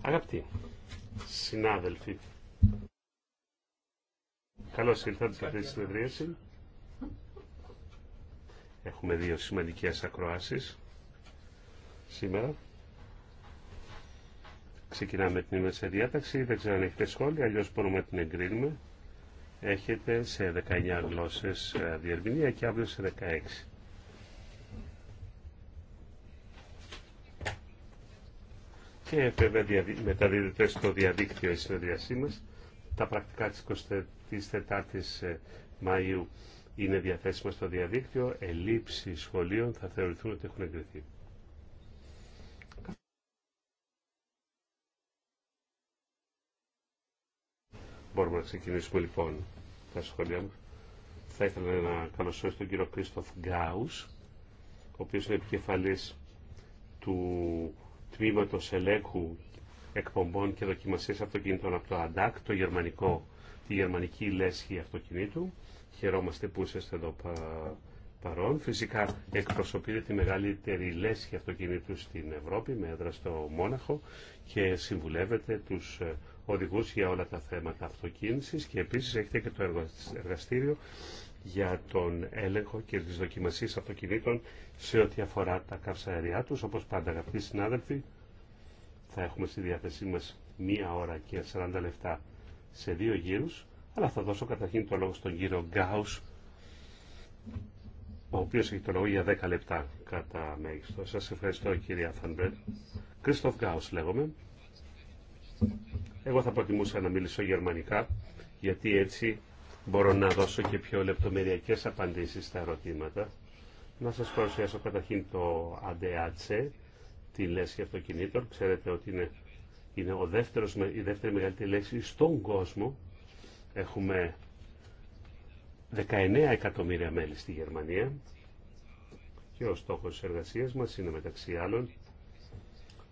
Αγαπητοί συνάδελφοι, καλώς ήρθατε σε αυτή τη συνεδρίαση. Έχουμε δύο σημαντικές ακροάσεις σήμερα. Ξεκινάμε την ημέρα σε διάταξη, δεν ξέρω αν έχετε σχόλια, αλλιώς μπορούμε να την εγκρίνουμε. Έχετε σε 19 γλώσσες ε, διερμηνία και αύριο σε 16. και βέβαια μεταδίδεται στο διαδίκτυο η συνεδρίασή μας. Τα πρακτικά της 24ης ε, Μαΐου είναι διαθέσιμα στο διαδίκτυο. Ελήψει σχολείων θα θεωρηθούν ότι έχουν εγκριθεί. Μπορούμε να ξεκινήσουμε λοιπόν τα σχόλια μα. Θα ήθελα να καλωσορίσω τον κύριο Κρίστοφ Γκάους, ο οποίος είναι επικεφαλής του το ελέγχου εκπομπών και δοκιμασίας αυτοκινήτων από το ΑΝΤΑΚ, το γερμανικό, τη γερμανική λέσχη αυτοκινήτου. Χαιρόμαστε που είστε εδώ παρόν. Φυσικά εκπροσωπείτε τη μεγαλύτερη λέσχη αυτοκινήτου στην Ευρώπη με έδρα στο Μόναχο και συμβουλεύετε τους ε, οδηγούς για όλα τα θέματα αυτοκίνησης και επίσης έχετε και το εργαστήριο για τον έλεγχο και τις δοκιμασίες αυτοκινήτων σε ό,τι αφορά τα καυσαεριά τους. Όπως πάντα αγαπητοί συνάδελφοι, θα έχουμε στη διάθεσή μας μία ώρα και 40 λεπτά σε δύο γύρους, αλλά θα δώσω καταρχήν το λόγο στον κύριο Γκάους, ο οποίος έχει το λόγο για 10 λεπτά κατά μέγιστο. Σας ευχαριστώ κυρία Φανμπρέντ. Κρίστοφ Γκάους λέγομαι. Εγώ θα προτιμούσα να μιλήσω γερμανικά, γιατί έτσι μπορώ να δώσω και πιο λεπτομεριακές απαντήσεις στα ερωτήματα. Να σας παρουσιάσω καταρχήν το ADAC, τη λέξη αυτοκινήτων. Ξέρετε ότι είναι, είναι ο δεύτερος, η δεύτερη μεγαλύτερη λέξη στον κόσμο. Έχουμε 19 εκατομμύρια μέλη στη Γερμανία και ο στόχος της εργασίας μας είναι μεταξύ άλλων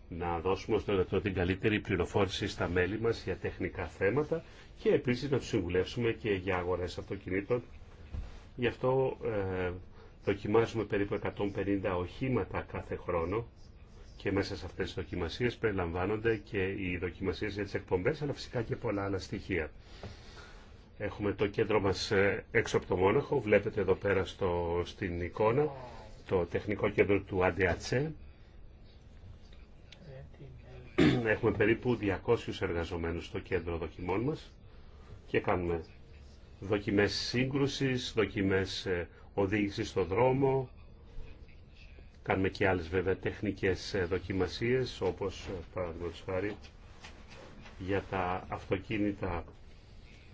να δώσουμε στον την καλύτερη πληροφόρηση στα μέλη μας για τεχνικά θέματα και επίσης να τους συμβουλεύσουμε και για αγορές αυτοκινήτων. Γι' αυτό ε, δοκιμάζουμε περίπου 150 οχήματα κάθε χρόνο και μέσα σε αυτές τις δοκιμασίες περιλαμβάνονται και οι δοκιμασίες για τις εκπομπές αλλά φυσικά και πολλά άλλα στοιχεία. Έχουμε το κέντρο μας ε, έξω από το Μόναχο, βλέπετε εδώ πέρα στο, στην εικόνα το τεχνικό κέντρο του ADAC. Ε, Έχουμε περίπου 200 εργαζομένους στο κέντρο δοκιμών μας και κάνουμε δοκιμές σύγκρουσης, δοκιμές ε, οδήγησης στο δρόμο, κάνουμε και άλλες βέβαια τεχνικές ε, δοκιμασίες όπως ε, παραδείγματος χάρη για τα αυτοκίνητα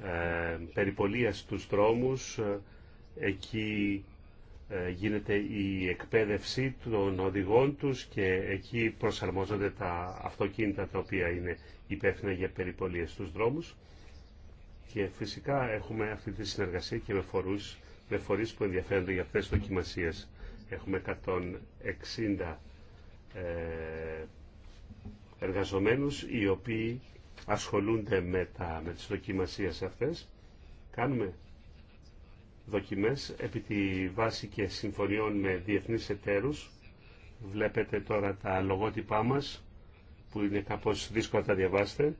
ε, περιπολίας στους δρόμους εκεί γίνεται η εκπαίδευση των οδηγών τους και εκεί προσαρμόζονται τα αυτοκίνητα τα οποία είναι υπεύθυνα για περιπολίες στους δρόμους και φυσικά έχουμε αυτή τη συνεργασία και με, φορούς, με φορείς που ενδιαφέρονται για αυτές τις δοκιμασίες. Έχουμε 160 ε, εργαζομένους οι οποίοι ασχολούνται με, τα, με τις δοκιμασίες αυτές. Κάνουμε δοκιμές επί τη βάση και συμφωνιών με διεθνείς εταίρους. Βλέπετε τώρα τα λογότυπά μας που είναι κάπως δύσκολα να τα διαβάσετε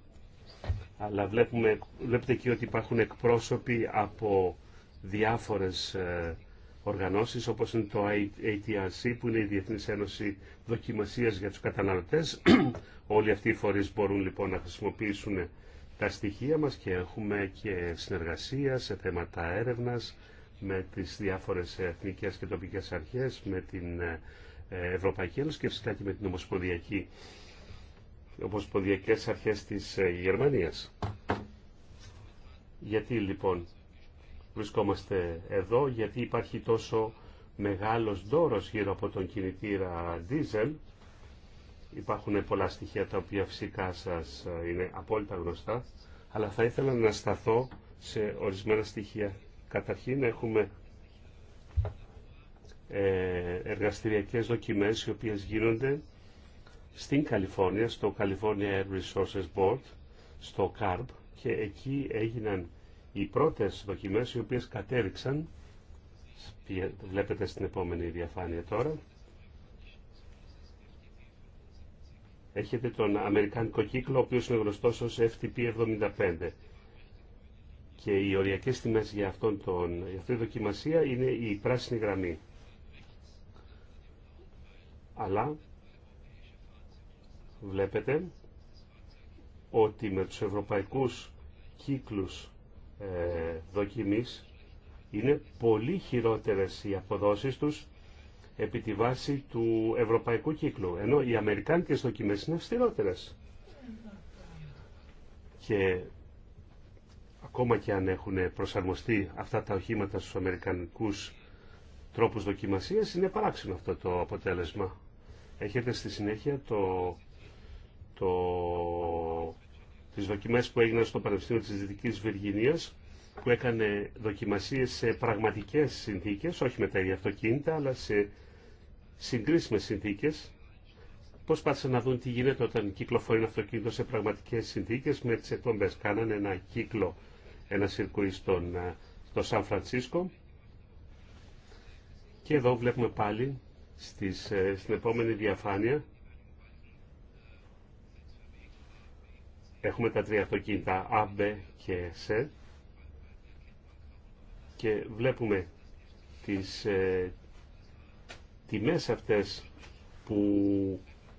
αλλά βλέπουμε, βλέπετε εκεί ότι υπάρχουν εκπρόσωποι από διάφορες ε, οργανώσεις όπως είναι το ATRC που είναι η Διεθνής Ένωση Δοκιμασίας για τους Καταναλωτές. Όλοι αυτοί οι φορείς μπορούν λοιπόν να χρησιμοποιήσουν τα στοιχεία μας και έχουμε και συνεργασία σε θέματα έρευνας με τις διάφορες εθνικές και τοπικές αρχές, με την ε, Ευρωπαϊκή Ένωση και φυσικά και με την Ομοσπονδιακή ομοσπονδιακές αρχές της ε, Γερμανίας. Γιατί λοιπόν βρισκόμαστε εδώ, γιατί υπάρχει τόσο μεγάλος δώρος γύρω από τον κινητήρα diesel. Υπάρχουν πολλά στοιχεία τα οποία φυσικά σας ε, είναι απόλυτα γνωστά, αλλά θα ήθελα να σταθώ σε ορισμένα στοιχεία. Καταρχήν έχουμε ε, εργαστηριακές δοκιμές οι οποίες γίνονται στην Καλιφόρνια, στο California Air Resources Board, στο CARB και εκεί έγιναν οι πρώτες δοκιμές οι οποίες κατέληξαν, βλέπετε στην επόμενη διαφάνεια τώρα, έχετε τον Αμερικάνικο κύκλο, ο οποίος είναι γνωστός ως FTP75. Και οι οριακέ τιμέ για, αυτόν τον, για αυτή τη δοκιμασία είναι η πράσινη γραμμή. Αλλά βλέπετε ότι με τους ευρωπαϊκούς κύκλους ε, δοκιμής είναι πολύ χειρότερες οι αποδόσεις τους επί τη βάση του ευρωπαϊκού κύκλου, ενώ οι αμερικάνικες δοκιμές είναι αυστηρότερες. Και ακόμα και αν έχουν προσαρμοστεί αυτά τα οχήματα στους αμερικανικούς τρόπους δοκιμασίας, είναι παράξενο αυτό το αποτέλεσμα. Έχετε στη συνέχεια το το, τις δοκιμές που έγιναν στο Πανεπιστήμιο της Δυτικής Βυργινίας που έκανε δοκιμασίες σε πραγματικές συνθήκες, όχι με τα ίδια αυτοκίνητα, αλλά σε συγκρίσιμες συνθήκες. Προσπάθησαν να δουν τι γίνεται όταν κυκλοφορεί ένα αυτοκίνητο σε πραγματικές συνθήκες με τις εκπομπές. Κάνανε ένα κύκλο, ένα σιρκουί ε, στο Σαν Φρανσίσκο. Και εδώ βλέπουμε πάλι στις, ε, στην επόμενη διαφάνεια Έχουμε τα τρία αυτοκίνητα A, B και C και βλέπουμε τις ε, τιμές αυτές που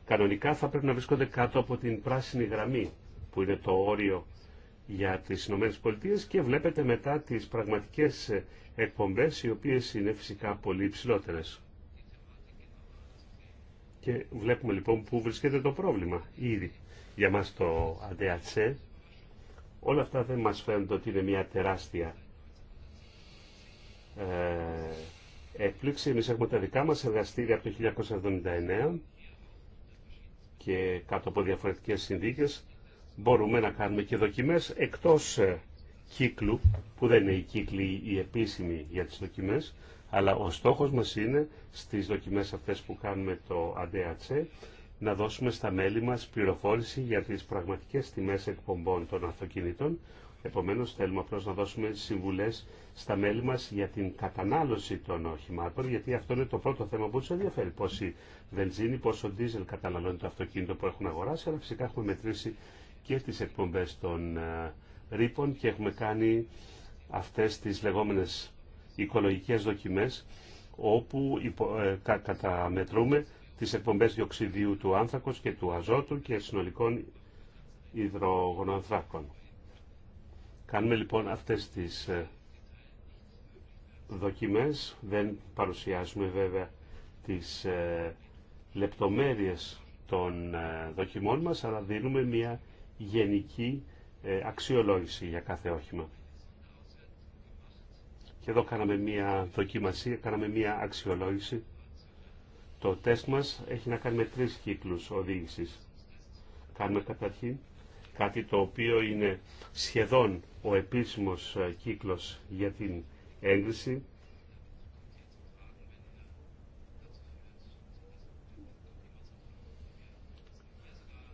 κανονικά θα πρέπει να βρίσκονται κάτω από την πράσινη γραμμή που είναι το όριο για τις Ηνωμένες Πολιτείες και βλέπετε μετά τις πραγματικές εκπομπές οι οποίες είναι φυσικά πολύ υψηλότερε. Και βλέπουμε λοιπόν που βρίσκεται το πρόβλημα ήδη για μας το αντεατσέ, όλα αυτά δεν μας φαίνονται ότι είναι μια τεράστια ε, έκπληξη. Εμείς έχουμε τα δικά μας εργαστήρια από το 1979 και κάτω από διαφορετικές συνδίκες μπορούμε να κάνουμε και δοκιμές εκτός ε, κύκλου, που δεν είναι η κύκλη η επίσημη για τις δοκιμές, αλλά ο στόχος μας είναι στις δοκιμές αυτές που κάνουμε το αντεατσέ, να δώσουμε στα μέλη μας πληροφόρηση για τις πραγματικές τιμές εκπομπών των αυτοκινήτων. Επομένως θέλουμε απλώς να δώσουμε συμβουλές στα μέλη μας για την κατανάλωση των οχημάτων, γιατί αυτό είναι το πρώτο θέμα που τους ενδιαφέρει. Πόση βενζίνη, πόσο δίζελ καταναλώνει το αυτοκίνητο που έχουν αγοράσει, αλλά φυσικά έχουμε μετρήσει και τις εκπομπές των ε, ρήπων και έχουμε κάνει αυτές τις λεγόμενες οικολογικές δοκιμές όπου ε, καταμετρούμε τις εκπομπές διοξιδίου του άνθρακος και του αζότου και συνολικών υδρογονοανθράκων. Κάνουμε λοιπόν αυτές τις ε, δοκιμές, δεν παρουσιάζουμε βέβαια τις ε, λεπτομέρειες των ε, δοκιμών μας, αλλά δίνουμε μια γενική αξιολόγηση για κάθε όχημα. Και εδώ κάναμε μια δοκιμασία, κάναμε μια αξιολόγηση το τεστ μας έχει να κάνει με τρεις κύκλους οδήγησης. Κάνουμε καταρχήν κάτι το οποίο είναι σχεδόν ο επίσημος ε, κύκλος για την έγκριση.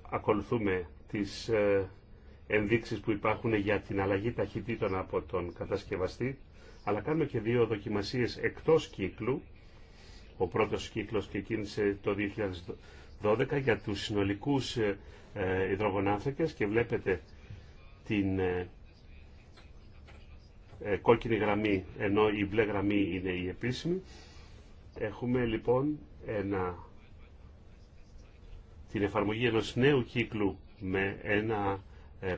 Ακολουθούμε τις ε, ενδείξεις που υπάρχουν για την αλλαγή ταχυτήτων από τον κατασκευαστή, αλλά κάνουμε και δύο δοκιμασίες εκτός κύκλου, ο πρώτος κύκλος ξεκίνησε το 2012 για τους συνολικούς ε, ε, υδρογονάνθρακες και βλέπετε την ε, κόκκινη γραμμή ενώ η μπλε γραμμή είναι η επίσημη. Έχουμε λοιπόν ένα, την εφαρμογή ενός νέου κύκλου με ένα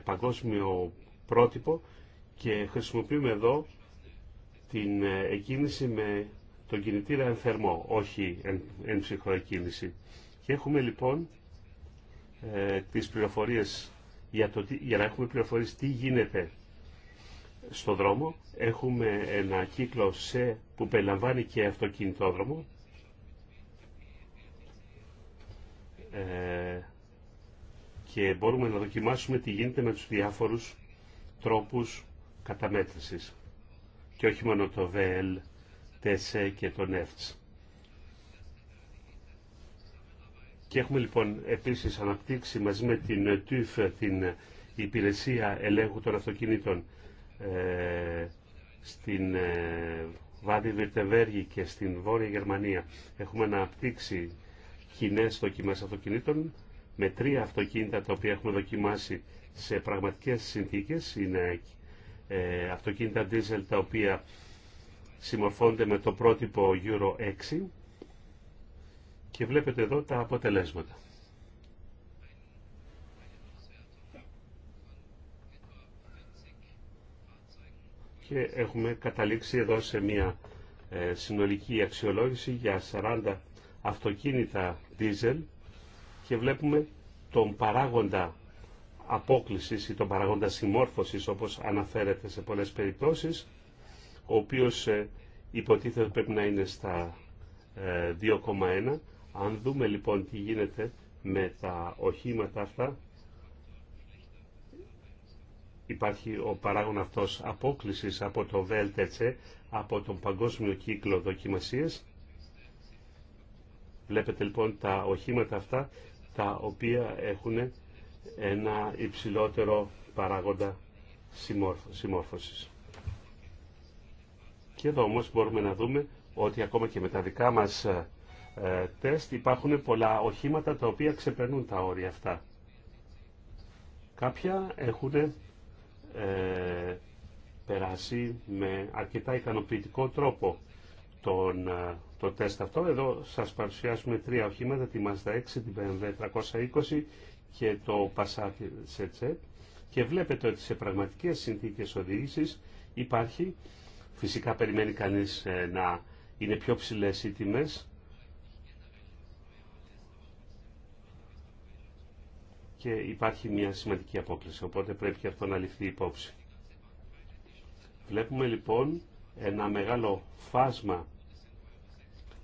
παγκόσμιο πρότυπο και χρησιμοποιούμε εδώ την εκκίνηση με τον κινητήρα εν θερμό, όχι εν, εν Και έχουμε λοιπόν ε, τις πληροφορίες για, το, για να έχουμε πληροφορίες τι γίνεται στο δρόμο. Έχουμε ένα κύκλο σε που περιλαμβάνει και αυτοκινητόδρομο. Ε, και μπορούμε να δοκιμάσουμε τι γίνεται με τους διάφορους τρόπους καταμέτρησης. Και όχι μόνο το VL ΤΕΣΕ και τον ΕΦΤΣ. Και έχουμε λοιπόν επίσης αναπτύξει μαζί με την ΤΥΦ την υπηρεσία ελέγχου των αυτοκινήτων ε, στην ε, Βάδη Βιρτεβέργη και στην Βόρεια Γερμανία. Έχουμε αναπτύξει κοινέ δοκιμές αυτοκινήτων με τρία αυτοκίνητα τα οποία έχουμε δοκιμάσει σε πραγματικές συνθήκες. Είναι ε, αυτοκίνητα diesel τα οποία συμμορφώνται με το πρότυπο Euro 6 και βλέπετε εδώ τα αποτελέσματα. και έχουμε καταλήξει εδώ σε μια ε, συνολική αξιολόγηση για 40 αυτοκίνητα diesel και βλέπουμε τον παράγοντα απόκλησης ή τον παράγοντα συμμόρφωσης όπως αναφέρεται σε πολλές περιπτώσεις ο οποίος ε, υποτίθεται πρέπει να είναι στα 2,1. Ε, Αν δούμε λοιπόν τι γίνεται με τα οχήματα αυτά, υπάρχει ο παράγων αυτός απόκλησης από το VLTC, από τον Παγκόσμιο Κύκλο Δοκιμασίες. Βλέπετε λοιπόν τα οχήματα αυτά, τα οποία έχουν ένα υψηλότερο παράγοντα συμμόρφωσης. Και εδώ όμως μπορούμε να δούμε ότι ακόμα και με τα δικά μας ε, ε, τεστ υπάρχουν πολλά οχήματα τα οποία ξεπερνούν τα όρια αυτά. Κάποια έχουν ε, περάσει με αρκετά ικανοποιητικό τρόπο τον, ε, το τεστ αυτό. Εδώ σας παρουσιάσουμε τρία οχήματα, τη Mazda 6, την BMW 320 και το Passat Setzet και βλέπετε ότι σε πραγματικές συνθήκες οδήγησης υπάρχει Φυσικά περιμένει κανείς ε, να είναι πιο ψηλές οι τιμές και υπάρχει μια σημαντική απόκληση, οπότε πρέπει και αυτό να ληφθεί υπόψη. Βλέπουμε λοιπόν ένα μεγάλο φάσμα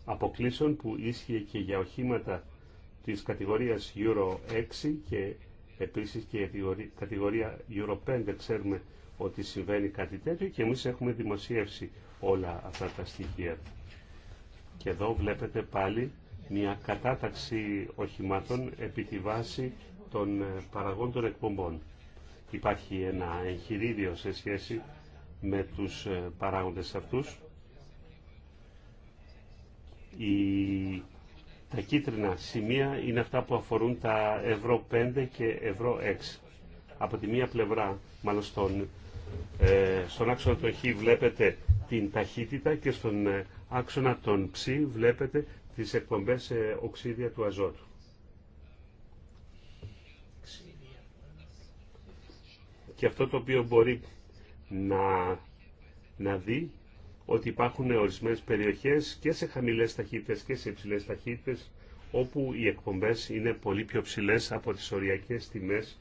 αποκλήσεων που ίσχυε και για οχήματα της κατηγορίας Euro 6 και επίσης και η κατηγορία Euro 5 ξέρουμε ότι συμβαίνει κάτι τέτοιο και εμείς έχουμε δημοσίευσει όλα αυτά τα στοιχεία. Και εδώ βλέπετε πάλι μια κατάταξη οχημάτων επί τη βάση των ε, παραγόντων εκπομπών. Υπάρχει ένα εγχειρίδιο σε σχέση με τους ε, παράγοντες αυτούς. Η... Τα κίτρινα σημεία είναι αυτά που αφορούν τα ευρώ 5 και ευρώ 6. Από τη μία πλευρά, μάλλον στον ε, στον άξονα των Χ βλέπετε την ταχύτητα και στον ε, άξονα των Ψ βλέπετε τις εκπομπές ε, οξύδια του αζότου. Και αυτό το οποίο μπορεί να, να δει ότι υπάρχουν ορισμένες περιοχές και σε χαμηλές ταχύτητες και σε υψηλές ταχύτητες όπου οι εκπομπές είναι πολύ πιο ψηλές από τις οριακές τιμές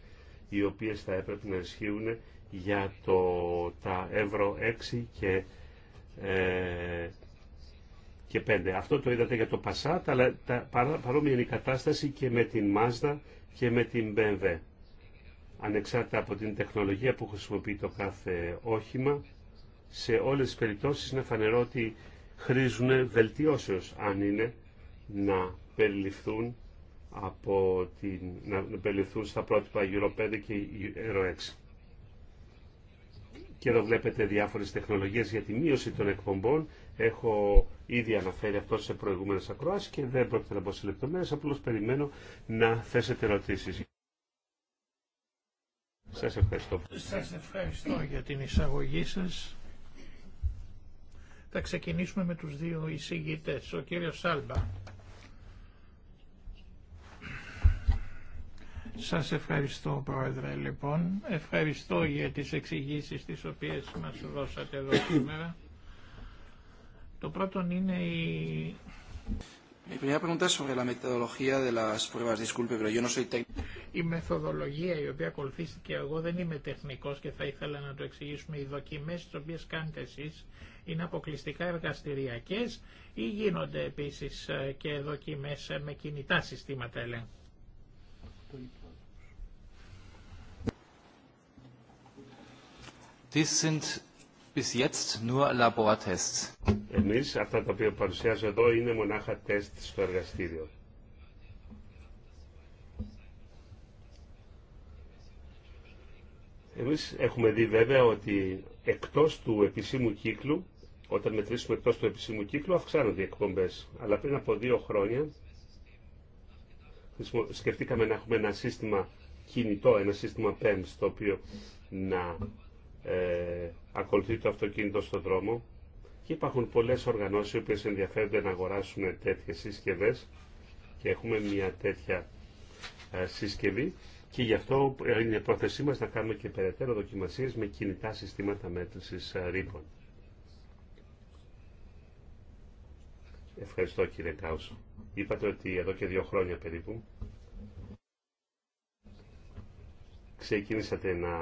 οι οποίες θα έπρεπε να ισχύουν για το, τα ευρώ 6 και, ε, και 5. Αυτό το είδατε για το Passat, αλλά παρόμοια είναι η κατάσταση και με την Mazda και με την BMW. Ανεξάρτητα από την τεχνολογία που χρησιμοποιεί το κάθε όχημα, σε όλες τις περιπτώσεις είναι φανερό ότι χρήζουν βελτιώσεως, αν είναι να περιληφθούν από την, να περιληφθούν στα πρότυπα Euro 5 και Euro 6. Και εδώ βλέπετε διάφορες τεχνολογίες για τη μείωση των εκπομπών. Έχω ήδη αναφέρει αυτό σε προηγούμενες ακροάσεις και δεν πρόκειται να μπω σε λεπτομέρειες, απλώς περιμένω να θέσετε ερωτήσεις. Σας ευχαριστώ. Σας ευχαριστώ για την εισαγωγή σας. Θα ξεκινήσουμε με τους δύο εισηγητές. Ο κύριος Σάλμπα. Σας ευχαριστώ Πρόεδρε λοιπόν. Ευχαριστώ για τις εξηγήσεις τις οποίες μας δώσατε εδώ σήμερα. Το πρώτο είναι η... Η μεθοδολογία η οποία ακολουθήθηκε εγώ δεν είμαι τεχνικός και θα ήθελα να το εξηγήσουμε. Οι δοκιμές τις οποίες κάνετε εσείς είναι αποκλειστικά εργαστηριακές ή γίνονται επίσης ε, και δοκιμές ε, με κινητά συστήματα ελέγχου. Dies sind bis jetzt nur Labortests. Εμείς αυτά τα οποία παρουσιάζω εδώ είναι μονάχα τεστ στο εργαστήριο. Εμείς έχουμε δει βέβαια ότι εκτός του επισήμου κύκλου, όταν μετρήσουμε εκτός του επισήμου κύκλου, αυξάνονται οι εκπομπές. Αλλά πριν από δύο χρόνια σκεφτήκαμε να έχουμε ένα σύστημα κινητό, ένα σύστημα PEMS, το οποίο να ε, ακολουθεί το αυτοκίνητο στον δρόμο και υπάρχουν πολλές οργανώσεις οι οποίες ενδιαφέρονται να αγοράσουν τέτοιες συσκευές και έχουμε μια τέτοια ε, συσκευή και γι' αυτό είναι η πρόθεσή μας να κάνουμε και περαιτέρω δοκιμασίες με κινητά συστήματα μέτρησης ε, ρήπων. Ευχαριστώ κύριε Κάουσο. Είπατε ότι εδώ και δύο χρόνια περίπου ξεκίνησατε να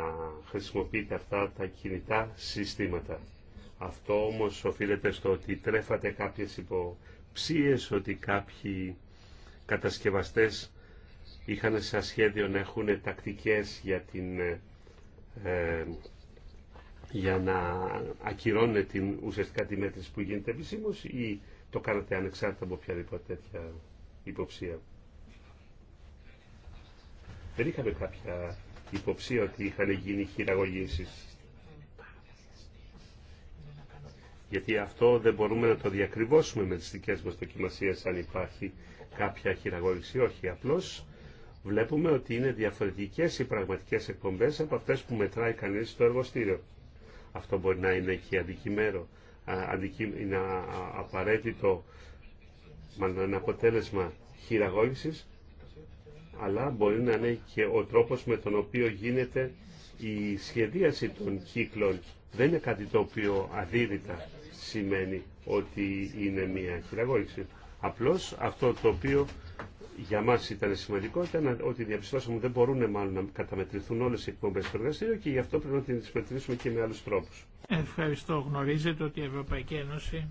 χρησιμοποιείτε αυτά τα κινητά συστήματα. Αυτό όμως οφείλεται στο ότι τρέφατε κάποιες υποψίες, ότι κάποιοι κατασκευαστές είχαν σαν σχέδιο να έχουν τακτικές για, την, ε, ε, για να ακυρώνουν την, ουσιαστικά τη μέτρηση που γίνεται επισήμω ή το κάνατε ανεξάρτητα από οποιαδήποτε τέτοια υποψία. Δεν είχαμε κάποια υποψία ότι είχαν γίνει χειραγωγήσεις. Γιατί αυτό δεν μπορούμε να το διακριβώσουμε με τις δικές μας δοκιμασίες αν υπάρχει κάποια χειραγώγηση. Όχι, απλώς βλέπουμε ότι είναι διαφορετικές οι πραγματικές εκπομπές από αυτές που μετράει κανείς στο εργοστήριο. Αυτό μπορεί να είναι και αντικειμένο, είναι απαραίτητο μάλλον ένα αποτέλεσμα χειραγώγησης, αλλά μπορεί να είναι και ο τρόπος με τον οποίο γίνεται η σχεδίαση των κύκλων. Δεν είναι κάτι το οποίο αδίδυτα σημαίνει ότι είναι μια χειραγώγηση. Απλώς αυτό το οποίο για μας ήταν σημαντικό ήταν ότι διαπιστώσαμε ότι δεν μπορούν μάλλον να καταμετρηθούν όλες οι εκπομπές στο εργαστήριο και γι' αυτό πρέπει να τις μετρήσουμε και με άλλους τρόπους. Ευχαριστώ. Γνωρίζετε ότι η Ευρωπαϊκή Ένωση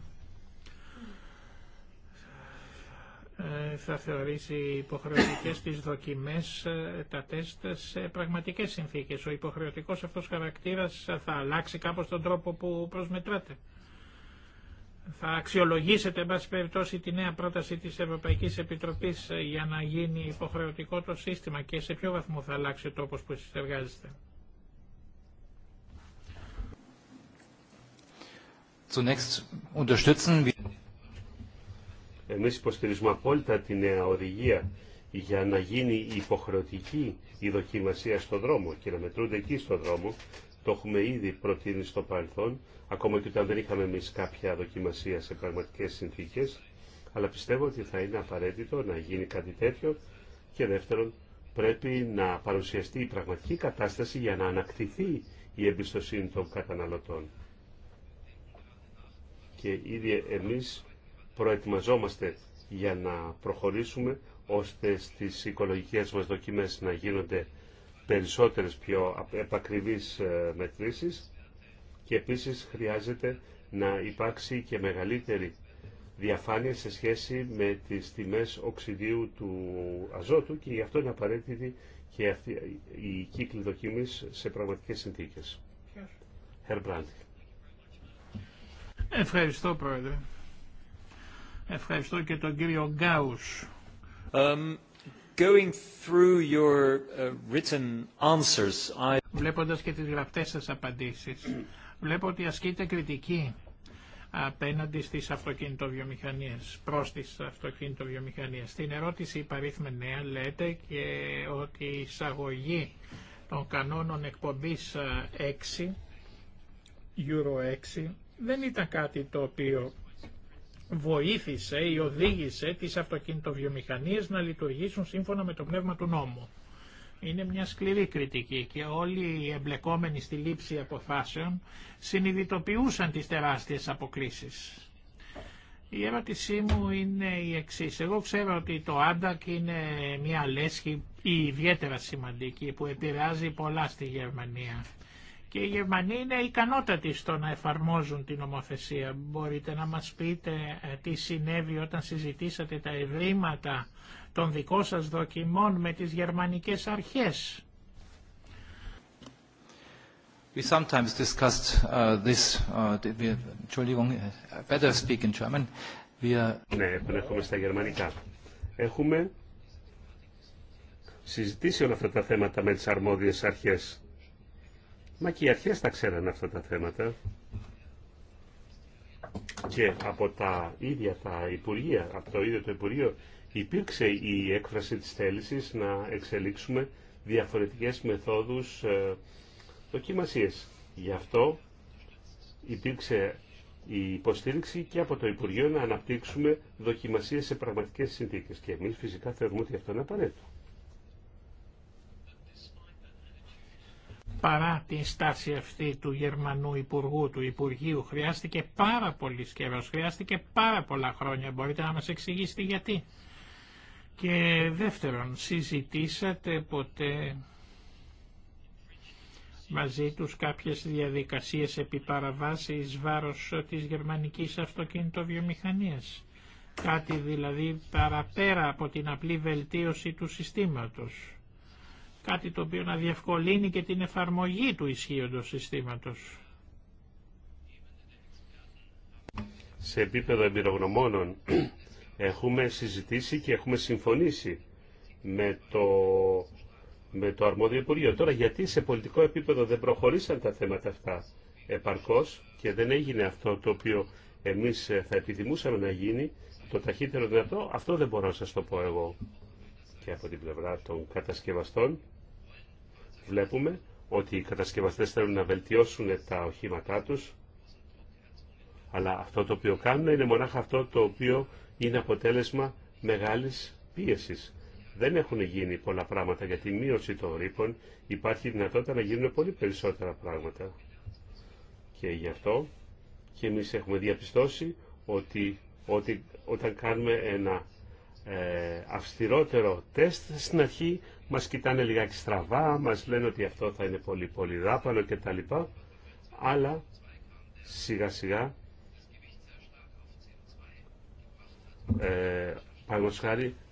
Ε, θα θεωρήσει υποχρεωτικές τις δοκιμές ε, τα τεστ σε πραγματικές συνθήκες. Ο υποχρεωτικός αυτός χαρακτήρας θα αλλάξει κάπως τον τρόπο που προσμετράτε. Θα αξιολογήσετε, εν πάση περιπτώσει, τη νέα πρόταση της Ευρωπαϊκής Επιτροπής ε, για να γίνει υποχρεωτικό το σύστημα και σε ποιο βαθμό θα αλλάξει ο τρόπος που συνεργάζεστε. Zunächst unterstützen wir εμείς υποστηρίζουμε απόλυτα τη νέα οδηγία για να γίνει υποχρεωτική η δοκιμασία στον δρόμο και να μετρούνται εκεί στον δρόμο. Το έχουμε ήδη προτείνει στο παρελθόν, ακόμα και όταν δεν είχαμε εμεί κάποια δοκιμασία σε πραγματικές συνθήκες. Αλλά πιστεύω ότι θα είναι απαραίτητο να γίνει κάτι τέτοιο και δεύτερον πρέπει να παρουσιαστεί η πραγματική κατάσταση για να ανακτηθεί η εμπιστοσύνη των καταναλωτών. Και ήδη εμείς προετοιμαζόμαστε για να προχωρήσουμε ώστε στις οικολογικές μας δοκιμές να γίνονται περισσότερες πιο επακριβείς ε, μετρήσεις και επίσης χρειάζεται να υπάρξει και μεγαλύτερη διαφάνεια σε σχέση με τις τιμές οξυδίου του αζότου και γι' αυτό είναι απαραίτητη και η κύκλη δοκίμης σε πραγματικές συνθήκες. Ευχαριστώ Πρόεδρε. Ευχαριστώ και τον κύριο Γκάους. Um, going through your uh, written answers, I... Βλέποντας και τις γραπτές σας απαντήσεις, βλέπω ότι ασκείται κριτική απέναντι στις αυτοκινητοβιομηχανίες, προς τις αυτοκινητοβιομηχανίες. Στην ερώτηση υπαρίθμε νέα λέτε και ότι η εισαγωγή των κανόνων εκπομπής 6, ε, Euro 6, δεν ήταν κάτι το οποίο βοήθησε ή οδήγησε τις αυτοκινητοβιομηχανίες να λειτουργήσουν σύμφωνα με το πνεύμα του νόμου. Είναι μια σκληρή κριτική και όλοι οι εμπλεκόμενοι στη λήψη αποφάσεων συνειδητοποιούσαν τις τεράστιες αποκλήσεις. Η ερώτησή μου είναι η εξή. Εγώ ξέρω ότι το Άντακ είναι μια λέσχη ιδιαίτερα σημαντική που επηρεάζει πολλά στη Γερμανία και οι Γερμανοί είναι ικανότατοι στο να εφαρμόζουν την νομοθεσία. Μπορείτε να μας πείτε ε, τι συνέβη όταν συζητήσατε τα ευρήματα των δικών σας δοκιμών με τις γερμανικές αρχές. We sometimes discussed uh, this, uh, uh better speak in German. We are... Ναι, έχουμε στα γερμανικά. Έχουμε συζητήσει όλα αυτά τα θέματα με τις αρμόδιες αρχές Μα και οι αρχές τα ξέραν αυτά τα θέματα. Και από τα ίδια τα Υπουργεία, από το ίδιο το Υπουργείο, υπήρξε η έκφραση της θέλησης να εξελίξουμε διαφορετικές μεθόδους ε, δοκιμασίες. Γι' αυτό υπήρξε η υποστήριξη και από το Υπουργείο να αναπτύξουμε δοκιμασίες σε πραγματικές συνθήκες. Και εμείς φυσικά θεωρούμε ότι αυτό είναι απαραίτητο. παρά την στάση αυτή του Γερμανού Υπουργού, του Υπουργείου, χρειάστηκε πάρα πολύ καιρός, χρειάστηκε πάρα πολλά χρόνια. Μπορείτε να μας εξηγήσετε γιατί. Και δεύτερον, συζητήσατε ποτέ μαζί τους κάποιες διαδικασίες επί παραβάση βάρος της γερμανικής αυτοκινητοβιομηχανίας. Κάτι δηλαδή παραπέρα από την απλή βελτίωση του συστήματος κάτι το οποίο να διευκολύνει και την εφαρμογή του ισχύοντος συστήματος. Σε επίπεδο εμπειρογνωμόνων έχουμε συζητήσει και έχουμε συμφωνήσει με το, με το αρμόδιο Υπουργείο. Τώρα γιατί σε πολιτικό επίπεδο δεν προχωρήσαν τα θέματα αυτά επαρκώς και δεν έγινε αυτό το οποίο εμείς ε, θα επιθυμούσαμε να γίνει το ταχύτερο δυνατό, αυτό δεν μπορώ να σας το πω εγώ. Και από την πλευρά των κατασκευαστών βλέπουμε ότι οι κατασκευαστές θέλουν να βελτιώσουν τα οχήματά τους, αλλά αυτό το οποίο κάνουν είναι μονάχα αυτό το οποίο είναι αποτέλεσμα μεγάλης πίεσης. Δεν έχουν γίνει πολλά πράγματα για τη μείωση των ρήπων. Υπάρχει δυνατότητα να γίνουν πολύ περισσότερα πράγματα. Και γι' αυτό και εμείς έχουμε διαπιστώσει ότι, ότι όταν κάνουμε ένα ε, αυστηρότερο τεστ στην αρχή μας κοιτάνε λιγάκι στραβά, μας λένε ότι αυτό θα είναι πολύ πολύ δάπανο λοιπά, Αλλά σιγά σιγά ε,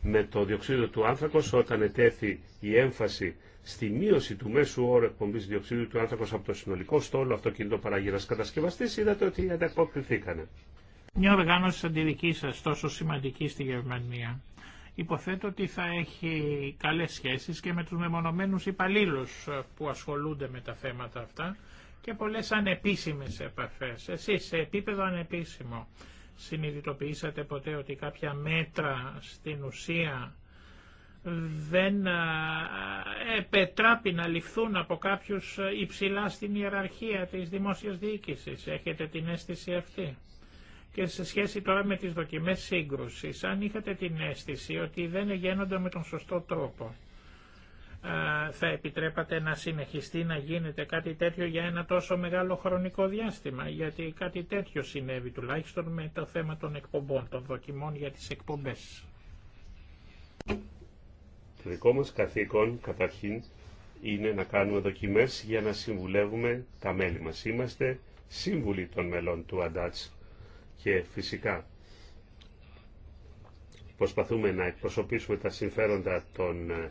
με το διοξείδιο του άνθρακος όταν ετέθη η έμφαση στη μείωση του μέσου όρου εκπομπή διοξείδιου του άνθρακος από το συνολικό στόλο αυτοκίνητο παραγύρα κατασκευαστή, είδατε ότι ανταποκριθήκανε. Μια οργάνωση σαν τη δική σα, τόσο σημαντική στη Γερμανία, υποθέτω ότι θα έχει καλές σχέσεις και με τους μεμονωμένους υπαλλήλους ε, που ασχολούνται με τα θέματα αυτά και πολλές ανεπίσημες επαφές. Εσείς σε επίπεδο ανεπίσημο συνειδητοποιήσατε ποτέ ότι κάποια μέτρα στην ουσία δεν ε, επετράπει να ληφθούν από κάποιους υψηλά στην ιεραρχία της δημόσιας διοίκησης. Έχετε την αίσθηση αυτή. Και σε σχέση τώρα με τις δοκιμές σύγκρουσης, αν είχατε την αίσθηση ότι δεν γίνονται με τον σωστό τρόπο, θα επιτρέπατε να συνεχιστεί να γίνεται κάτι τέτοιο για ένα τόσο μεγάλο χρονικό διάστημα, γιατί κάτι τέτοιο συνέβη τουλάχιστον με το θέμα των εκπομπών, των δοκιμών για τις εκπομπές. Το δικό μας καθήκον καταρχήν είναι να κάνουμε δοκιμές για να συμβουλεύουμε τα μέλη μας. Είμαστε σύμβουλοι των μελών του ΑΝΤΑΤΣ και φυσικά προσπαθούμε να εκπροσωπήσουμε τα συμφέροντα των ε,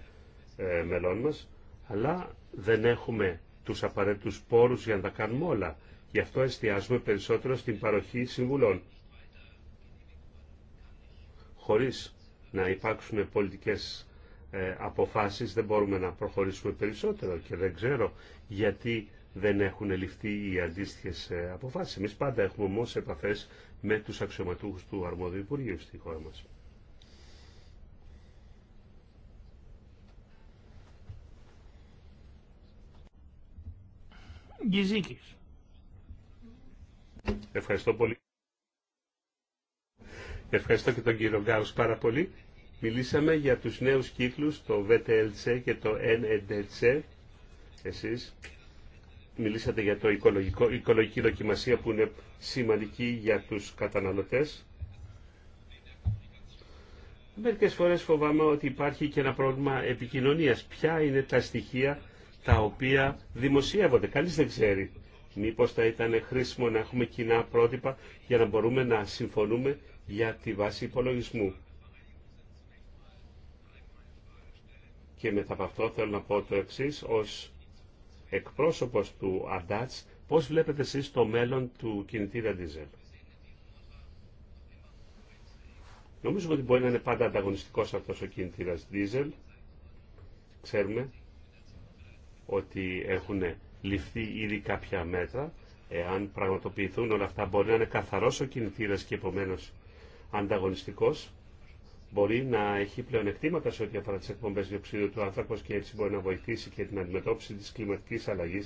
ε, μελών μας, αλλά δεν έχουμε τους απαραίτητους πόρους για να τα κάνουμε όλα. Γι' αυτό εστιάζουμε περισσότερο στην παροχή συμβουλών. Χωρίς να υπάρξουν πολιτικές ε, αποφάσεις δεν μπορούμε να προχωρήσουμε περισσότερο και δεν ξέρω γιατί δεν έχουν ληφθεί οι αντίστοιχε ε, αποφάσεις. Εμείς πάντα έχουμε όμως επαφές με τους αξιωματούχους του αρμόδιου Υπουργείου στη χώρα μας. Γκυζίκης. Ευχαριστώ πολύ. Ευχαριστώ και τον κύριο Γκάους πάρα πολύ. Μιλήσαμε για τους νέους κύκλους, το VTLC και το NEDC. Εσείς μιλήσατε για το οικολογικό, οικολογική δοκιμασία που είναι σημαντική για τους καταναλωτές. Μερικές φορές φοβάμαι ότι υπάρχει και ένα πρόβλημα επικοινωνίας. Ποια είναι τα στοιχεία τα οποία δημοσιεύονται. Κανείς δεν ξέρει. Μήπως θα ήταν χρήσιμο να έχουμε κοινά πρότυπα για να μπορούμε να συμφωνούμε για τη βάση υπολογισμού. Και μετά από αυτό θέλω να πω το εξής, ως εκπρόσωπος του ΑΝΤΑΤΣ, πώς βλέπετε εσείς το μέλλον του κινητήρα Diesel. Νομίζω ότι μπορεί να είναι πάντα ανταγωνιστικός αυτός ο κινητήρας Diesel. Ξέρουμε ότι έχουν ληφθεί ήδη κάποια μέτρα. Εάν πραγματοποιηθούν όλα αυτά, μπορεί να είναι καθαρός ο κινητήρας και επομένως ανταγωνιστικός μπορεί να έχει πλεονεκτήματα σε ό,τι αφορά τι εκπομπέ διοξιδίου του άνθρακο και έτσι μπορεί να βοηθήσει και την αντιμετώπιση τη κλιματική αλλαγή.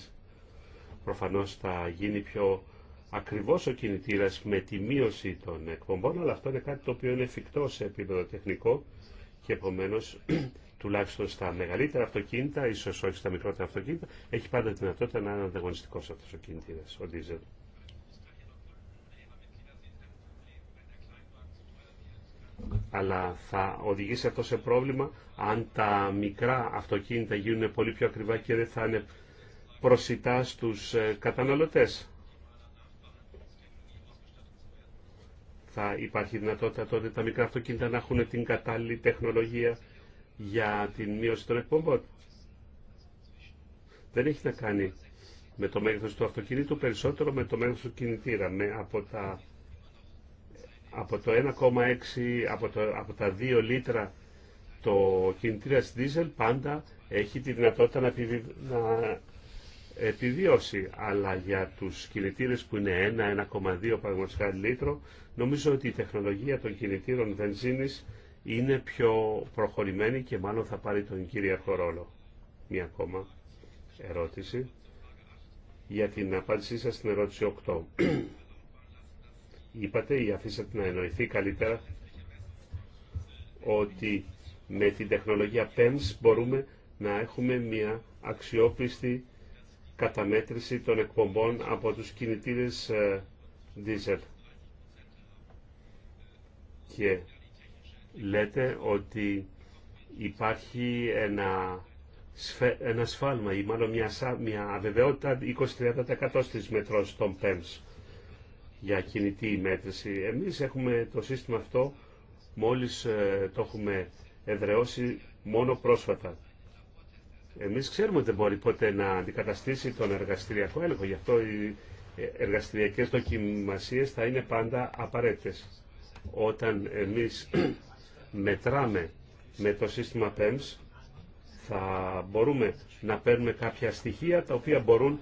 Προφανώ θα γίνει πιο ακριβώ ο κινητήρα με τη μείωση των εκπομπών, αλλά αυτό είναι κάτι το οποίο είναι εφικτό σε επίπεδο τεχνικό και επομένω τουλάχιστον στα μεγαλύτερα αυτοκίνητα, ίσω όχι στα μικρότερα αυτοκίνητα, έχει πάντα δυνατότητα να είναι ανταγωνιστικό αυτό ο κινητήρα, ο δίζελ. αλλά θα οδηγήσει αυτό σε πρόβλημα αν τα μικρά αυτοκίνητα γίνουν πολύ πιο ακριβά και δεν θα είναι προσιτά στους ε, καταναλωτές. Θα υπάρχει δυνατότητα τότε τα μικρά αυτοκίνητα να έχουν την κατάλληλη τεχνολογία για την μείωση των εκπομπών. Δεν έχει να κάνει με το μέγεθος του αυτοκίνητου, περισσότερο με το μέγεθος του κινητήρα, με, από τα από το 1,6 από, το, από τα 2 λίτρα το κινητήρα δίζελ πάντα έχει τη δυνατότητα να, επιβιώσει. Αλλά για τους κινητήρες που είναι 1-1,2 παραγωγικά λίτρο, νομίζω ότι η τεχνολογία των κινητήρων βενζίνης είναι πιο προχωρημένη και μάλλον θα πάρει τον κυρίαρχο ρόλο. Μία ακόμα ερώτηση για την απάντησή σας στην ερώτηση 8 είπατε ή αφήσατε να εννοηθεί καλύτερα ότι με την τεχνολογία PEMS μπορούμε να έχουμε μια αξιόπιστη καταμέτρηση των εκπομπών από τους κινητήρες ε, diesel. Και λέτε ότι υπάρχει ένα, σφάλμα ή μάλλον μια, μια αβεβαιότητα 20-30% στις μετρώσεις των PEMS για κινητή μέτρηση. Εμείς έχουμε το σύστημα αυτό, μόλις ε, το έχουμε εδραιώσει μόνο πρόσφατα. Εμείς ξέρουμε ότι μπορεί ποτέ να αντικαταστήσει τον εργαστηριακό έλεγχο, γι' αυτό οι ε, εργαστηριακές δοκιμασίες θα είναι πάντα απαραίτητες. Όταν εμείς μετράμε με το σύστημα PEMS, θα μπορούμε να παίρνουμε κάποια στοιχεία τα οποία μπορούν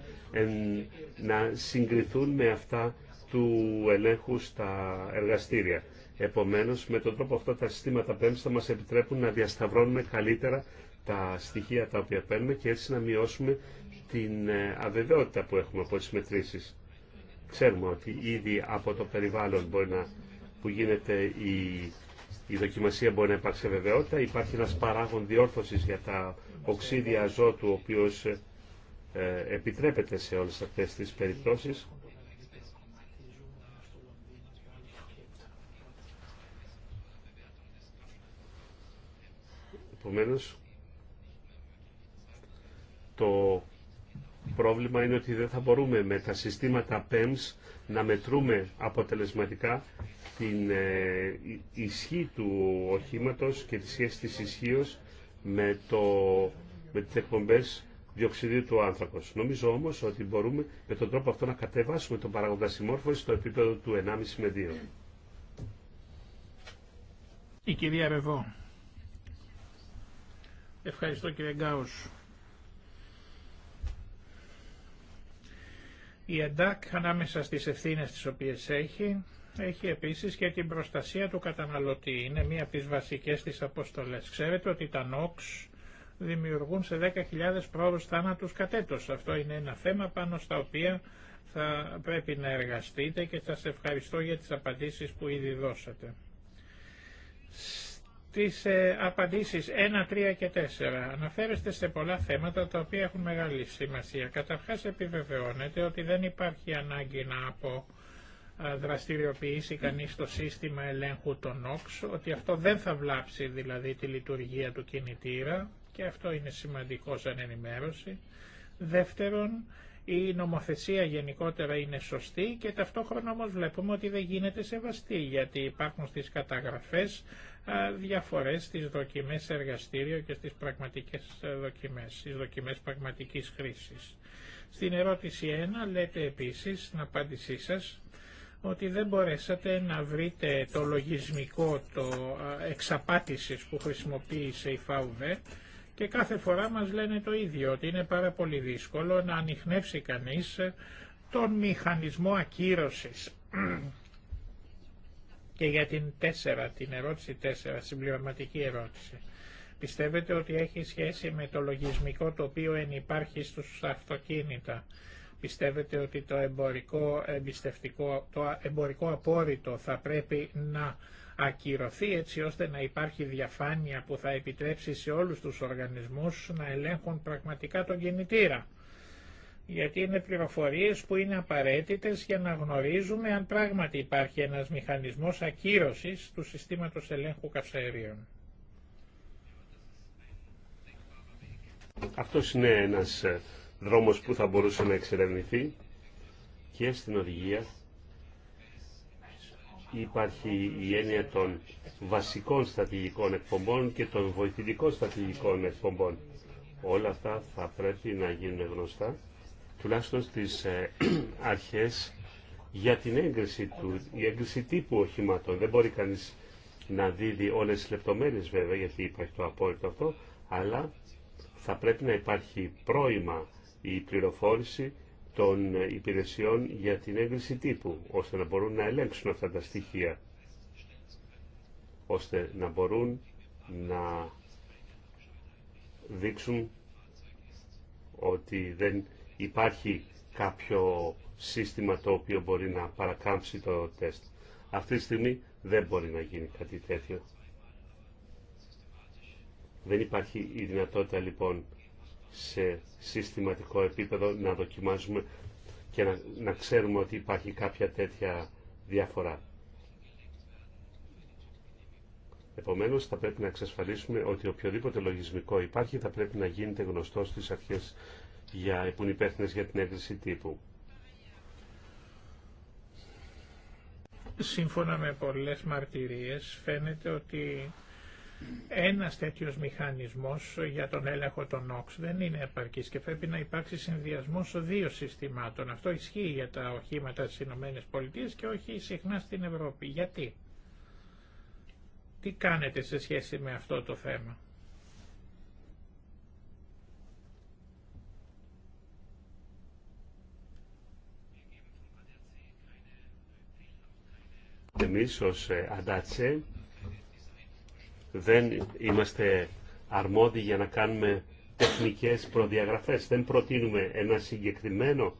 να συγκριθούν με αυτά του ελέγχου στα εργαστήρια. Επομένως, με τον τρόπο αυτό, τα συστήματα PEMS θα μας επιτρέπουν να διασταυρώνουμε καλύτερα τα στοιχεία τα οποία παίρνουμε και έτσι να μειώσουμε την ε, αβεβαιότητα που έχουμε από τι μετρήσεις. Ξέρουμε ότι ήδη από το περιβάλλον μπορεί να, που γίνεται η, η δοκιμασία μπορεί να υπάρξει αβεβαιότητα. Υπάρχει ένα παράγον διόρθωση για τα οξύδια αζότου, ο οποίο ε, ε, επιτρέπεται σε όλες αυτές τις περιπτώσει. Επομένως, το πρόβλημα είναι ότι δεν θα μπορούμε με τα συστήματα PEMS να μετρούμε αποτελεσματικά την ε, ισχύ του οχήματος και τη σχέση της ισχύω με, το, με τις εκπομπές διοξιδίου του άνθρακος. Νομίζω όμως ότι μπορούμε με τον τρόπο αυτό να κατεβάσουμε τον παράγοντα συμμόρφωση στο επίπεδο του 1,5 με 2. Η κυρία Ρεβό. Ευχαριστώ κύριε Γκάους. Η ΕΝΤΑΚ ανάμεσα στις ευθύνες τις οποίες έχει, έχει επίσης και την προστασία του καταναλωτή. Είναι μία από τις βασικές της αποστολές. Ξέρετε ότι τα νόξ δημιουργούν σε 10.000 πρόωρους θάνατους κατέτος. Αυτό είναι ένα θέμα πάνω στα οποία θα πρέπει να εργαστείτε και σας ευχαριστώ για τις απαντήσεις που ήδη δώσατε τις ε, απαντήσεις 1, 3 και 4 αναφέρεστε σε πολλά θέματα τα οποία έχουν μεγάλη σημασία. Καταρχάς επιβεβαιώνεται ότι δεν υπάρχει ανάγκη να απο δραστηριοποιήσει κανείς το σύστημα ελέγχου των OX, ότι αυτό δεν θα βλάψει δηλαδή τη λειτουργία του κινητήρα και αυτό είναι σημαντικό σαν ενημέρωση. Δεύτερον, η νομοθεσία γενικότερα είναι σωστή και ταυτόχρονα όμως βλέπουμε ότι δεν γίνεται σεβαστή γιατί υπάρχουν στις καταγραφές διαφορές στις δοκιμές εργαστήριο και στις πραγματικές ε, δοκιμές, στις δοκιμές πραγματικής χρήσης. Στην ερώτηση 1 λέτε επίσης, στην απάντησή σας, ότι δεν μπορέσατε να βρείτε το λογισμικό το εξαπάτησης που χρησιμοποίησε η ΦΑΟΒΕ και κάθε φορά μας λένε το ίδιο, ότι είναι πάρα πολύ δύσκολο να ανοιχνεύσει κανείς τον μηχανισμό ακύρωσης. και για την τέσσερα, την ερώτηση τέσσερα, συμπληρωματική ερώτηση. Πιστεύετε ότι έχει σχέση με το λογισμικό το οποίο ενυπάρχει στους αυτοκίνητα. Πιστεύετε ότι το εμπορικό, εμπιστευτικό, το εμπορικό απόρριτο θα πρέπει να ακυρωθεί έτσι ώστε να υπάρχει διαφάνεια που θα επιτρέψει σε όλους τους οργανισμούς να ελέγχουν πραγματικά τον κινητήρα. Γιατί είναι πληροφορίες που είναι απαραίτητες για να γνωρίζουμε αν πράγματι υπάρχει ένας μηχανισμός ακύρωσης του συστήματος ελέγχου καυσαερίων. Αυτός είναι ένας ε, δρόμος που θα μπορούσε να εξερευνηθεί και στην οδηγία υπάρχει η έννοια των βασικών στρατηγικών εκπομπών και των βοηθητικών στρατηγικών εκπομπών. Όλα αυτά θα πρέπει να γίνουν γνωστά, τουλάχιστον στις ε, αρχές για την έγκριση του, η έγκριση τύπου οχημάτων. Δεν μπορεί κανείς να δίδει όλες τις λεπτομέρειες βέβαια, γιατί υπάρχει το απόλυτο αυτό, αλλά θα πρέπει να υπάρχει πρόημα η πληροφόρηση των υπηρεσιών για την έγκριση τύπου, ώστε να μπορούν να ελέγξουν αυτά τα στοιχεία, ώστε να μπορούν να δείξουν ότι δεν υπάρχει κάποιο σύστημα το οποίο μπορεί να παρακάμψει το τεστ. Αυτή τη στιγμή δεν μπορεί να γίνει κάτι τέτοιο. Δεν υπάρχει η δυνατότητα λοιπόν σε συστηματικό επίπεδο να δοκιμάζουμε και να, να ξέρουμε ότι υπάρχει κάποια τέτοια διαφορά. Επομένως θα πρέπει να εξασφαλίσουμε ότι οποιοδήποτε λογισμικό υπάρχει θα πρέπει να γίνεται γνωστό στις αρχές για, που είναι για την έγκριση τύπου. Σύμφωνα με πολλές μαρτυρίες φαίνεται ότι ένας τέτοιος μηχανισμός για τον έλεγχο των νόξ δεν είναι επαρκής και πρέπει να υπάρξει συνδυασμός δύο συστημάτων. Αυτό ισχύει για τα οχήματα στις Ηνωμένες Πολιτείες και όχι συχνά στην Ευρώπη. Γιατί? Τι κάνετε σε σχέση με αυτό το θέμα. Εμείς ως Αντάτσε δεν είμαστε αρμόδιοι για να κάνουμε τεχνικές προδιαγραφές. Δεν προτείνουμε ένα συγκεκριμένο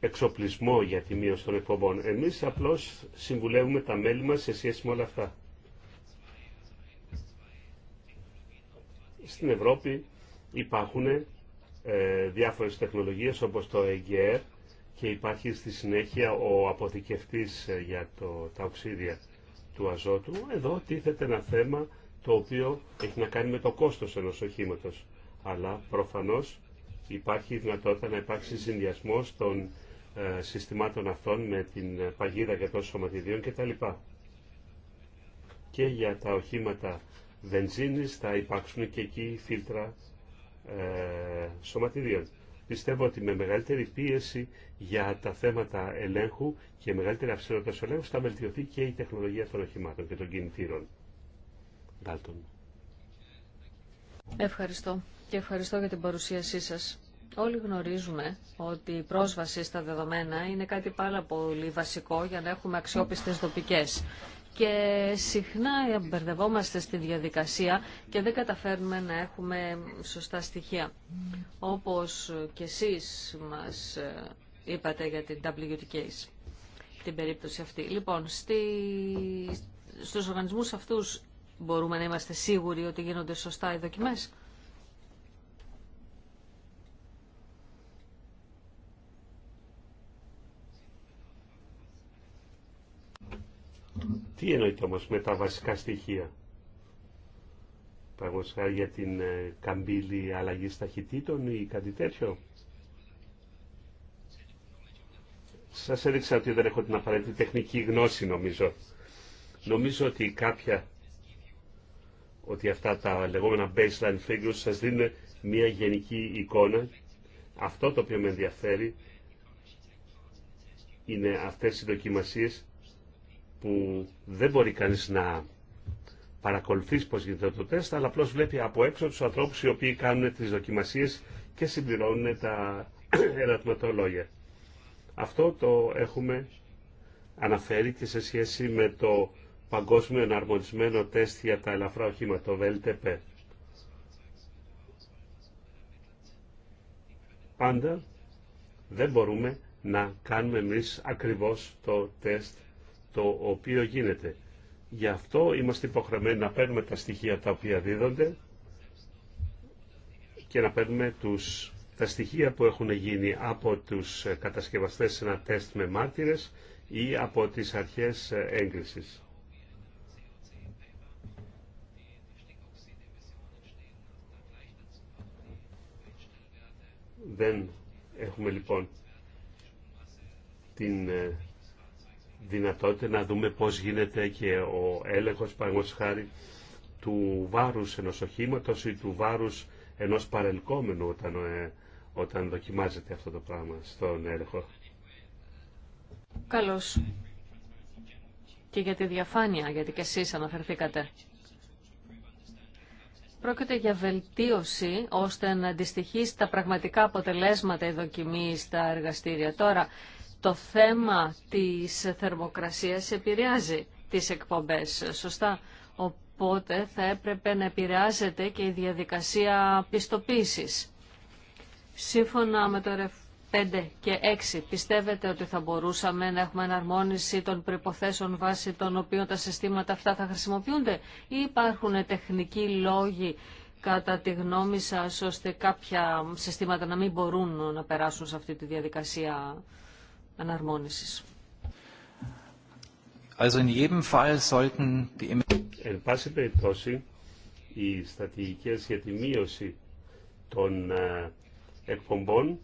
εξοπλισμό για τη μείωση των εκπομπών. Εμείς απλώς συμβουλεύουμε τα μέλη μας σε σχέση με όλα αυτά. Στην Ευρώπη υπάρχουν ε, διάφορες τεχνολογίες όπως το EGR και υπάρχει στη συνέχεια ο αποθηκευτής ε, για το, τα οξύδια του αζότου, εδώ τίθεται ένα θέμα το οποίο έχει να κάνει με το κόστος ενός οχήματος. Αλλά προφανώς υπάρχει η δυνατότητα να υπάρξει συνδυασμό των ε, συστημάτων αυτών με την παγίδα για των σωματιδίων κτλ. Και για τα οχήματα βενζίνης θα υπάρξουν και εκεί φίλτρα ε, σωματιδίων. Πιστεύω ότι με μεγαλύτερη πίεση για τα θέματα ελέγχου και μεγαλύτερη αυστηρότητα στου ελέγχου θα βελτιωθεί και η τεχνολογία των οχημάτων και των κινητήρων. Ευχαριστώ και ευχαριστώ για την παρουσίασή σας. Όλοι γνωρίζουμε ότι η πρόσβαση στα δεδομένα είναι κάτι πάρα πολύ βασικό για να έχουμε αξιόπιστες δοπικές και συχνά μπερδευόμαστε στη διαδικασία και δεν καταφέρνουμε να έχουμε σωστά στοιχεία. Όπως και εσείς μας ε, είπατε για την WTKS, την περίπτωση αυτή. Λοιπόν, στη... στους οργανισμούς αυτούς μπορούμε να είμαστε σίγουροι ότι γίνονται σωστά οι δοκιμές. Τι εννοείται όμως με τα βασικά στοιχεία. Παραγωγικά για την ε, καμπύλη αλλαγή ταχυτήτων ή κάτι τέτοιο. Σας έδειξα ότι δεν έχω την απαραίτητη τεχνική γνώση νομίζω. Νομίζω ότι κάποια ότι αυτά τα λεγόμενα baseline figures σας δίνουν μια γενική εικόνα. Αυτό το οποίο με ενδιαφέρει είναι αυτές οι δοκιμασίες που δεν μπορεί κανείς να παρακολουθείς πώς γίνεται το τεστ, αλλά απλώς βλέπει από έξω τους ανθρώπους οι οποίοι κάνουν τις δοκιμασίες και συμπληρώνουν τα ερωτηματολόγια. Αυτό το έχουμε αναφέρει και σε σχέση με το παγκόσμιο εναρμονισμένο τεστ για τα ελαφρά οχήματα, το VLTP. Πάντα δεν μπορούμε να κάνουμε εμείς ακριβώς το τεστ το οποίο γίνεται. Γι' αυτό είμαστε υποχρεωμένοι να παίρνουμε τα στοιχεία τα οποία δίδονται και να παίρνουμε τους, τα στοιχεία που έχουν γίνει από τους κατασκευαστές σε ένα τεστ με μάρτυρες ή από τις αρχές έγκρισης. Δεν έχουμε λοιπόν την ε, δυνατότητα να δούμε πώς γίνεται και ο έλεγχος παραγωγός χάρη του βάρους ενός οχήματος ή του βάρους ενός παρελκόμενου όταν, ε, όταν δοκιμάζεται αυτό το πράγμα στον έλεγχο. Καλώς. Και για τη διαφάνεια, γιατί και εσείς αναφερθήκατε. Πρόκειται για βελτίωση ώστε να αντιστοιχεί στα πραγματικά αποτελέσματα η δοκιμή στα εργαστήρια. Τώρα, το θέμα της θερμοκρασίας επηρεάζει τις εκπομπές, σωστά. Οπότε θα έπρεπε να επηρεάζεται και η διαδικασία πιστοποίησης. Σύμφωνα με το ρεφ 5 και 6 πιστεύετε ότι θα μπορούσαμε να έχουμε εναρμόνιση των προϋποθέσεων βάσει των οποίων τα συστήματα αυτά θα χρησιμοποιούνται ή υπάρχουν τεχνικοί λόγοι κατά τη γνώμη σας ώστε κάποια συστήματα να μην μπορούν να περάσουν σε αυτή τη διαδικασία αναρμόνισης. Also in jedem Fall sollten Εν πάση περιπτώσει, οι στρατηγικές για τη μείωση των ε, εκπομπών,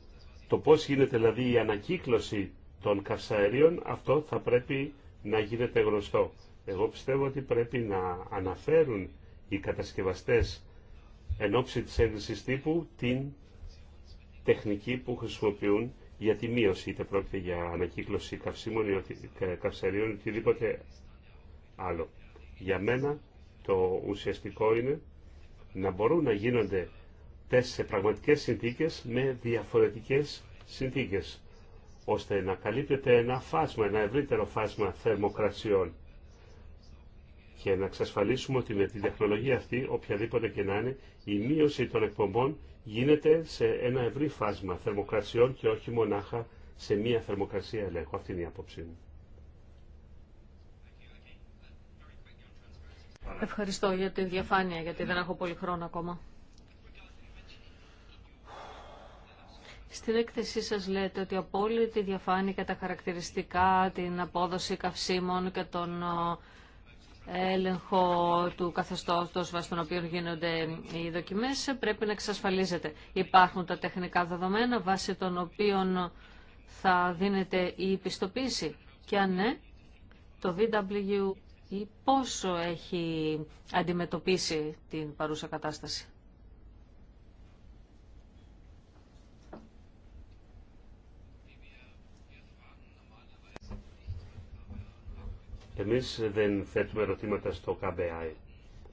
το πώς γίνεται δηλαδή η ανακύκλωση των καυσαερίων, αυτό θα πρέπει να γίνεται γνωστό. Εγώ πιστεύω ότι πρέπει να αναφέρουν οι κατασκευαστές εν ώψη της ένδυσης τύπου την τεχνική που χρησιμοποιούν για τη μείωση, είτε πρόκειται για ανακύκλωση καυσίμων ή καυσαρίων ή οτιδήποτε άλλο. Για μένα το ουσιαστικό είναι να μπορούν να γίνονται τεστ σε πραγματικές συνθήκες με διαφορετικές συνθήκες, ώστε να καλύπτεται ένα φάσμα, ένα ευρύτερο φάσμα θερμοκρασιών και να εξασφαλίσουμε ότι με τη τεχνολογία αυτή, οποιαδήποτε και να είναι, η μείωση των εκπομπών γίνεται σε ένα ευρύ φάσμα θερμοκρασιών και όχι μονάχα σε μία θερμοκρασία ελέγχου. Αυτή είναι η άποψή μου. Ευχαριστώ για τη διαφάνεια, γιατί δεν έχω πολύ χρόνο ακόμα. Στην έκθεσή σας λέτε ότι απόλυτη διαφάνεια και τα χαρακτηριστικά, την απόδοση καυσίμων και των έλεγχο του καθεστώτος βάσει τον οποίο γίνονται οι δοκιμές πρέπει να εξασφαλίζεται. Υπάρχουν τα τεχνικά δεδομένα βάσει των οποίων θα δίνεται η πιστοποίηση και αν ναι, το VW πόσο έχει αντιμετωπίσει την παρούσα κατάσταση. Εμείς δεν θέτουμε ερωτήματα στο KBI.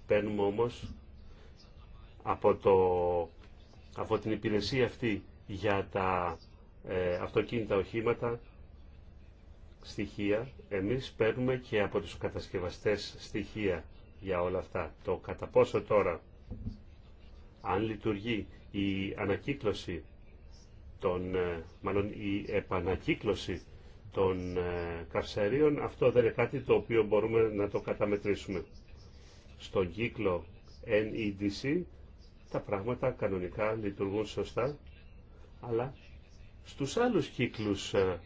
Παίρνουμε όμως από, το, από την υπηρεσία αυτή για τα ε, αυτοκίνητα οχήματα στοιχεία. Εμείς παίρνουμε και από τους κατασκευαστές στοιχεία για όλα αυτά. Το κατά πόσο τώρα, αν λειτουργεί η ανακύκλωση των, ε, μάλλον η επανακύκλωση των ε, καυσαρίων αυτό δεν είναι κάτι το οποίο μπορούμε να το καταμετρήσουμε. Στον κύκλο NEDC τα πράγματα κανονικά λειτουργούν σωστά, αλλά στους άλλους κύκλους ε,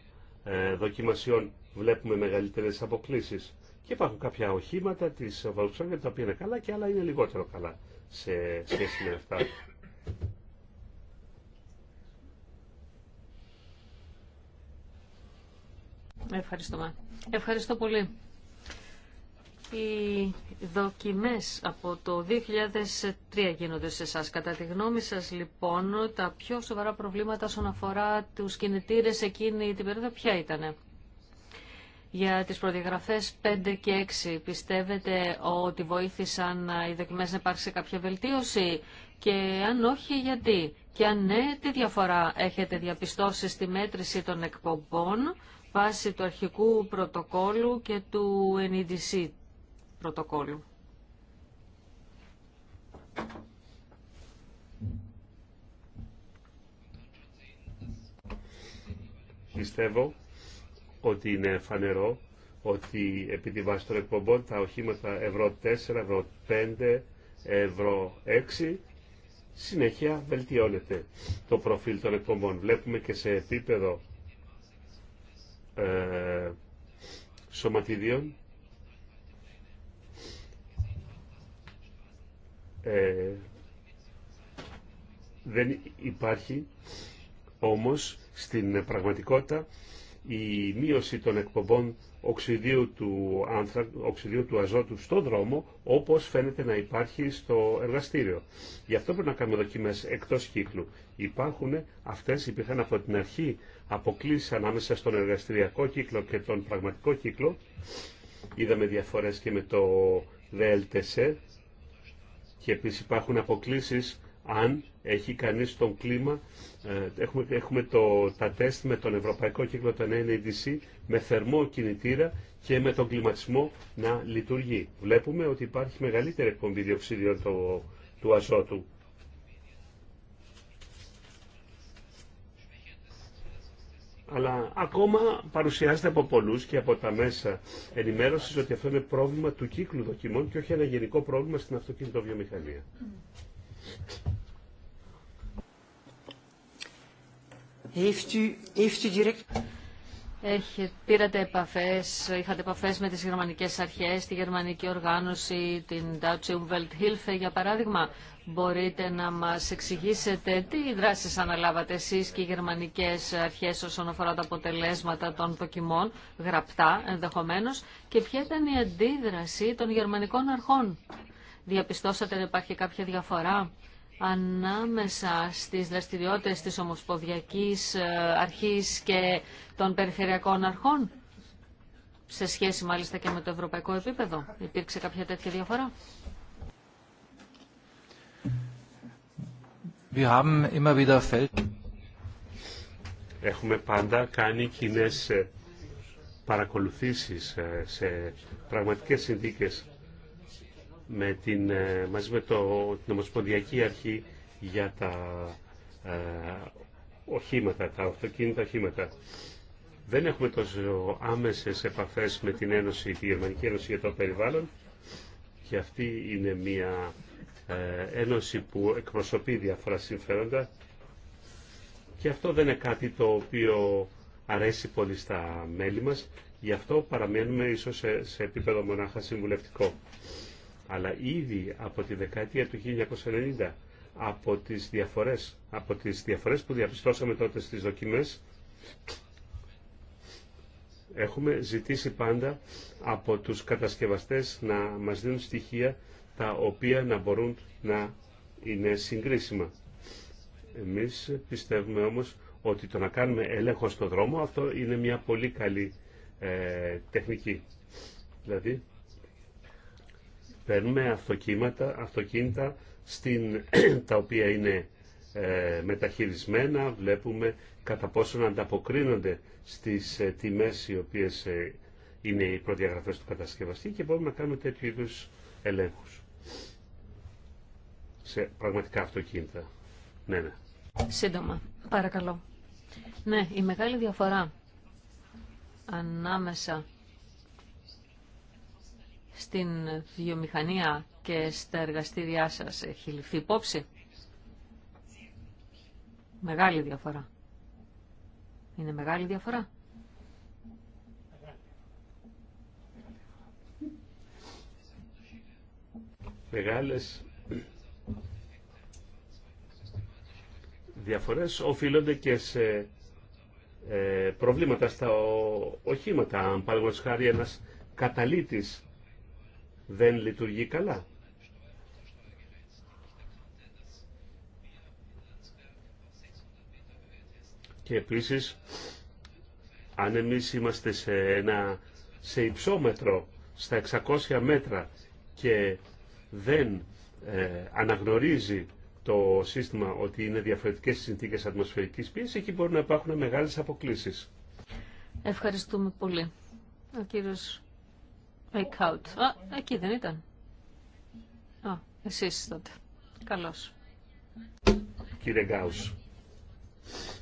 ε, δοκιμασιών βλέπουμε μεγαλύτερες αποκλήσεις. Και υπάρχουν κάποια οχήματα της Volkswagen τα οποία είναι καλά και άλλα είναι λιγότερο καλά σε σχέση με αυτά Ευχαριστούμε. Ευχαριστώ πολύ. Οι δοκιμές από το 2003 γίνονται σε εσά. Κατά τη γνώμη σας λοιπόν τα πιο σοβαρά προβλήματα όσον αφορά τους κινητήρες εκείνη την περίοδο ποια ήτανε. Για τις προδιαγραφές 5 και 6 πιστεύετε ότι βοήθησαν οι δοκιμές να υπάρξει κάποια βελτίωση και αν όχι γιατί. Και αν ναι τι διαφορά έχετε διαπιστώσει στη μέτρηση των εκπομπών βάσει του αρχικού πρωτοκόλλου και του NEDC πρωτοκόλλου. Πιστεύω ότι είναι φανερό ότι επί τη βάση των εκπομπών τα οχήματα ευρώ 4, ευρώ 5, ευρώ 6 συνέχεια βελτιώνεται το προφίλ των εκπομπών. Βλέπουμε και σε επίπεδο ε, σωματιδίων ε, δεν υπάρχει όμως στην πραγματικότητα η μείωση των εκπομπών οξυδίου του, άνθρα, οξυδίου του αζότου στο δρόμο, όπως φαίνεται να υπάρχει στο εργαστήριο. Γι' αυτό πρέπει να κάνουμε δοκιμές εκτός κύκλου. Υπάρχουν αυτές, υπήρχαν από την αρχή Αποκλίσεις ανάμεσα στον εργαστηριακό κύκλο και τον πραγματικό κύκλο. Είδαμε διαφορές και με το ΔΕΛΤΣΕ και επίσης υπάρχουν αποκλίσεις αν έχει κανείς τον κλίμα. Ε, έχουμε, έχουμε το, τα τεστ με τον ευρωπαϊκό κύκλο, τον NADC, με θερμό κινητήρα και με τον κλιματισμό να λειτουργεί. Βλέπουμε ότι υπάρχει μεγαλύτερη εκπομπή διοξίδιων του αζότου αλλά ακόμα παρουσιάζεται από πολλούς και από τα μέσα ενημέρωσης ότι αυτό είναι πρόβλημα του κύκλου δοκιμών και όχι ένα γενικό πρόβλημα στην αυτοκινητοβιομηχανία. Heeft πήρατε επαφές, είχατε επαφές με τις γερμανικές αρχές, τη γερμανική οργάνωση, την Deutsche Umwelthilfe για παράδειγμα. Μπορείτε να μας εξηγήσετε τι δράσεις αναλάβατε εσείς και οι γερμανικές αρχές όσον αφορά τα αποτελέσματα των δοκιμών, γραπτά ενδεχομένως, και ποια ήταν η αντίδραση των γερμανικών αρχών. Διαπιστώσατε ότι υπάρχει κάποια διαφορά ανάμεσα στις δραστηριότητες της Ομοσποδιακής ε, Αρχής και των Περιφερειακών Αρχών, σε σχέση μάλιστα και με το ευρωπαϊκό επίπεδο. Υπήρξε κάποια τέτοια διαφορά. Έχουμε πάντα κάνει κοινέ ε, παρακολουθήσεις ε, σε πραγματικές συνθήκες με την, ε, μαζί με το, την Ομοσπονδιακή Αρχή για τα ε, οχήματα, τα αυτοκίνητα οχήματα. Δεν έχουμε τόσο άμεσες επαφές με την Ένωση, τη Γερμανική Ένωση για το Περιβάλλον και αυτή είναι μια ε, ένωση που εκπροσωπεί διάφορα συμφέροντα και αυτό δεν είναι κάτι το οποίο αρέσει πολύ στα μέλη μας, γι' αυτό παραμένουμε ίσως σε, σε επίπεδο μονάχα συμβουλευτικό αλλά ήδη από τη δεκαετία του 1990 από τις διαφορές, από τις διαφορές που διαπιστώσαμε τότε στις δοκιμές έχουμε ζητήσει πάντα από τους κατασκευαστές να μας δίνουν στοιχεία τα οποία να μπορούν να είναι συγκρίσιμα. Εμείς πιστεύουμε όμως ότι το να κάνουμε έλεγχο στο δρόμο αυτό είναι μια πολύ καλή ε, τεχνική. Δηλαδή Παίρνουμε αυτοκίνητα, αυτοκίνητα στην, τα οποία είναι ε, μεταχειρισμένα, βλέπουμε κατά πόσο να ανταποκρίνονται στις ε, τιμές οι οποίες ε, είναι οι προδιαγραφές του κατασκευαστή και μπορούμε να κάνουμε τέτοιου είδου ελέγχους σε πραγματικά αυτοκίνητα. Ναι, ναι. Σύντομα, παρακαλώ. Ναι, η μεγάλη διαφορά ανάμεσα στην βιομηχανία και στα εργαστήριά σας έχει ληφθεί υπόψη. Μεγάλη διαφορά. Είναι μεγάλη διαφορά. Μεγάλες διαφορές οφείλονται και σε ε, προβλήματα στα οχήματα. Αν παραδείγματος χάρη ένας καταλήτης δεν λειτουργεί καλά. Και επίσης, αν εμείς είμαστε σε, ένα, σε υψόμετρο, στα 600 μέτρα και δεν ε, αναγνωρίζει το σύστημα ότι είναι διαφορετικές συνθήκες ατμοσφαιρικής πίεσης, εκεί μπορούν να υπάρχουν μεγάλες αποκλήσεις. Ευχαριστούμε πολύ. Ο κύριος Α, εκεί δεν ήταν. Α, εσείς τότε. Καλώ. Κύριε Γκάου.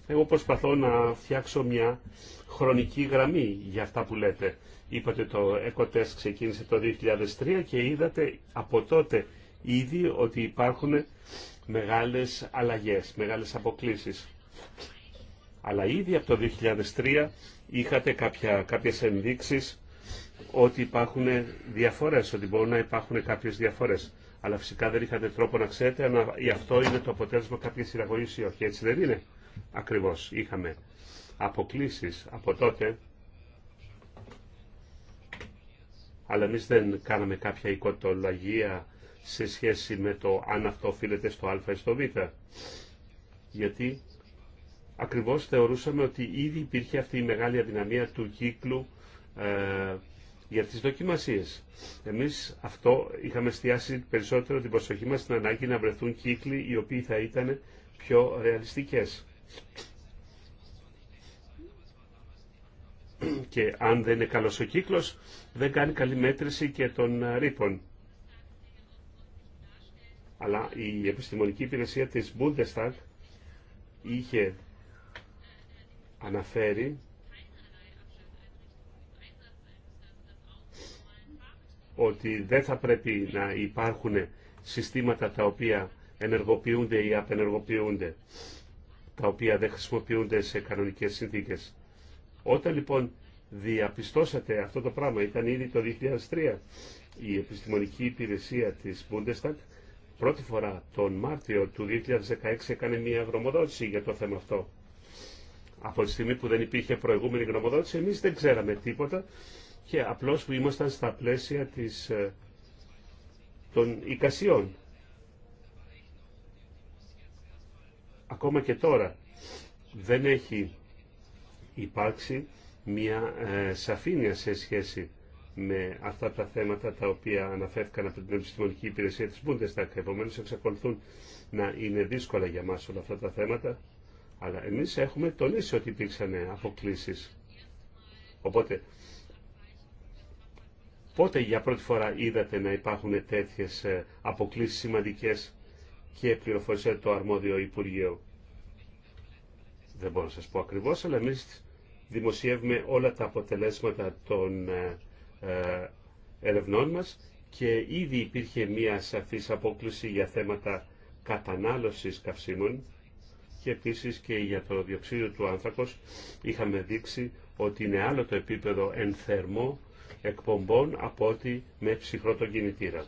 εγώ προσπαθώ να φτιάξω μια χρονική γραμμή για αυτά που λέτε. Είπατε το ECOTES ξεκίνησε το 2003 και είδατε από τότε ήδη ότι υπάρχουν μεγάλες αλλαγές, μεγάλες αποκλήσεις. Αλλά ήδη από το 2003 είχατε κάποια, κάποιες ενδείξεις ότι υπάρχουν διαφορές, ότι μπορούν να υπάρχουν κάποιες διαφορές. Αλλά φυσικά δεν είχατε τρόπο να ξέρετε αν αυτό είναι το αποτέλεσμα κάποια συραγωγής ή όχι. Έτσι δεν είναι. Ακριβώς. Είχαμε αποκλήσει από τότε. Αλλά εμεί δεν κάναμε κάποια οικοτολογία σε σχέση με το αν αυτό οφείλεται στο α ή στο β. Γιατί ακριβώς θεωρούσαμε ότι ήδη υπήρχε αυτή η μεγάλη αδυναμία του κύκλου ε, για τις δοκιμασίες. Εμείς αυτό είχαμε στειάσει περισσότερο την προσοχή μας στην ανάγκη να βρεθούν κύκλοι οι οποίοι θα ήταν πιο ρεαλιστικές. Και αν δεν είναι καλός ο κύκλος, δεν κάνει καλή μέτρηση και των ε, ρήπων. Αλλά η επιστημονική υπηρεσία της Bundestag είχε αναφέρει ότι δεν θα πρέπει να υπάρχουν συστήματα τα οποία ενεργοποιούνται ή απενεργοποιούνται, τα οποία δεν χρησιμοποιούνται σε κανονικές συνθήκες. Όταν λοιπόν διαπιστώσατε αυτό το πράγμα, ήταν ήδη το 2003, η επιστημονική υπηρεσία της Bundestag πρώτη φορά τον Μάρτιο του 2016 έκανε μια γνωμοδότηση για το θέμα αυτό. Από τη στιγμή που δεν υπήρχε προηγούμενη γνωμοδότηση, εμείς δεν ξέραμε τίποτα και απλώς που ήμασταν στα πλαίσια της, ε, των οικασιών. Ακόμα και τώρα δεν έχει υπάρξει μια ε, σαφήνεια σε σχέση με αυτά τα θέματα τα οποία αναφέρθηκαν από την επιστημονική υπηρεσία της Bundestag. Επομένως εξακολουθούν να είναι δύσκολα για μας όλα αυτά τα θέματα, αλλά εμείς έχουμε τονίσει ότι υπήρξαν αποκλήσεις. Οπότε Πότε για πρώτη φορά είδατε να υπάρχουν τέτοιες ε, αποκλήσεις σημαντικές και πληροφορήσε το αρμόδιο Υπουργείο. Δεν μπορώ να σας πω ακριβώς, αλλά εμείς δημοσιεύουμε όλα τα αποτελέσματα των ε, ε, ερευνών μας και ήδη υπήρχε μία σαφής απόκληση για θέματα κατανάλωσης καυσίμων και επίσης και για το διοξείδιο του άνθρακος είχαμε δείξει ότι είναι άλλο το επίπεδο εν εκπομπών από ότι με ψυχρό τον κινητήρα.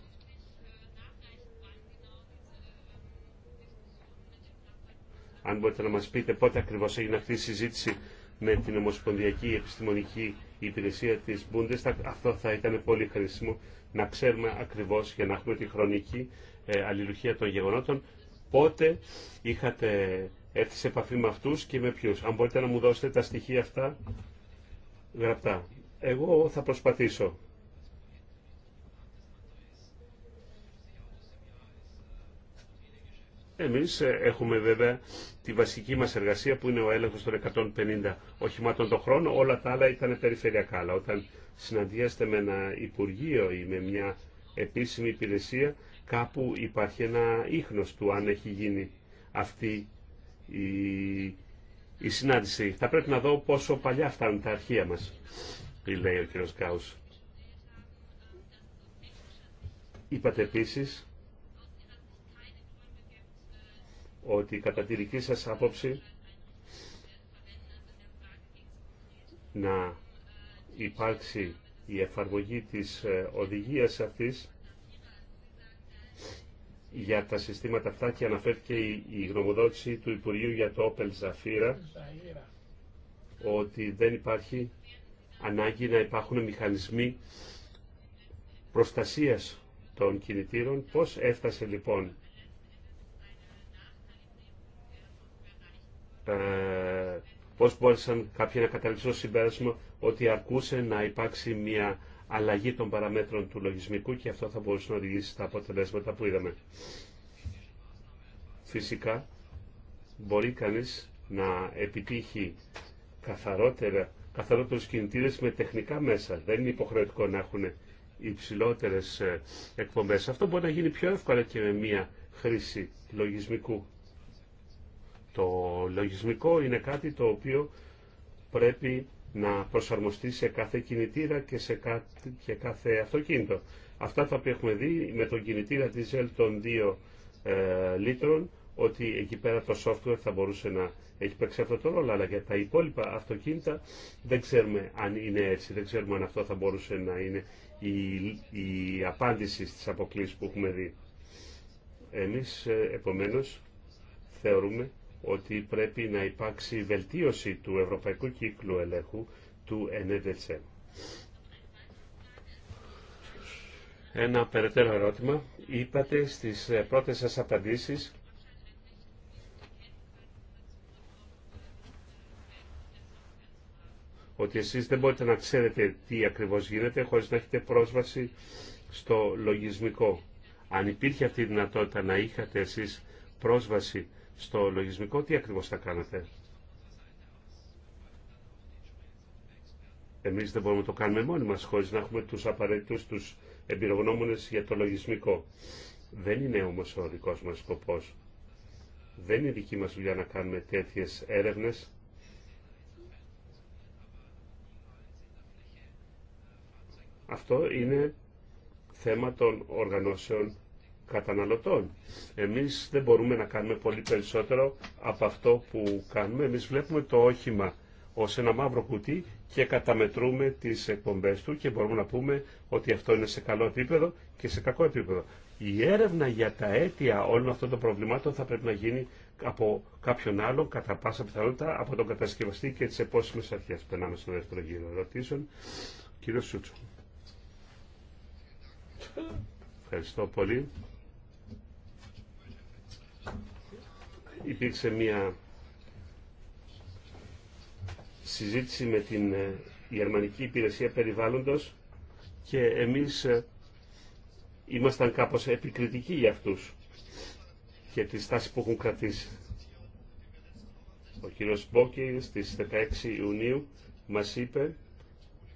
Αν μπορείτε να μας πείτε πότε ακριβώς έγινε αυτή η συζήτηση με την Ομοσπονδιακή Επιστημονική Υπηρεσία της Bundestag, αυτό θα ήταν πολύ χρήσιμο να ξέρουμε ακριβώς για να έχουμε τη χρονική ε, αλληλουχία των γεγονότων πότε είχατε έρθει σε επαφή με αυτούς και με ποιους. Αν μπορείτε να μου δώσετε τα στοιχεία αυτά γραπτά. Εγώ θα προσπαθήσω. Εμείς ε, έχουμε βέβαια τη βασική μας εργασία που είναι ο έλεγχος των 150 οχημάτων το χρόνο. Όλα τα άλλα ήταν περιφερειακά. Αλλά όταν συναντιέστε με ένα υπουργείο ή με μια επίσημη υπηρεσία, κάπου υπάρχει ένα ίχνος του αν έχει γίνει αυτή η, η συνάντηση. Θα πρέπει να δω πόσο παλιά φτάνουν τα αρχεία μας λέει ο κ. Γκάους. Είπατε επίσης ότι κατά τη δική σας άποψη να υπάρξει η εφαρμογή της ε, οδηγίας αυτής για τα συστήματα αυτά και αναφέρθηκε η γνωμοδότηση του Υπουργείου για το Opel Zafira ότι δεν υπάρχει ανάγκη να υπάρχουν μηχανισμοί προστασίας των κινητήρων. Πώς έφτασε λοιπόν ε, πώς μπόρεσαν κάποιοι να καταλήξουν στο συμπέρασμα ότι αρκούσε να υπάρξει μια αλλαγή των παραμέτρων του λογισμικού και αυτό θα μπορούσε να οδηγήσει στα αποτελέσματα που είδαμε. Φυσικά μπορεί κανείς να επιτύχει καθαρότερα τους κινητήρες με τεχνικά μέσα. Δεν είναι υποχρεωτικό να έχουν υψηλότερε ε, εκπομπές. Αυτό μπορεί να γίνει πιο εύκολα και με μια χρήση λογισμικού. Το λογισμικό είναι κάτι το οποίο πρέπει να προσαρμοστεί σε κάθε κινητήρα και σε κάθε, και κάθε αυτοκίνητο. Αυτά τα οποία έχουμε δει με τον κινητήρα diesel των 2 ε, λίτρων, ότι εκεί πέρα το software θα μπορούσε να έχει παίξει αυτό το ρόλο, αλλά για τα υπόλοιπα αυτοκίνητα δεν ξέρουμε αν είναι έτσι, δεν ξέρουμε αν αυτό θα μπορούσε να είναι η, η απάντηση στις αποκλήσεις που έχουμε δει. Εμείς ε, επομένως θεωρούμε ότι πρέπει να υπάρξει βελτίωση του Ευρωπαϊκού Κύκλου Ελέγχου του ΕΝΕΔΕΤΣΕ. Ένα περαιτέρω ερώτημα. Είπατε στις ε, πρώτες σας απαντήσεις ότι εσείς δεν μπορείτε να ξέρετε τι ακριβώς γίνεται χωρίς να έχετε πρόσβαση στο λογισμικό. Αν υπήρχε αυτή η δυνατότητα να είχατε εσείς πρόσβαση στο λογισμικό, τι ακριβώς θα κάνατε. Εμείς δεν μπορούμε να το κάνουμε μόνοι μας χωρίς να έχουμε τους απαραίτητους τους εμπειρογνώμονες για το λογισμικό. Δεν είναι όμως ο δικός μας σκοπός. Δεν είναι δική μας δουλειά να κάνουμε τέτοιες έρευνες Αυτό είναι θέμα των οργανώσεων καταναλωτών. Εμείς δεν μπορούμε να κάνουμε πολύ περισσότερο από αυτό που κάνουμε. Εμείς βλέπουμε το όχημα ως ένα μαύρο κουτί και καταμετρούμε τις εκπομπές του και μπορούμε να πούμε ότι αυτό είναι σε καλό επίπεδο και σε κακό επίπεδο. Η έρευνα για τα αίτια όλων αυτών των προβλημάτων θα πρέπει να γίνει από κάποιον άλλον, κατά πάσα πιθανότητα, από τον κατασκευαστή και τις επόσημες αρχές. Περνάμε στο δεύτερο γύρο ερωτήσεων. Κύριο Σούτσο. Ευχαριστώ πολύ. Υπήρξε μια συζήτηση με την ε, Γερμανική Υπηρεσία Περιβάλλοντος και εμείς ε, ήμασταν κάπως επικριτικοί για αυτούς και τη στάση που έχουν κρατήσει. Ο κύριος Μπόκερ στις 16 Ιουνίου μας είπε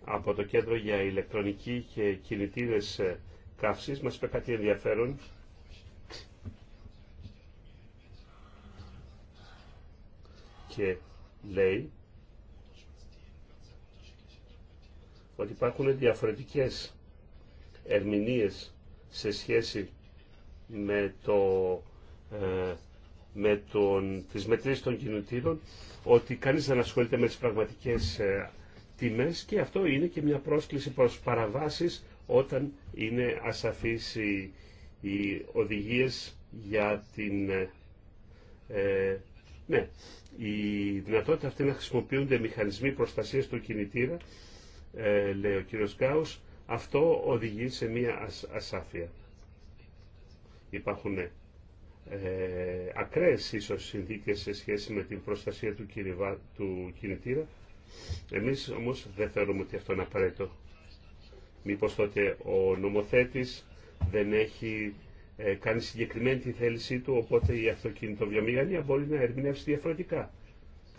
από το Κέντρο για Ηλεκτρονική και Κινητήρες ε, καύσης μας είπε κάτι ενδιαφέρον. Και λέει ότι υπάρχουν διαφορετικές ερμηνείες σε σχέση με, το, ε, με τον, τις μετρήσεις των κινητήρων, ότι κανείς δεν ασχολείται με τις πραγματικές ε, τιμές και αυτό είναι και μια πρόσκληση προς παραβάσεις όταν είναι ασαφείς οι, οι οδηγίες για την... Ε, ναι, η δυνατότητα αυτή να χρησιμοποιούνται μηχανισμοί προστασίας του κινητήρα, ε, λέει ο κύριος Γκάους, αυτό οδηγεί σε μία ασάφεια. Υπάρχουν ε, ακραίες ίσως συνθήκες σε σχέση με την προστασία του, κινητήρα. Εμείς όμως δεν θεωρούμε ότι αυτό είναι απαραίτητο. Μήπως τότε ο νομοθέτης δεν έχει ε, κάνει συγκεκριμένη τη θέλησή του, οπότε η αυτοκινητοβιομηχανία μπορεί να ερμηνεύσει διαφορετικά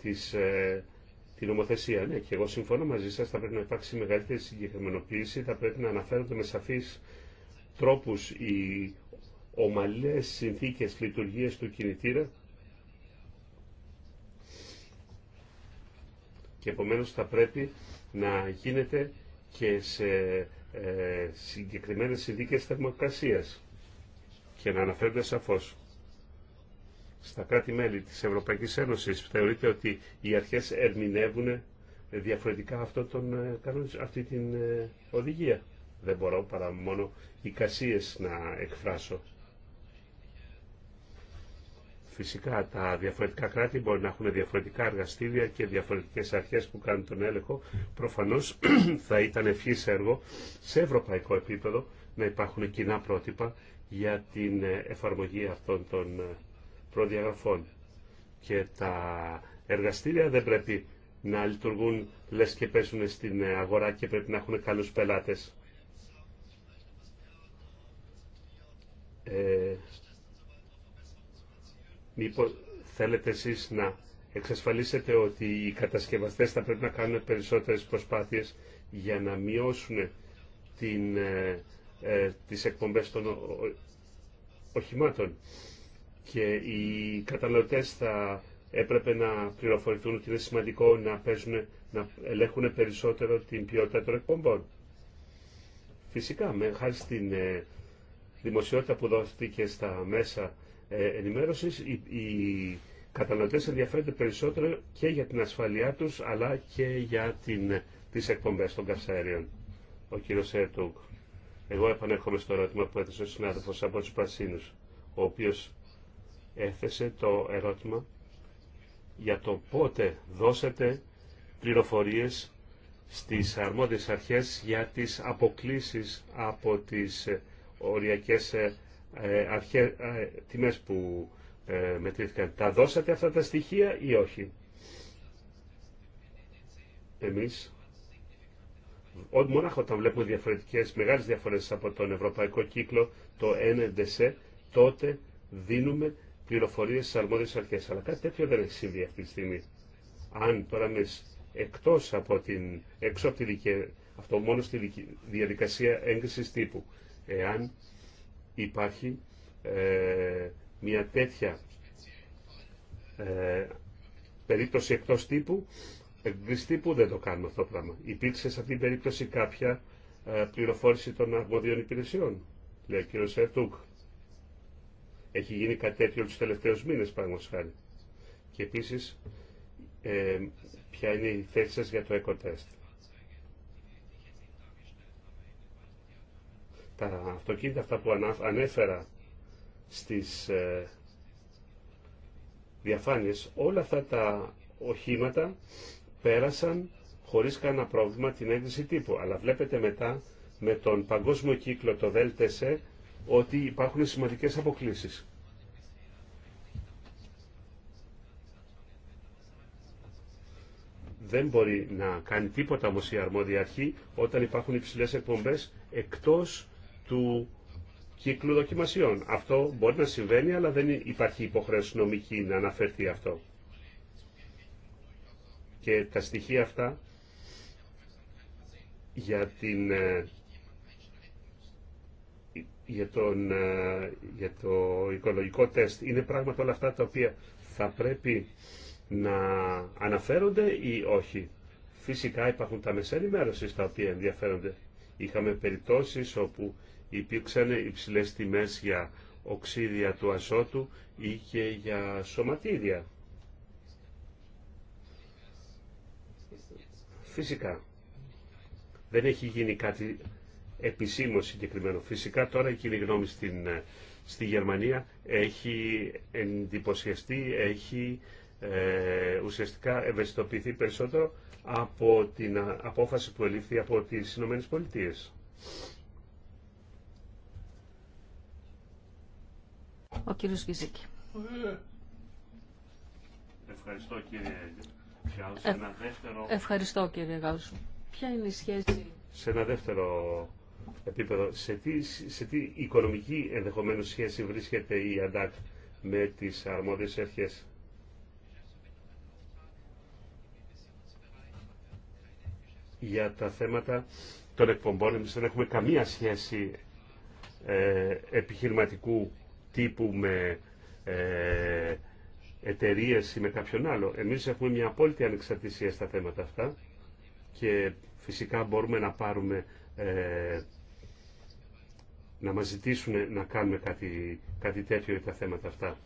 της ε, την νομοθεσία. Ναι, και εγώ συμφωνώ μαζί σας, θα πρέπει να υπάρξει μεγαλύτερη συγκεκριμενοποίηση, θα πρέπει να αναφέρονται με σαφείς τρόπους οι ομαλές συνθήκες λειτουργίας του κινητήρα και επομένως θα πρέπει να γίνεται και σε ε, συγκεκριμένες θερμοκρασία θερμοκρασίας και να αναφέρονται σαφώς. Στα κράτη-μέλη της Ευρωπαϊκής Ένωσης θεωρείται ότι οι αρχές ερμηνεύουν διαφορετικά αυτό τον, ε, αυτή την ε, οδηγία. Δεν μπορώ παρά μόνο εικασίες να εκφράσω. Φυσικά τα διαφορετικά κράτη μπορεί να έχουν διαφορετικά εργαστήρια και διαφορετικές αρχές που κάνουν τον έλεγχο. Προφανώς θα ήταν ευχής έργο σε ευρωπαϊκό επίπεδο να υπάρχουν κοινά πρότυπα για την ε, εφαρμογή αυτών των ε, προδιαγραφών. Και τα εργαστήρια δεν πρέπει να λειτουργούν λες και πέσουν στην ε, αγορά και πρέπει να έχουν καλούς πελάτες. Ε, Μήπως θέλετε εσείς να εξασφαλίσετε ότι οι κατασκευαστές θα πρέπει να κάνουν περισσότερες προσπάθειες για να μειώσουν την, ε, ε τις εκπομπές των οχημάτων και οι καταναλωτές θα έπρεπε να πληροφορηθούν ότι είναι σημαντικό να, παίζουν, να ελέγχουν περισσότερο την ποιότητα των εκπομπών. Φυσικά, με χάρη στην ε, δημοσιότητα που δόθηκε στα μέσα ε, ενημέρωσης, οι, οι καταναλωτές ενδιαφέρονται περισσότερο και για την ασφαλειά τους, αλλά και για την, τις εκπομπές των καυσαέριων. Ο κύριος Έρτουγκ. Εγώ επανέρχομαι στο ερώτημα που έθεσε ο συνάδελφος από τους Πρασίνους, ο οποίος έθεσε το ερώτημα για το πότε δώσετε πληροφορίες στις αρμόδιες αρχές για τις αποκλήσεις από τις ε, οριακές ε, ε, αρχέ, ε, τιμές που ε, μετρήθηκαν. Τα δώσατε αυτά τα στοιχεία ή όχι. Εμείς μόνο όταν βλέπουμε διαφορετικές, μεγάλες διαφορές από τον ευρωπαϊκό κύκλο, το NDC, τότε δίνουμε πληροφορίες στις αρμόδιες αρχές. Αλλά κάτι τέτοιο δεν έχει συμβεί αυτή τη στιγμή. Αν τώρα είμαι εκτός από την, έξω από τη αυτό μόνο στη διαδικασία έγκρισης τύπου, εάν υπάρχει ε, μια τέτοια ε, περίπτωση εκτός τύπου, εκτός τύπου δεν το κάνουμε αυτό το πράγμα. Υπήρξε σε αυτήν την περίπτωση κάποια ε, πληροφόρηση των αρμοδιών υπηρεσιών, λέει ο κύριος Ερτούκ. Έχει γίνει κάτι τέτοιο τους τελευταίους μήνες, παραγωγός Και επίσης, ε, ποια είναι η θέση σας για το ECOTEST. τα αυτοκίνητα αυτά που ανέφερα στις ε, διαφάνειες, όλα αυτά τα οχήματα πέρασαν χωρίς κανένα πρόβλημα την ένδυση τύπου. Αλλά βλέπετε μετά με τον παγκόσμιο κύκλο, το ΔΕΛΤΕΣΕ, ότι υπάρχουν σημαντικές αποκλήσεις. Δεν μπορεί να κάνει τίποτα όμως η αρμόδια αρχή όταν υπάρχουν υψηλές εκπομπές εκτός του κύκλου δοκιμασιών. Αυτό μπορεί να συμβαίνει, αλλά δεν υπάρχει υποχρέωση νομική να αναφερθεί αυτό. Και τα στοιχεία αυτά για, την, ε, για, τον, ε, για το οικολογικό τεστ είναι πράγματα όλα αυτά τα οποία θα πρέπει να αναφέρονται ή όχι. Φυσικά υπάρχουν τα μεσαία ενημέρωση τα οποία ενδιαφέρονται. Είχαμε περιπτώσεις όπου υπήρξαν υψηλές τιμές για οξύδια του ασότου ή και για σωματίδια. Φυσικά. Δεν έχει γίνει κάτι επισήμω συγκεκριμένο. Φυσικά τώρα η κοινή γνώμη ε, στη Γερμανία έχει εντυπωσιαστεί, έχει ε, ουσιαστικά ευαισθητοποιηθεί περισσότερο από την ε, απόφαση που ελήφθη από τις Ηνωμένες Πολιτείες. Ο κύριος Βυζίκη. Ευχαριστώ κύριε Γκάουσου. Ε, δεύτερο... Ευχαριστώ Ποια είναι η σχέση... Σε ένα δεύτερο επίπεδο, σε τι, οικονομική ενδεχομένως σχέση βρίσκεται η ΑΝΤΑΚ με τις αρμόδιες αρχές. Για τα θέματα των εκπομπών, εμείς δεν έχουμε καμία σχέση ε, επιχειρηματικού τύπου με ε, εταιρείε ή με κάποιον άλλο. Εμείς έχουμε μια απόλυτη ανεξαρτησία στα θέματα αυτά και φυσικά μπορούμε να πάρουμε ε, να μας ζητήσουν να κάνουμε κάτι, κάτι τέτοιο για τα θέματα αυτά.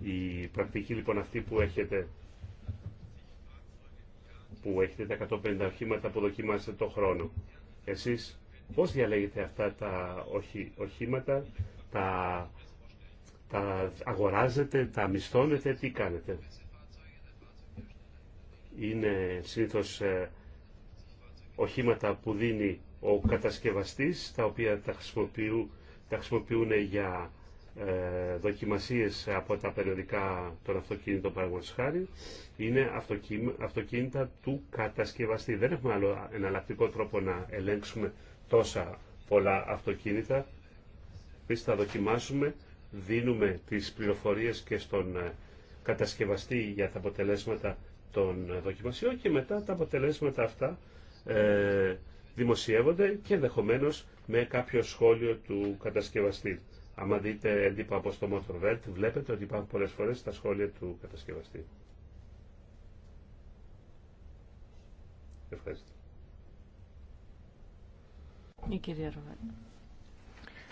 Η πρακτική λοιπόν αυτή που έχετε που έχετε τα 150 οχήματα που δοκιμάζετε το χρόνο. Εσείς πώς διαλέγετε αυτά τα οχήματα, τα, τα αγοράζετε, τα μισθώνετε, τι κάνετε. Είναι συνήθως ε, οχήματα που δίνει ο κατασκευαστής, τα οποία τα χρησιμοποιούν, για ε, δοκιμασίες από τα περιοδικά των αυτοκίνητων παραγωγής χάρη είναι αυτοκίνητα του κατασκευαστή. Δεν έχουμε άλλο εναλλακτικό τρόπο να ελέγξουμε τόσα πολλά αυτοκίνητα Επίσης θα δοκιμάσουμε, δίνουμε τις πληροφορίες και στον ε, κατασκευαστή για τα αποτελέσματα των ε, δοκιμασιών και μετά τα αποτελέσματα αυτά ε, δημοσιεύονται και ενδεχομένω με κάποιο σχόλιο του κατασκευαστή. Άμα δείτε έντυπα από στο Motorvert, βλέπετε ότι υπάρχουν πολλές φορές τα σχόλια του κατασκευαστή. Ευχαριστώ. Η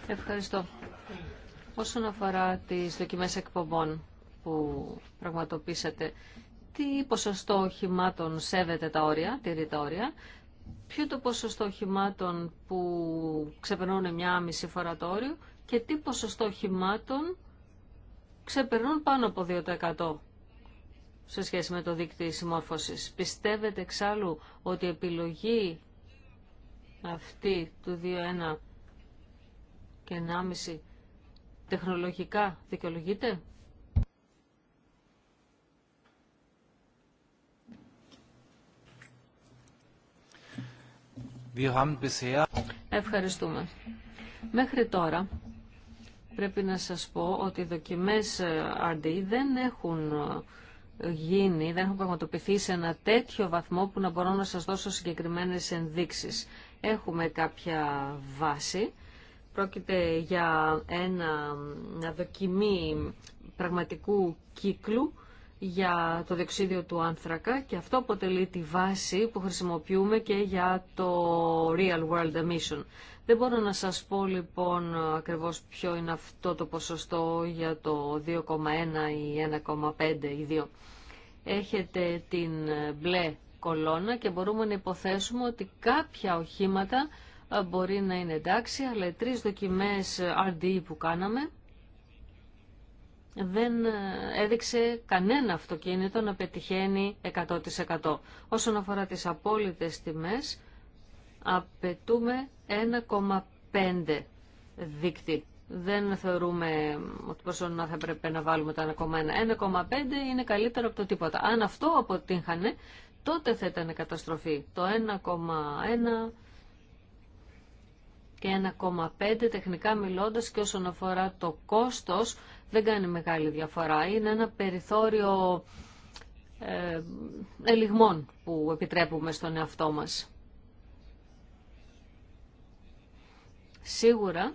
Ευχαριστώ. Όσον αφορά τις δοκιμές εκπομπών που πραγματοποίησατε, τι ποσοστό οχημάτων σέβεται τα όρια, τηρεί τα όρια, ποιο το ποσοστό οχημάτων που ξεπερνούν μια μισή φορά το όριο και τι ποσοστό οχημάτων ξεπερνούν πάνω από 2% σε σχέση με το δίκτυο συμμόρφωσης. Πιστεύετε εξάλλου ότι η επιλογή αυτή του 2.1 και 1,5 τεχνολογικά δικαιολογείται. Ευχαριστούμε. Μέχρι τώρα πρέπει να σας πω ότι οι δοκιμές RD ε, δεν έχουν ε, γίνει, δεν έχουν πραγματοποιηθεί σε ένα τέτοιο βαθμό που να μπορώ να σας δώσω συγκεκριμένες ενδείξεις. Έχουμε κάποια βάση Πρόκειται για ένα, μια δοκιμή πραγματικού κύκλου για το διοξίδιο του άνθρακα και αυτό αποτελεί τη βάση που χρησιμοποιούμε και για το real world emission. Δεν μπορώ να σας πω λοιπόν ακριβώς ποιο είναι αυτό το ποσοστό για το 2,1 ή 1,5 ή 2. Έχετε την μπλε κολόνα και μπορούμε να υποθέσουμε ότι κάποια οχήματα μπορεί να είναι εντάξει, αλλά οι τρεις δοκιμές RDE που κάναμε δεν ε, έδειξε κανένα αυτοκίνητο να πετυχαίνει 100%. Όσον αφορά τις απόλυτες τιμές, απαιτούμε 1,5 δίκτυ. Δεν θεωρούμε ότι πόσο να θα πρέπει να βάλουμε το 1,1. 1,5 είναι καλύτερο από το τίποτα. Αν αυτό αποτύχανε, τότε θα ήταν καταστροφή. Το 1,1 και 1,5 τεχνικά μιλώντας και όσον αφορά το κόστος δεν κάνει μεγάλη διαφορά. Είναι ένα περιθώριο ε, ελιγμών που επιτρέπουμε στον εαυτό μας. Σίγουρα,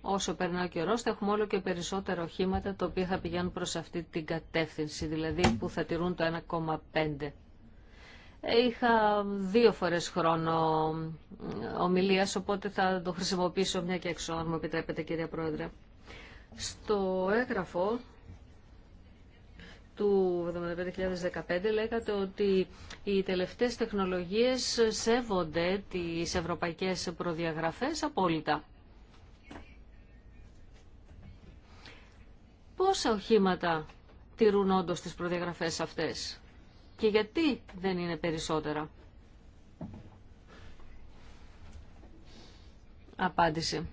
όσο περνά ο καιρός, θα έχουμε όλο και περισσότερα οχήματα τα οποία θα πηγαίνουν προς αυτή την κατεύθυνση, δηλαδή που θα τηρούν το 1,5. Είχα δύο φορές χρόνο ομιλίας, οπότε θα το χρησιμοποιήσω μια και έξω, αν μου επιτρέπετε κυρία Πρόεδρε. Στο έγγραφο του 2015 λέγατε ότι οι τελευταίες τεχνολογίες σέβονται τις ευρωπαϊκές προδιαγραφές απόλυτα. Πόσα οχήματα τηρούν όντως τις προδιαγραφές αυτές και γιατί δεν είναι περισσότερα. Απάντηση.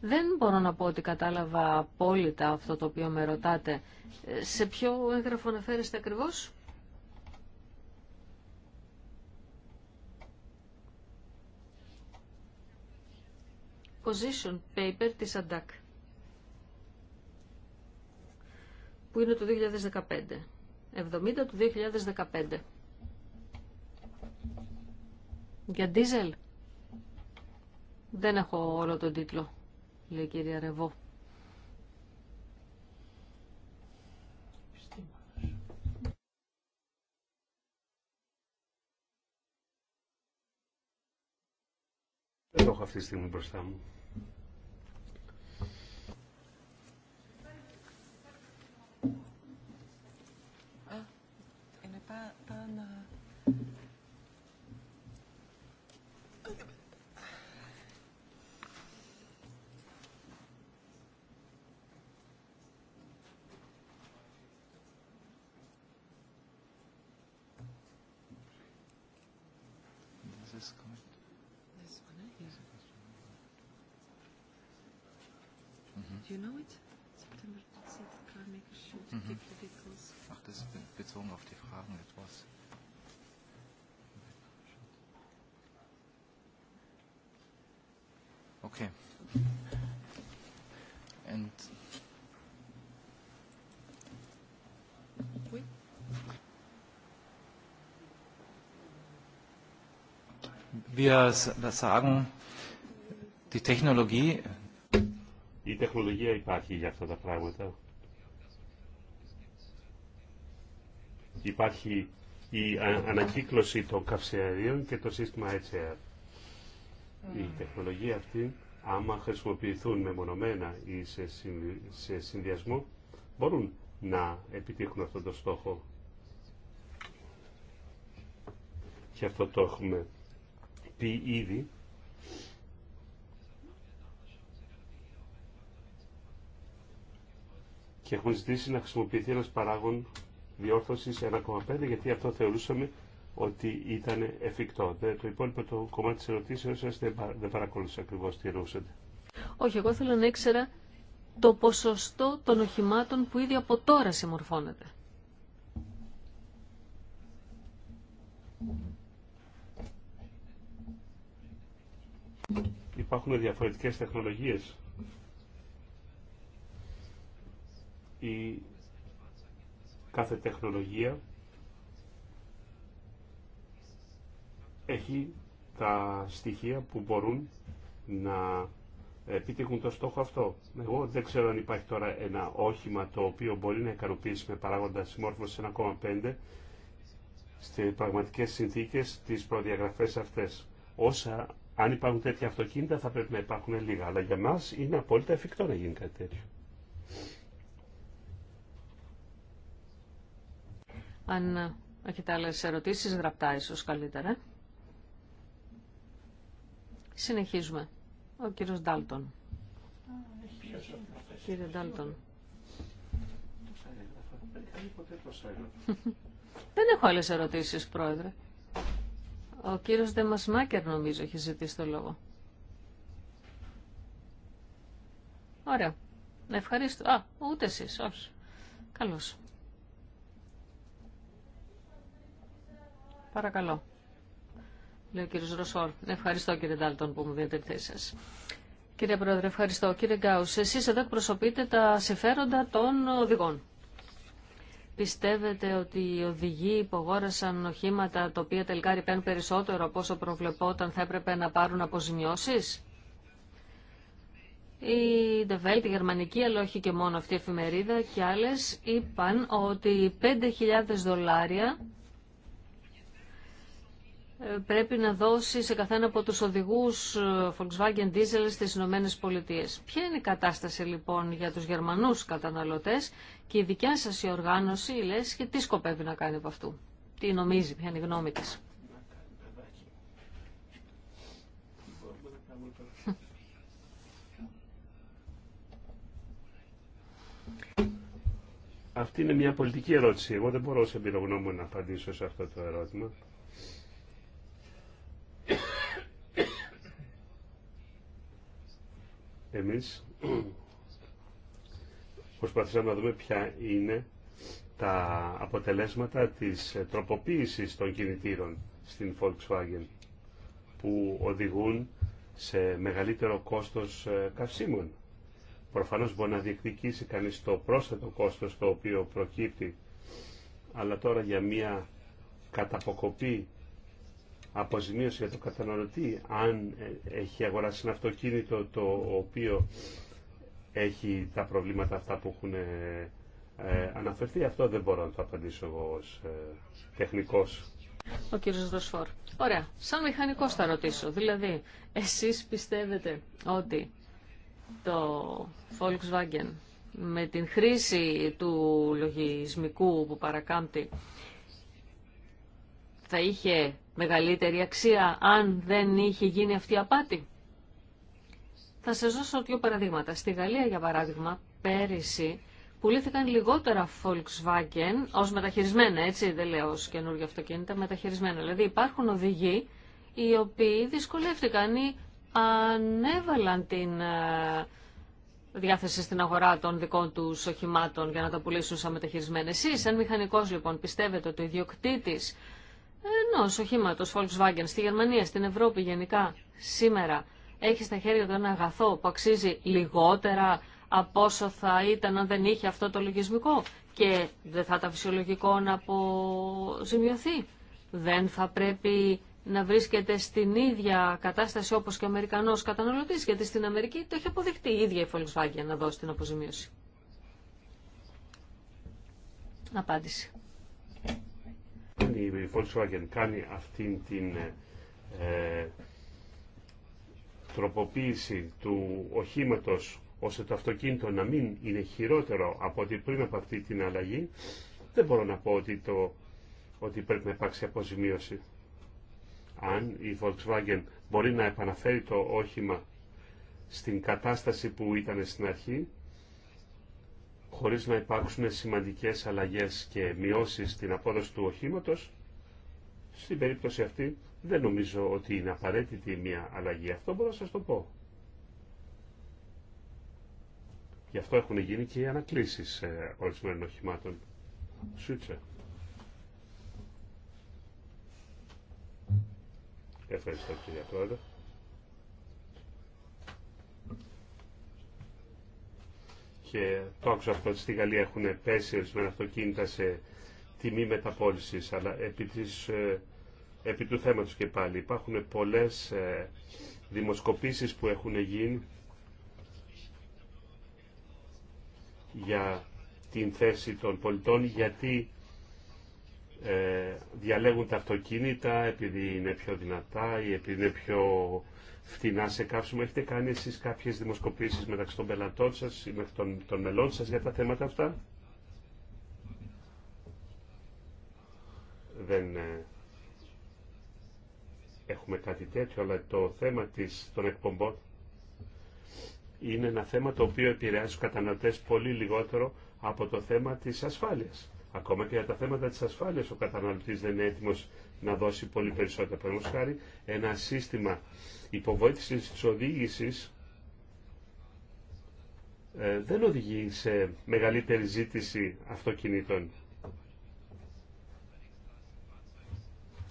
Δεν μπορώ να πω ότι κατάλαβα απόλυτα αυτό το οποίο με ρωτάτε. Ε, σε ποιο έγγραφο αναφέρεστε ακριβώς? Position Paper της ADAC που είναι το 2015. 70 του 2015. Για ντίζελ. Δεν έχω όλο τον τίτλο, λέει η κυρία Ρεβό. Δεν το έχω αυτή τη στιγμή μπροστά μου. Τα Okay. And wir sagen, Η τεχνολογία υπάρχει για αυτά τα πράγματα. Υπάρχει η ανακύκλωση των καυσεαρίων και το σύστημα HR Η τεχνολογία αυτή άμα χρησιμοποιηθούν μεμονωμένα ή σε συνδυασμό, μπορούν να επιτύχουν αυτόν τον στόχο. Και αυτό το έχουμε πει ήδη. Και έχουν ζητήσει να χρησιμοποιηθεί ένας παράγον διόρθωσης 1,5 γιατί αυτό θεωρούσαμε ότι ήταν εφικτό. Το υπόλοιπο το κομμάτι τη δεν, πα, δεν παρακολούθησα ακριβώ τι ερούσατε. Όχι, εγώ θέλω να ήξερα το ποσοστό των οχημάτων που ήδη από τώρα συμμορφώνεται. Υπάρχουν διαφορετικές τεχνολογίες. Η κάθε τεχνολογία έχει τα στοιχεία που μπορούν να επιτύχουν το στόχο αυτό. Εγώ δεν ξέρω αν υπάρχει τώρα ένα όχημα το οποίο μπορεί να ικανοποιήσει με παράγοντα συμμόρφωση 1,5 στις πραγματικές συνθήκες τις προδιαγραφές αυτές. Όσα, αν υπάρχουν τέτοια αυτοκίνητα θα πρέπει να υπάρχουν λίγα, αλλά για μας είναι απόλυτα εφικτό να γίνει κάτι τέτοιο. Αν έχετε άλλες ερωτήσεις, γραπτά ίσως καλύτερα. Συνεχίζουμε. Ο κύριος Ντάλτον. Κύριε Ντάλτον. Δεν έχω άλλες ερωτήσεις, Πρόεδρε. Ο κύριος Δεμασμάκερ νομίζω έχει ζητήσει το λόγο. Ωραία. Ευχαριστώ. Α, ούτε εσείς, όχι. Καλώς. Παρακαλώ λέει ο κύριος Ροσόλ. Ευχαριστώ κύριε Ντάλτον που μου δίνετε τη σας. Κύριε Πρόεδρε, ευχαριστώ. Κύριε Γκάους, εσείς εδώ εκπροσωπείτε τα συμφέροντα των οδηγών. Πιστεύετε ότι οι οδηγοί υπογόρασαν οχήματα τα οποία τελικά ρηπαίνουν περισσότερο από όσο προβλεπόταν θα έπρεπε να πάρουν αποζημιώσεις. Η The Welt, η γερμανική, αλλά όχι και μόνο αυτή η εφημερίδα και άλλες είπαν ότι 5.000 δολάρια πρέπει να δώσει σε καθένα από τους οδηγούς ε, Volkswagen Diesel στις Ηνωμένες Πολιτείες. Ποια είναι η κατάσταση λοιπόν για τους Γερμανούς καταναλωτές και η δικιά σας η οργάνωση, λες, και τι σκοπεύει να κάνει από αυτού. Τι νομίζει, ποια είναι η γνώμη της. Αυτή είναι μια πολιτική ερώτηση. Εγώ δεν μπορώ σε εμπειρογνώμων να απαντήσω σε αυτό το ερώτημα. Εμείς προσπαθήσαμε να δούμε ποια είναι τα αποτελέσματα της τροποποίησης των κινητήρων στην Volkswagen που οδηγούν σε μεγαλύτερο κόστος ε, καυσίμων. Προφανώς μπορεί να διεκδικήσει κανείς το πρόσθετο κόστος το οποίο προκύπτει αλλά τώρα για μια καταποκοπή αποζημίωση για το καταναλωτή αν ε, έχει αγοράσει ένα αυτοκίνητο το οποίο έχει τα προβλήματα αυτά που έχουν ε, ε αναφερθεί. Αυτό δεν μπορώ να το απαντήσω εγώ ως ε, τεχνικός. Ο κύριος Ροσφόρ. Ωραία. Σαν μηχανικός θα ρωτήσω. Δηλαδή, εσείς πιστεύετε ότι το Volkswagen με την χρήση του λογισμικού που παρακάμπτει θα είχε μεγαλύτερη αξία αν δεν είχε γίνει αυτή η απάτη. Θα σας δώσω δύο παραδείγματα. Στη Γαλλία, για παράδειγμα, πέρυσι πουλήθηκαν λιγότερα Volkswagen ως μεταχειρισμένα, έτσι δεν λέω ως καινούργια αυτοκίνητα, μεταχειρισμένα. Δηλαδή υπάρχουν οδηγοί οι οποίοι δυσκολεύτηκαν ή ανέβαλαν την ε, διάθεση στην αγορά των δικών του οχημάτων για να τα πουλήσουν σαν μεταχειρισμένα. Εσεί, σαν μηχανικό, λοιπόν, πιστεύετε ότι ο ιδιοκτήτη ε, ενό οχήματο Volkswagen στη Γερμανία, στην Ευρώπη γενικά σήμερα έχει στα χέρια του ένα αγαθό που αξίζει λιγότερα από όσο θα ήταν αν δεν είχε αυτό το λογισμικό και δεν θα ήταν φυσιολογικό να αποζημιωθεί. Δεν θα πρέπει να βρίσκεται στην ίδια κατάσταση όπως και ο Αμερικανός καταναλωτής, γιατί στην Αμερική το έχει αποδειχτεί η ίδια η Volkswagen να δώσει την αποζημίωση. Απάντηση η Volkswagen κάνει αυτήν την ε, τροποποίηση του οχήματος ώστε το αυτοκίνητο να μην είναι χειρότερο από ότι πριν από αυτή την αλλαγή, δεν μπορώ να πω ότι, το, ότι πρέπει να υπάρξει αποζημίωση. Αν η Volkswagen μπορεί να επαναφέρει το όχημα στην κατάσταση που ήταν στην αρχή, χωρίς να υπάρξουν σημαντικές αλλαγές και μειώσεις στην απόδοση του οχήματος, στην περίπτωση αυτή δεν νομίζω ότι είναι απαραίτητη μια αλλαγή. Αυτό μπορώ να σας το πω. Γι' αυτό έχουν γίνει και οι ανακλήσεις ε, ορισμένων οχημάτων. Σούτσε. Ευχαριστώ κύριε Πρόεδρε. και το άκουσα αυτό ότι στη Γαλλία έχουν πέσει ορισμένα αυτοκίνητα σε τιμή μεταπόληση. αλλά επί, της, ε, επί του θέματο και πάλι υπάρχουν πολλέ ε, δημοσκοπήσεις που έχουν γίνει για την θέση των πολιτών, γιατί ε, διαλέγουν τα αυτοκίνητα επειδή είναι πιο δυνατά ή επειδή είναι πιο φτηνά σε καύσιμο. Έχετε κάνει εσείς κάποιες δημοσκοπήσεις μεταξύ των πελατών σας ή μεταξύ των, των μελών σας για τα θέματα αυτά. Δεν ε, έχουμε κάτι τέτοιο, αλλά το θέμα της, των εκπομπών είναι ένα θέμα το οποίο επηρεάζει τους καταναλωτές πολύ λιγότερο από το θέμα της ασφάλειας. Ακόμα και για τα θέματα της ασφάλειας ο καταναλωτής δεν είναι έτοιμος να δώσει πολύ περισσότερα. Παραδείγματος χάρη ένα σύστημα υποβοήθηση της οδήγησης ε, δεν οδηγεί σε μεγαλύτερη ζήτηση αυτοκινήτων.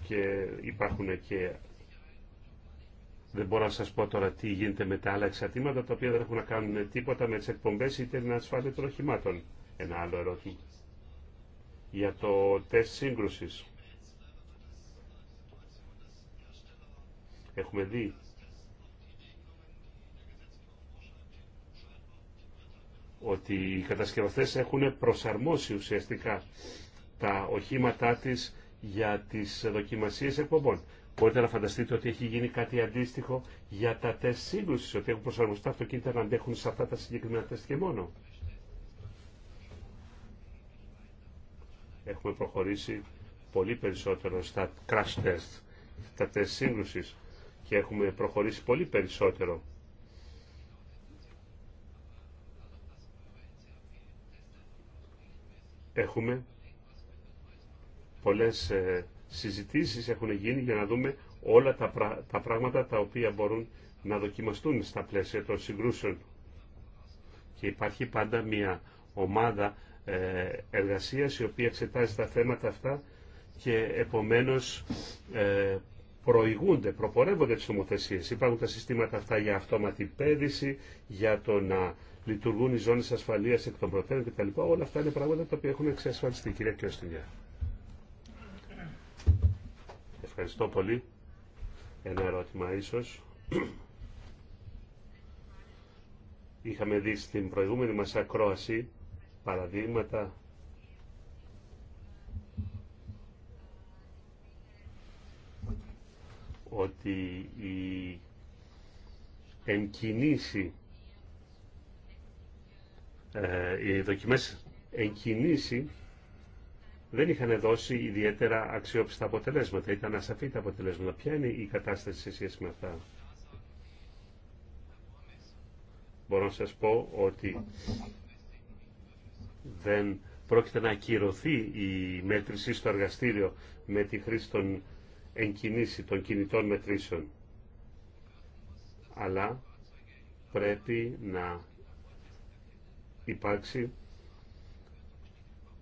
Και υπάρχουν και... Δεν μπορώ να σας πω τώρα τι γίνεται με τα άλλα εξατήματα, τα οποία δεν έχουν να κάνουν τίποτα με τις εκπομπές ή την ασφάλεια των οχημάτων. Ένα άλλο ερώτημα. Για το τεστ σύγκρουσης. Έχουμε δει ότι οι κατασκευαστές έχουν προσαρμόσει ουσιαστικά τα οχήματά της για τις δοκιμασίες εκπομπών. Μπορείτε να φανταστείτε ότι έχει γίνει κάτι αντίστοιχο για τα τεστ σύγκρουσης, ότι έχουν προσαρμοστεί τα αυτοκίνητα να αντέχουν σε αυτά τα συγκεκριμένα τεστ και μόνο. Έχουμε προχωρήσει πολύ περισσότερο στα crash test, τα τεστ σύγκρουσης και έχουμε προχωρήσει πολύ περισσότερο Έχουμε πολλές ε, συζητήσεις έχουν γίνει για να δούμε όλα τα, τα πράγματα τα οποία μπορούν να δοκιμαστούν στα πλαίσια των συγκρούσεων. Και υπάρχει πάντα μια ομάδα ε, εργασίας η οποία εξετάζει τα θέματα αυτά και επομένως ε, προηγούνται, προπορεύονται τις νομοθεσίες. Υπάρχουν τα συστήματα αυτά για αυτόματη πέδηση, για το να λειτουργούν οι ζώνες ασφαλείας εκ των προτέρων κτλ. Όλα αυτά είναι πράγματα τα οποία έχουν εξασφαλιστεί, κυρία Κιωστινιά. Ευχαριστώ πολύ. Ένα ερώτημα ίσω. Είχαμε δει στην προηγούμενη μας ακρόαση παραδείγματα ότι η εγκινήσει ε, οι δοκιμές εγκινήσει δεν είχαν δώσει ιδιαίτερα αξιόπιστα αποτελέσματα. Ήταν ασαφή τα αποτελέσματα. Ποια είναι η κατάσταση σε σχέση με αυτά. Μπορώ να σας πω ότι δεν πρόκειται να ακυρωθεί η μέτρηση στο εργαστήριο με τη χρήση των εγκινήσει, των κινητών μετρήσεων. Αλλά πρέπει να υπάρξει,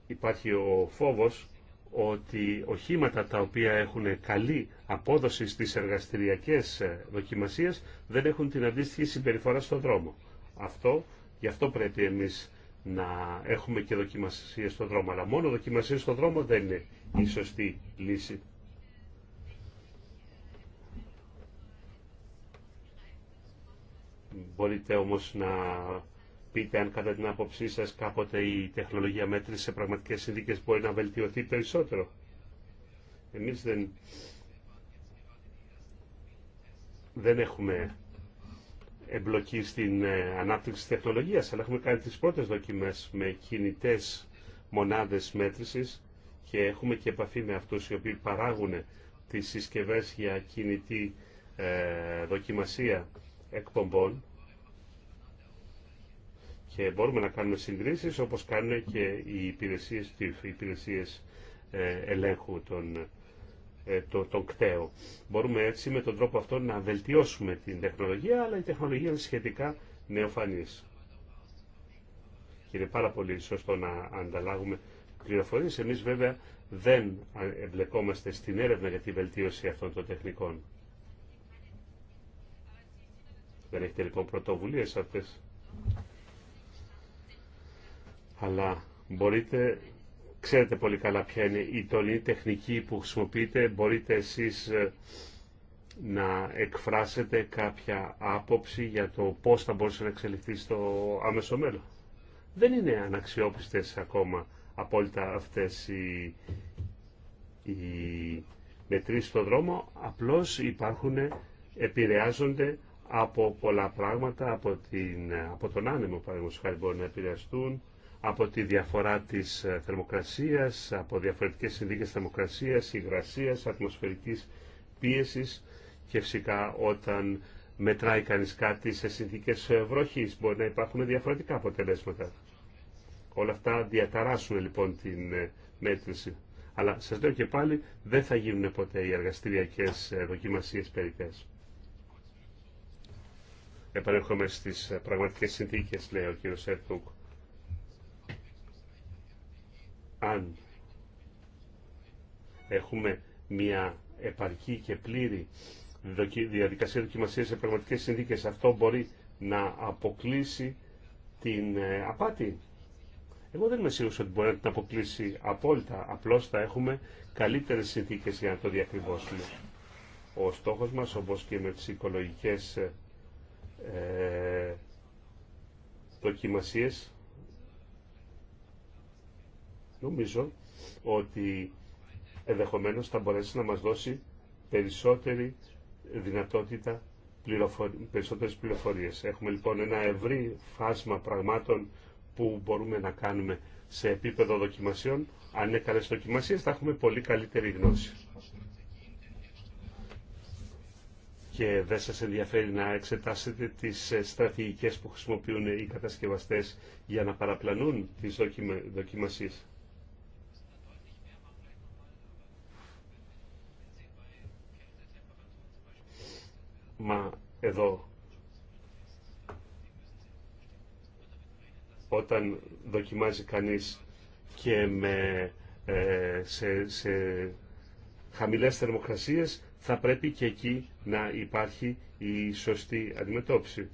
υπάρχει ο φόβος ότι οχήματα τα οποία έχουν καλή απόδοση στις εργαστηριακές ε, δοκιμασίες δεν έχουν την αντίστοιχη συμπεριφορά στον δρόμο. Αυτό, γι' αυτό πρέπει εμείς να έχουμε και δοκιμασίες στον δρόμο. Αλλά μόνο δοκιμασίες στον δρόμο δεν είναι η σωστή λύση. Μπορείτε όμως να πείτε αν κατά την άποψή σας κάποτε η τεχνολογία μέτρηση σε πραγματικές συνθήκες μπορεί να βελτιωθεί περισσότερο. Εμείς δεν, δεν έχουμε εμπλοκή στην ε, ανάπτυξη της τεχνολογίας, αλλά έχουμε κάνει τις πρώτες δοκιμές με κινητές μονάδες μέτρησης και έχουμε και επαφή με αυτούς οι οποίοι παράγουν τις συσκευές για κινητή ε, δοκιμασία εκπομπών και μπορούμε να κάνουμε συγκρίσεις όπως κάνουν και οι υπηρεσίες, οι υπηρεσίες ε, ελέγχου των, ε, το, τον Μπορούμε έτσι με τον τρόπο αυτό να βελτιώσουμε την τεχνολογία, αλλά η τεχνολογία είναι σχετικά νεοφανής. Και είναι πάρα πολύ σωστό να ανταλλάγουμε πληροφορίε. Εμείς βέβαια δεν εμπλεκόμαστε στην έρευνα για τη βελτίωση αυτών των τεχνικών. Δεν έχετε λοιπόν πρωτοβουλίες αυτές αλλά μπορείτε, ξέρετε πολύ καλά ποια είναι η τολή τεχνική που χρησιμοποιείτε, μπορείτε εσείς ε, να εκφράσετε κάποια άποψη για το πώς θα μπορούσε να εξελιχθεί στο άμεσο μέλλον. Δεν είναι αναξιόπιστες ακόμα απόλυτα αυτές οι, οι μετρήσεις στο δρόμο, απλώς υπάρχουν, επηρεάζονται από πολλά πράγματα, από, την, από τον άνεμο, παραδείγματος χάρη μπορεί να επηρεαστούν, από τη διαφορά της ε, θερμοκρασίας, από διαφορετικές συνδίκες θερμοκρασίας, υγρασίας, ατμοσφαιρικής πίεσης και φυσικά όταν μετράει κανείς κάτι σε συνθήκες βροχής μπορεί να υπάρχουν διαφορετικά αποτελέσματα. Όλα αυτά διαταράσσουν λοιπόν την ε, μέτρηση. Αλλά σας λέω και πάλι δεν θα γίνουν ποτέ οι εργαστηριακές ε, δοκιμασίες περιπές. Επανέρχομαι στις πραγματικές συνθήκες λέει ο κύριος Ερτούκ αν έχουμε μια επαρκή και πλήρη διαδικασία δοκιμασίας σε πραγματικές συνθήκες, αυτό μπορεί να αποκλείσει την ε, απάτη. Εγώ δεν είμαι σίγουρος ότι μπορεί να την αποκλείσει απόλυτα, απλώς θα έχουμε καλύτερες συνθήκες για να το διακριβώσουμε. Ο στόχος μας, όπως και με τις οικολογικές ε, ε δοκιμασίες, Νομίζω ότι ενδεχομένω θα μπορέσει να μας δώσει περισσότερη δυνατότητα πληροφορι... περισσότερες πληροφορίες. Έχουμε λοιπόν ένα ευρύ φάσμα πραγμάτων που μπορούμε να κάνουμε σε επίπεδο δοκιμασιών. Αν είναι καλές δοκιμασίες θα έχουμε πολύ καλύτερη γνώση. Και δεν σας ενδιαφέρει να εξετάσετε τις ε, στρατηγικές που χρησιμοποιούν οι κατασκευαστές για να παραπλανούν τις δοκιμασίε. δοκιμασίες. Μα εδώ όταν δοκιμάζει κανείς και με, ε, σε, σε χαμηλές θερμοκρασίες θα πρέπει και εκεί να υπάρχει η σωστή αντιμετώπιση.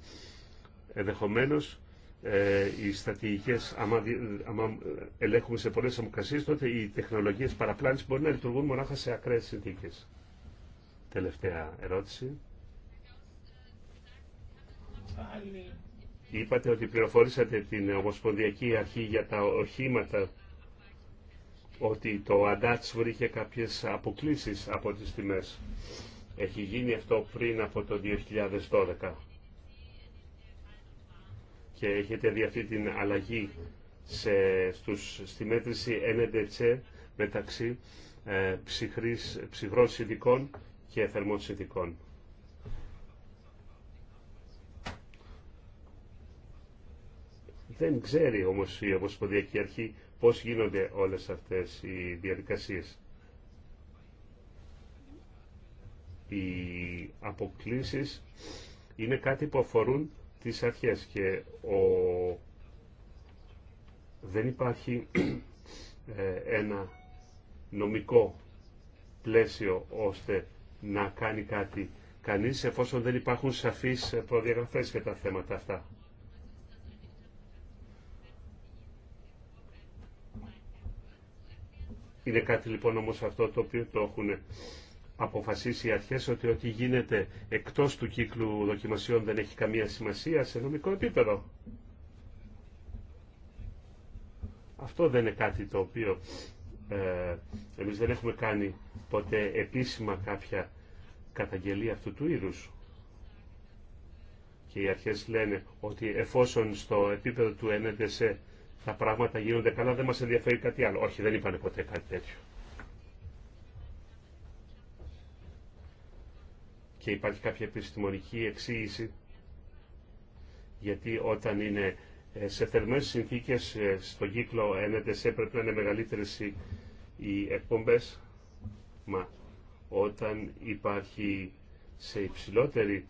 Ενδεχομένως ε, οι στρατηγικές, άμα, άμα ελέγχουμε σε πολλές θερμοκρασίες, τότε οι τεχνολογίες παραπλάνησης μπορεί να λειτουργούν μονάχα σε ακραίες συνθήκες. Τελευταία ερώτηση. Είπατε ότι πληροφόρησατε την Ομοσπονδιακή Αρχή για τα οχήματα ότι το αντάτς βρήκε κάποιες αποκλήσεις από τις τιμές. Έχει γίνει αυτό πριν από το 2012 και έχετε δει αυτή την αλλαγή σε, στους, στη μέτρηση NDC μεταξύ ε, ψυχρής, ψυχρών συνδικών και θερμών συνδικών. Δεν ξέρει όμως η Ομοσπονδιακή Αρχή πώς γίνονται όλες αυτές οι διαδικασίες. Οι αποκλήσεις είναι κάτι που αφορούν τις αρχές και ο... δεν υπάρχει ε, ένα νομικό πλαίσιο ώστε να κάνει κάτι κανείς εφόσον δεν υπάρχουν σαφείς προδιαγραφές για τα θέματα αυτά. Είναι κάτι λοιπόν όμως αυτό το οποίο το έχουν αποφασίσει οι αρχές ότι ό,τι γίνεται εκτός του κύκλου δοκιμασιών δεν έχει καμία σημασία σε νομικό επίπεδο. Αυτό δεν είναι κάτι το οποίο ε, εμείς δεν έχουμε κάνει ποτέ επίσημα κάποια καταγγελία αυτού του είδους. Και οι αρχές λένε ότι εφόσον στο επίπεδο του ένεται τα πράγματα γίνονται καλά, δεν μας ενδιαφέρει κάτι άλλο. Όχι, δεν είπανε ποτέ κάτι τέτοιο. Και υπάρχει κάποια επιστημονική εξήγηση, γιατί όταν είναι ε, σε θερμές συνθήκες ε, στον κύκλο σε πρέπει να είναι μεγαλύτερες οι εκπομπές, μα όταν υπάρχει σε υψηλότερη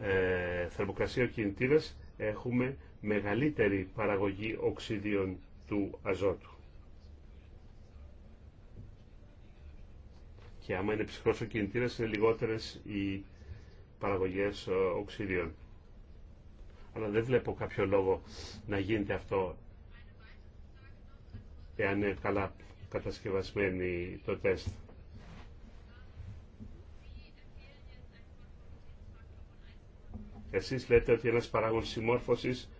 ε, θερμοκρασία ο κινητήρας, έχουμε μεγαλύτερη παραγωγή οξυδίων του αζότου. Και άμα είναι ψυχρός ο κινητήρας είναι λιγότερες οι παραγωγές ε, οξυδίων. Αλλά δεν βλέπω κάποιο λόγο να γίνεται αυτό εάν είναι καλά κατασκευασμένοι το τεστ. Εσείς λέτε ότι ένας παράγων συμμόρφωσης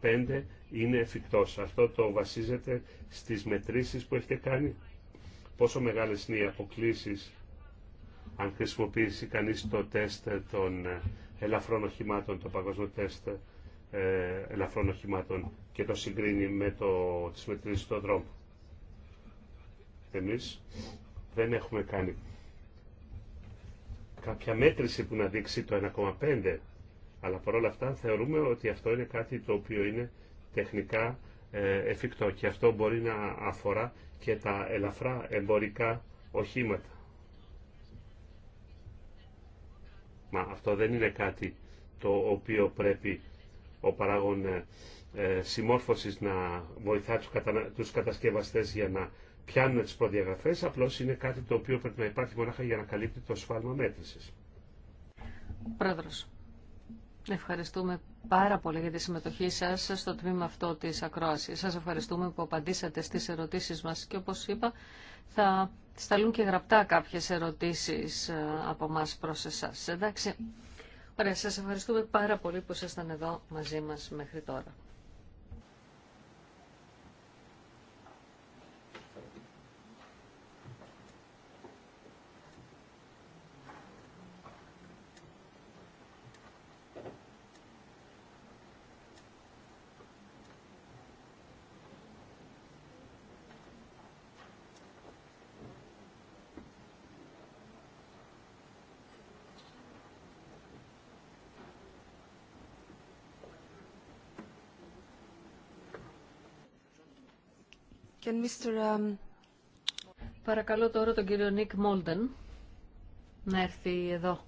1,5 είναι εφικτός. Αυτό το βασίζεται στις μετρήσεις που έχετε κάνει. Πόσο μεγάλες είναι οι αποκλήσει αν χρησιμοποιήσει κανείς το τεστ των ε, ελαφρών οχημάτων, το παγκόσμιο τεστ ε, ελαφρών οχημάτων και το συγκρίνει με το, τις μετρήσεις των δρόμων. Εμείς δεν έχουμε κάνει κάποια μέτρηση που να δείξει το 1,5 αλλά παρόλα αυτά θεωρούμε ότι αυτό είναι κάτι το οποίο είναι τεχνικά ε, εφικτό και αυτό μπορεί να αφορά και τα ελαφρά εμπορικά οχήματα. Μα αυτό δεν είναι κάτι το οποίο πρέπει ο παράγων ε, ε συμμόρφωσης να βοηθά τους, κατα... τους κατασκευαστές για να πιάνουν τις προδιαγραφές, απλώς είναι κάτι το οποίο πρέπει να υπάρχει μονάχα για να καλύπτει το σφάλμα μέτρησης. Πρόεδρος, Ευχαριστούμε πάρα πολύ για τη συμμετοχή σας στο τμήμα αυτό της ακρόασης. Σας ευχαριστούμε που απαντήσατε στις ερωτήσεις μας και όπως είπα θα σταλούν και γραπτά κάποιες ερωτήσεις ε, από μας προς εσάς. Εντάξει. Ωραία, σας ευχαριστούμε πάρα πολύ που ήσασταν εδώ μαζί μας μέχρι τώρα. Um, Παρακαλώ τώρα τον κύριο Νίκ Μόλτεν να έρθει εδώ.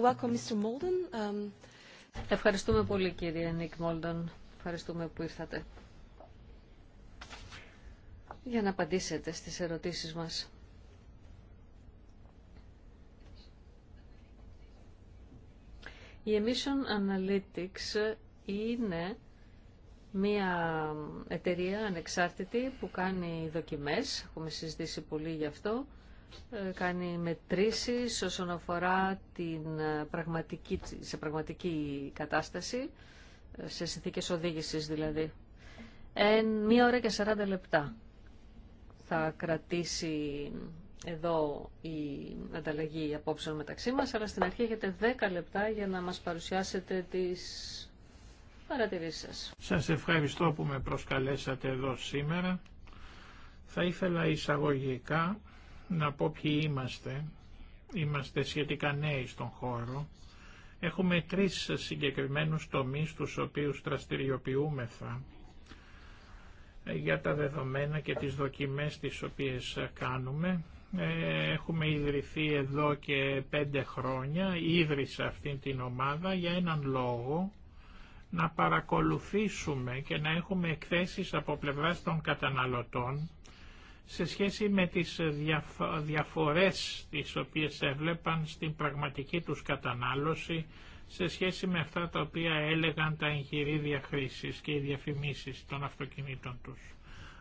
Um, Ευχαριστούμε πολύ κύριε Νίκ Μόλντον. Ευχαριστούμε που ήρθατε. Για να απαντήσετε στις ερωτήσεις μας. Η Emission Analytics είναι μία εταιρεία ανεξάρτητη που κάνει δοκιμές. Έχουμε συζητήσει πολύ γι' αυτό ε, κάνει μετρήσεις όσον αφορά την ε, πραγματική, σε πραγματική κατάσταση, ε, σε συνθήκες οδήγησης δηλαδή. Εν μία ώρα και 40 λεπτά θα κρατήσει εδώ η ανταλλαγή απόψεων μεταξύ μας, αλλά στην αρχή έχετε 10 λεπτά για να μας παρουσιάσετε τις παρατηρήσεις σας. Σας ευχαριστώ που με προσκαλέσατε εδώ σήμερα. Θα ήθελα εισαγωγικά να πω ποιοι είμαστε. Είμαστε σχετικά νέοι στον χώρο. Έχουμε τρεις συγκεκριμένους τομείς τους οποίους δραστηριοποιούμεθα για τα δεδομένα και τις δοκιμές τις οποίες κάνουμε. Ε, έχουμε ιδρυθεί εδώ και πέντε χρόνια, ίδρυσα αυτήν την ομάδα για έναν λόγο, να παρακολουθήσουμε και να έχουμε εκθέσεις από πλευράς των καταναλωτών σε σχέση με τις διαφορές τις οποίες έβλεπαν στην πραγματική τους κατανάλωση σε σχέση με αυτά τα οποία έλεγαν τα εγχειρίδια χρήση και οι διαφημίσεις των αυτοκινήτων τους.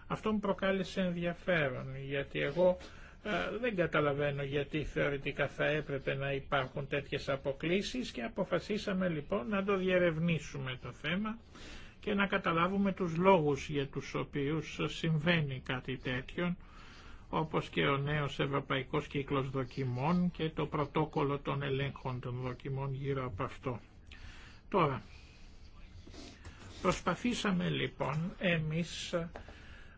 Αυτό μου προκάλεσε ενδιαφέρον, γιατί εγώ ε, δεν καταλαβαίνω γιατί θεωρητικά θα έπρεπε να υπάρχουν τέτοιες αποκλήσεις και αποφασίσαμε λοιπόν να το διερευνήσουμε το θέμα και να καταλάβουμε τους λόγους για τους οποίους συμβαίνει κάτι τέτοιο, όπως και ο νέος Ευρωπαϊκός Κύκλος Δοκιμών και το πρωτόκολλο των ελέγχων των δοκιμών γύρω από αυτό. Τώρα, προσπαθήσαμε λοιπόν εμείς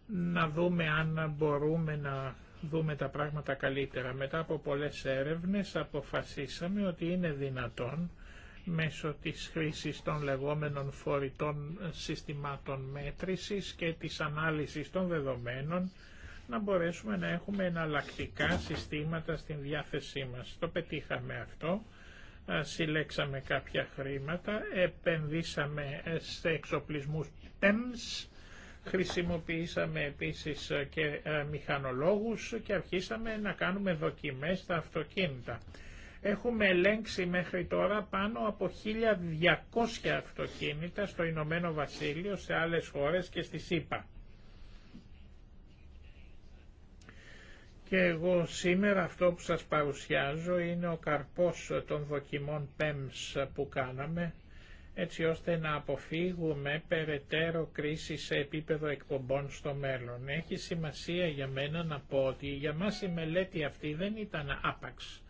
να δούμε αν μπορούμε να δούμε τα πράγματα καλύτερα. Μετά από πολλές έρευνες αποφασίσαμε ότι είναι δυνατόν μέσω της χρήσης των λεγόμενων φορητών συστημάτων μέτρησης και της ανάλυσης των δεδομένων να μπορέσουμε να έχουμε εναλλακτικά συστήματα στην διάθεσή μας. Το πετύχαμε αυτό, συλλέξαμε κάποια χρήματα, επενδύσαμε ε, σε εξοπλισμούς TEMS, χρησιμοποιήσαμε επίσης ε, και ε, μηχανολόγους και αρχίσαμε να κάνουμε δοκιμές στα αυτοκίνητα. Έχουμε ελέγξει μέχρι τώρα πάνω από 1.200 αυτοκίνητα στο Ηνωμένο Βασίλειο, σε άλλες χώρες και στη ΣΥΠΑ. Και εγώ σήμερα αυτό που σας παρουσιάζω είναι ο καρπός των δοκιμών PEMS που κάναμε, έτσι ώστε να αποφύγουμε περαιτέρω κρίση σε επίπεδο εκπομπών στο μέλλον. Έχει σημασία για μένα να πω ότι για μας η μελέτη αυτή δεν ήταν άπαξ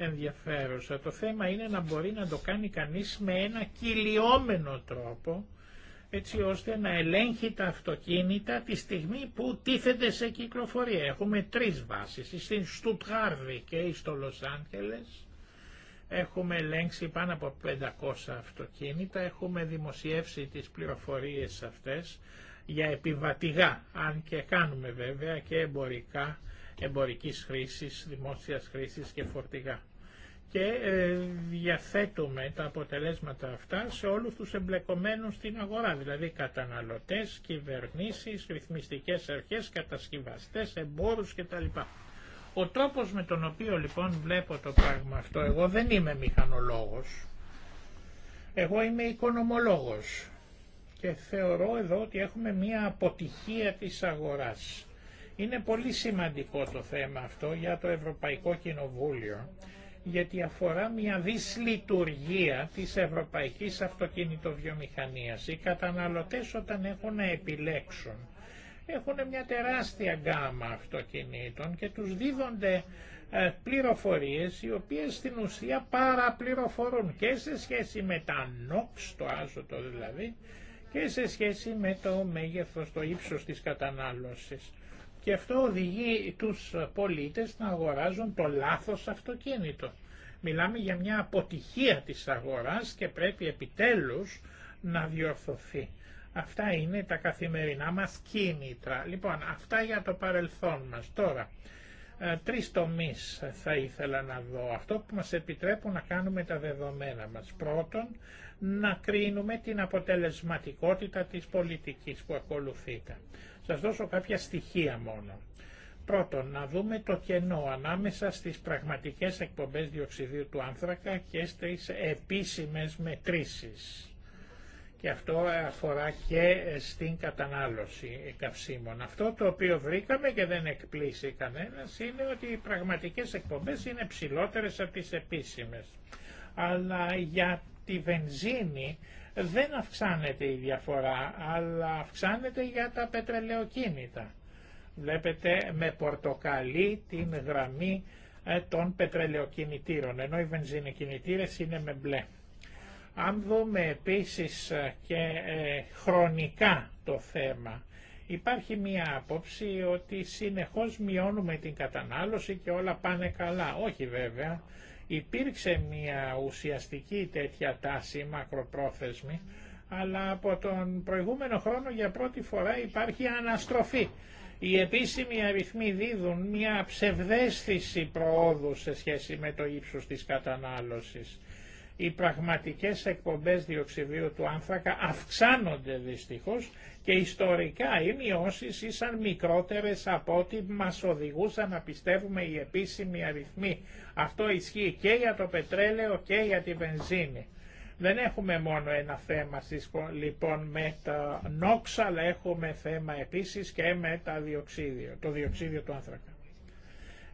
ενδιαφέρουσα. Το θέμα είναι να μπορεί να το κάνει κανείς με ένα κυλιόμενο τρόπο, έτσι ώστε να ελέγχει τα αυτοκίνητα τη στιγμή που τίθεται σε κυκλοφορία. Έχουμε τρεις βάσεις, στην Στουτχάρδη και στο Λος Άντελες. Έχουμε ελέγξει πάνω από 500 αυτοκίνητα, έχουμε δημοσιεύσει τις πληροφορίες αυτές για επιβατηγά, αν και κάνουμε βέβαια και εμπορικά, εμπορικής χρήσης, δημόσιας χρήσης και φορτηγά και ε, διαθέτουμε τα αποτελέσματα αυτά σε όλους τους εμπλεκομένους στην αγορά, δηλαδή καταναλωτές, κυβερνήσεις, ρυθμιστικές αρχές, κατασκευαστές, εμπόρους κτλ. Ο τρόπος με τον οποίο λοιπόν βλέπω το πράγμα αυτό, εγώ δεν είμαι μηχανολόγος, εγώ είμαι οικονομολόγος και θεωρώ εδώ ότι έχουμε μία αποτυχία της αγοράς. Είναι πολύ σημαντικό το θέμα αυτό για το Ευρωπαϊκό Κοινοβούλιο γιατί αφορά μια δυσλειτουργία της ευρωπαϊκής αυτοκινητοβιομηχανίας. Οι καταναλωτές όταν έχουν να επιλέξουν έχουν μια τεράστια γκάμα αυτοκινήτων και τους δίδονται ε, πληροφορίες οι οποίες στην ουσία παραπληροφορούν και σε σχέση με τα νόξ, το άζωτο δηλαδή, και σε σχέση με το μέγεθος, το ύψος της κατανάλωσης και αυτό οδηγεί τους πολίτες να αγοράζουν το λάθος αυτοκίνητο. Μιλάμε για μια αποτυχία της αγοράς και πρέπει επιτέλους να διορθωθεί. Αυτά είναι τα καθημερινά μας κίνητρα. Λοιπόν, αυτά για το παρελθόν μας. Τώρα, ε, τρεις τομείς θα ήθελα να δω. Αυτό που μας επιτρέπουν να κάνουμε τα δεδομένα μας. Πρώτον, να κρίνουμε την αποτελεσματικότητα της πολιτικής που ακολουθείται. Σας δώσω κάποια στοιχεία μόνο. Πρώτον, να δούμε το κενό ανάμεσα στις πραγματικές εκπομπές διοξιδίου του άνθρακα και στις επίσημες μετρήσεις. Και αυτό αφορά και στην κατανάλωση καυσίμων. Αυτό το οποίο βρήκαμε και δεν εκπλήσει κανένας είναι ότι οι πραγματικές εκπομπές είναι ψηλότερες από τις επίσημες. Αλλά για τη βενζίνη δεν αυξάνεται η διαφορά, αλλά αυξάνεται για τα πετρελαιοκίνητα. Βλέπετε με πορτοκαλί την γραμμή ε, των πετρελαιοκινητήρων, ενώ οι βενζινοκινητήρες είναι με μπλε. Αν δούμε επίσης ε, και ε, χρονικά το θέμα, υπάρχει μία άποψη ότι συνεχώς μειώνουμε την κατανάλωση και όλα πάνε καλά. Όχι βέβαια, Υπήρξε μια ουσιαστική τέτοια τάση μακροπρόθεσμη, αλλά από τον προηγούμενο χρόνο για πρώτη φορά υπάρχει αναστροφή. Οι επίσημοι αριθμοί δίδουν μια ψευδέστηση προόδου σε σχέση με το ύψος της κατανάλωσης. Οι πραγματικές εκπομπές διοξιδίου του άνθρακα αυξάνονται δυστυχώς και ιστορικά οι μειώσει ήσαν μικρότερε από ό,τι μα οδηγούσαν να πιστεύουμε οι επίσημοι αριθμοί. Αυτό ισχύει και για το πετρέλαιο και για τη βενζίνη. Δεν έχουμε μόνο ένα θέμα λοιπόν με τα νόξα, αλλά έχουμε θέμα επίσης και με τα διοξίδιο, το διοξίδιο του άνθρακα.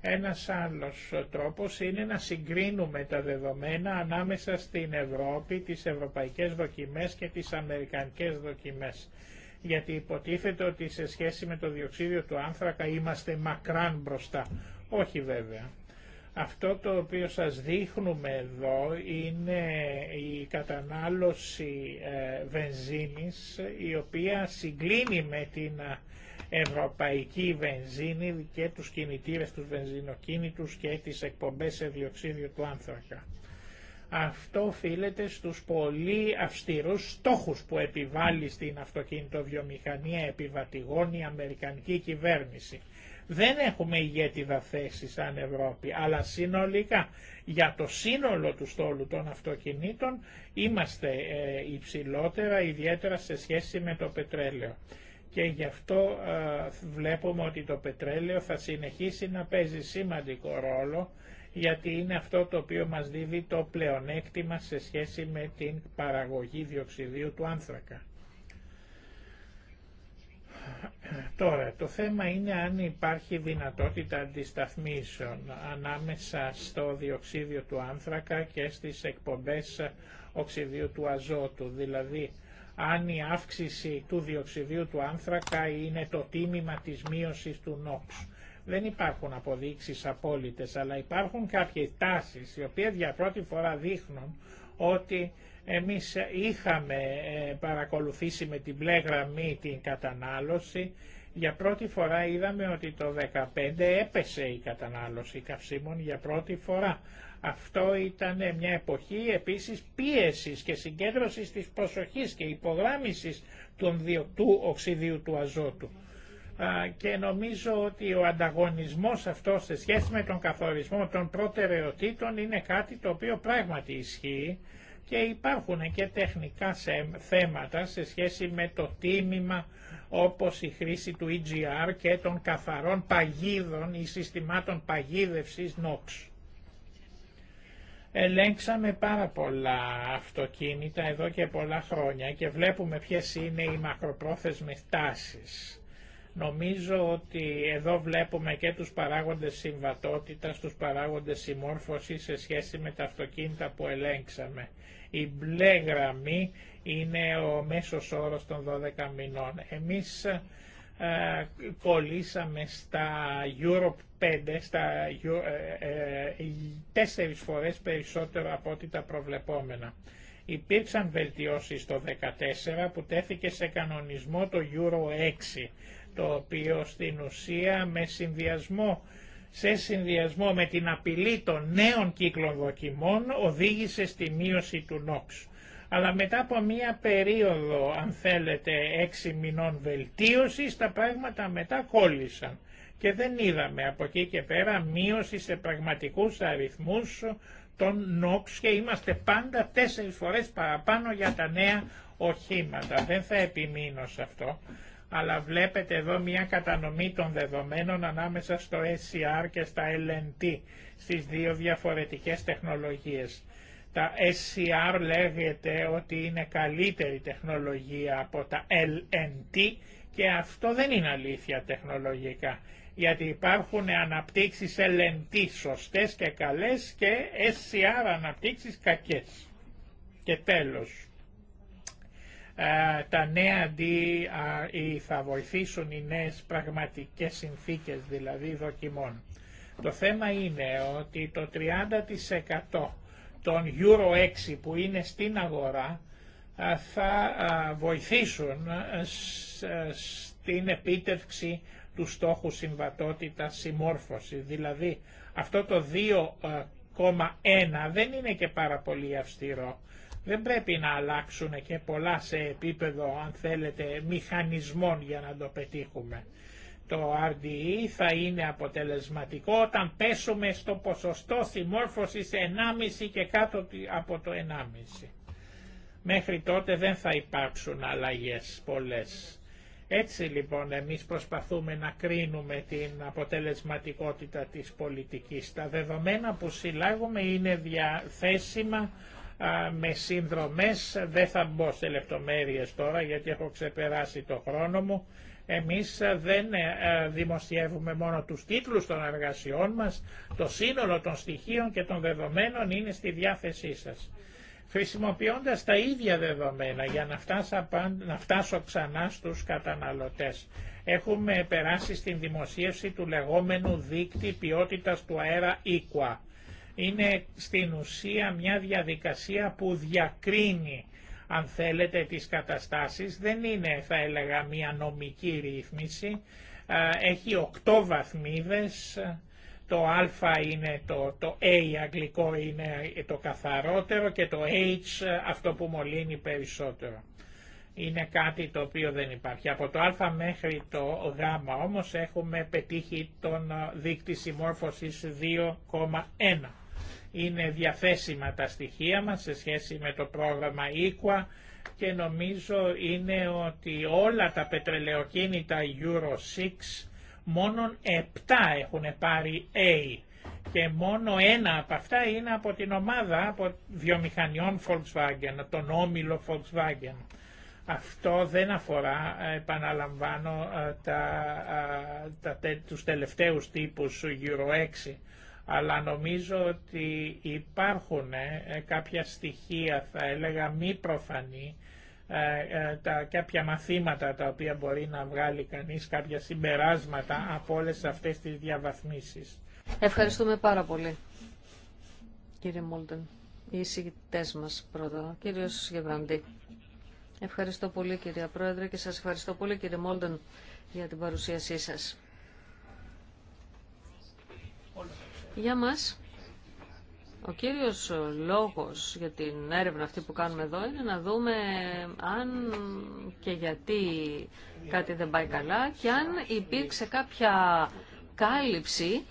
Ένας άλλος τρόπος είναι να συγκρίνουμε τα δεδομένα ανάμεσα στην Ευρώπη, τις ευρωπαϊκές δοκιμές και τις αμερικανικές δοκιμές γιατί υποτίθεται ότι σε σχέση με το διοξίδιο του άνθρακα είμαστε μακράν μπροστά. Όχι βέβαια. Αυτό το οποίο σας δείχνουμε εδώ είναι η κατανάλωση ε, βενζίνης η οποία συγκλίνει με την ε, ευρωπαϊκή βενζίνη και τους κινητήρες τους βενζινοκίνητους και τις εκπομπές σε διοξίδιο του άνθρακα. Αυτό οφείλεται στους πολύ αυστηρούς στόχους που επιβάλλει στην αυτοκινητοβιομηχανία επιβατηγών η Αμερικανική κυβέρνηση. Δεν έχουμε ηγέτιδα θέση σαν Ευρώπη, αλλά συνολικά για το σύνολο του στόλου των αυτοκινήτων είμαστε ε, υψηλότερα, ιδιαίτερα σε σχέση με το πετρέλαιο. Και γι' αυτό ε, βλέπουμε ότι το πετρέλαιο θα συνεχίσει να παίζει σημαντικό ρόλο γιατί είναι αυτό το οποίο μας δίδει το πλεονέκτημα σε σχέση με την παραγωγή διοξιδίου του άνθρακα. Τώρα, το θέμα είναι αν υπάρχει δυνατότητα αντισταθμίσεων ανάμεσα στο διοξίδιο του άνθρακα και στις εκπομπές οξυδίου του αζότου, δηλαδή αν η αύξηση του διοξιδίου του άνθρακα είναι το τίμημα της μείωσης του νόξου. Δεν υπάρχουν αποδείξεις απόλυτες, αλλά υπάρχουν κάποιες τάσεις οι οποίες για πρώτη φορά δείχνουν ότι εμείς είχαμε ε, παρακολουθήσει με την μπλε γραμμή την κατανάλωση. Για πρώτη φορά είδαμε ότι το 2015 έπεσε η κατανάλωση καυσίμων για πρώτη φορά. Αυτό ήταν μια εποχή επίσης πίεσης και συγκέντρωσης της προσοχής και υπογράμμισης του οξυδίου του αζότου και νομίζω ότι ο ανταγωνισμός αυτός σε σχέση με τον καθορισμό των προτεραιοτήτων είναι κάτι το οποίο πράγματι ισχύει και υπάρχουν και τεχνικά θέματα σε σχέση με το τίμημα όπως η χρήση του EGR και των καθαρών παγίδων ή συστημάτων παγίδευσης NOx. Ελέγξαμε πάρα πολλά αυτοκίνητα εδώ και πολλά χρόνια και βλέπουμε ποιες είναι οι μακροπρόθεσμες τάσεις. Νομίζω ότι εδώ βλέπουμε και τους παράγοντες συμβατότητας, τους παράγοντες συμμόρφωσης σε σχέση με τα αυτοκίνητα που ελέγξαμε. Η μπλε γραμμή είναι ο μέσος όρος των 12 μηνών. Εμείς ε, κολλήσαμε στα Europe 5, στα ε, ε, ε, τέσσερις φορές περισσότερο από ό,τι τα προβλεπόμενα. Υπήρξαν βελτιώσεις το 2014 που τέθηκε σε κανονισμό το Euro 6 το οποίο στην ουσία με συνδυασμό, σε συνδυασμό με την απειλή των νέων κύκλων δοκιμών οδήγησε στη μείωση του νόξ. Αλλά μετά από μία περίοδο, αν θέλετε, έξι μηνών βελτίωσης, τα πράγματα μετά κόλλησαν και δεν είδαμε από εκεί και πέρα μείωση σε πραγματικούς αριθμούς των νόξ και είμαστε πάντα τέσσερις φορές παραπάνω για τα νέα οχήματα. Δεν θα επιμείνω σε αυτό αλλά βλέπετε εδώ μια κατανομή των δεδομένων ανάμεσα στο SCR και στα LNT, στις δύο διαφορετικές τεχνολογίες. Τα SCR λέγεται ότι είναι καλύτερη τεχνολογία από τα LNT και αυτό δεν είναι αλήθεια τεχνολογικά, γιατί υπάρχουν αναπτύξεις LNT σωστές και καλές και SCR αναπτύξεις κακές. Και τέλος τα νέα αντί θα βοηθήσουν οι νέες πραγματικές συνθήκες δηλαδή δοκιμών. Το θέμα είναι ότι το 30% των Euro 6 που είναι στην αγορά θα βοηθήσουν στην επίτευξη του στόχου συμβατότητας συμμόρφωση. Δηλαδή αυτό το 2,1 δεν είναι και πάρα πολύ αυστηρό δεν πρέπει να αλλάξουν και πολλά σε επίπεδο, αν θέλετε, μηχανισμών για να το πετύχουμε. Το RDE θα είναι αποτελεσματικό όταν πέσουμε στο ποσοστό συμμόρφωσης 1,5 και κάτω από το 1,5. Μέχρι τότε δεν θα υπάρξουν αλλαγές πολλές. Έτσι λοιπόν εμείς προσπαθούμε να κρίνουμε την αποτελεσματικότητα της πολιτικής. Τα δεδομένα που συλλάγουμε είναι διαθέσιμα με συνδρομές. Δεν θα μπω σε λεπτομέρειες τώρα γιατί έχω ξεπεράσει το χρόνο μου. Εμείς δεν ε, ε, δημοσιεύουμε μόνο τους τίτλους των εργασιών μας, το σύνολο των στοιχείων και των δεδομένων είναι στη διάθεσή σας. Χρησιμοποιώντας τα ίδια δεδομένα για να φτάσω, να ξανά στους καταναλωτές. Έχουμε περάσει στην δημοσίευση του λεγόμενου δίκτυ ποιότητας του αέρα Equa είναι στην ουσία μια διαδικασία που διακρίνει αν θέλετε τις καταστάσεις, δεν είναι θα έλεγα μια νομική ρύθμιση, έχει οκτώ βαθμίδες, το α είναι το, το A αγγλικό είναι το καθαρότερο και το H αυτό που μολύνει περισσότερο. Είναι κάτι το οποίο δεν υπάρχει. Από το α μέχρι το γ όμως έχουμε πετύχει τον δείκτη συμμόρφωσης 2,1 είναι διαθέσιμα τα στοιχεία μας σε σχέση με το πρόγραμμα Equa και νομίζω είναι ότι όλα τα πετρελαιοκίνητα Euro 6 μόνον 7 έχουν πάρει A και μόνο ένα από αυτά είναι από την ομάδα από βιομηχανιών Volkswagen, τον όμιλο Volkswagen. Αυτό δεν αφορά, επαναλαμβάνω, ε, τα, ε, τα, τους τελευταίους τύπους Euro 6 αλλά νομίζω ότι υπάρχουν ε, ε, κάποια στοιχεία, θα έλεγα μη προφανή, ε, τα κάποια μαθήματα τα οποία μπορεί να βγάλει κανείς, κάποια συμπεράσματα από όλες αυτές τις διαβαθμίσεις. Ευχαριστούμε πάρα πολύ, κύριε Μόλτεν. Οι εισηγητές μας πρώτα, κύριος Γεβραντή. Ευχαριστώ πολύ, κυρία Πρόεδρε, και σας ευχαριστώ πολύ, κύριε Μόλτεν, για την παρουσίασή σας. Για μας, ο κύριος λόγος για την έρευνα αυτή που κάνουμε εδώ είναι να δούμε αν και γιατί κάτι δεν πάει καλά και αν υπήρξε κάποια κάλυψη,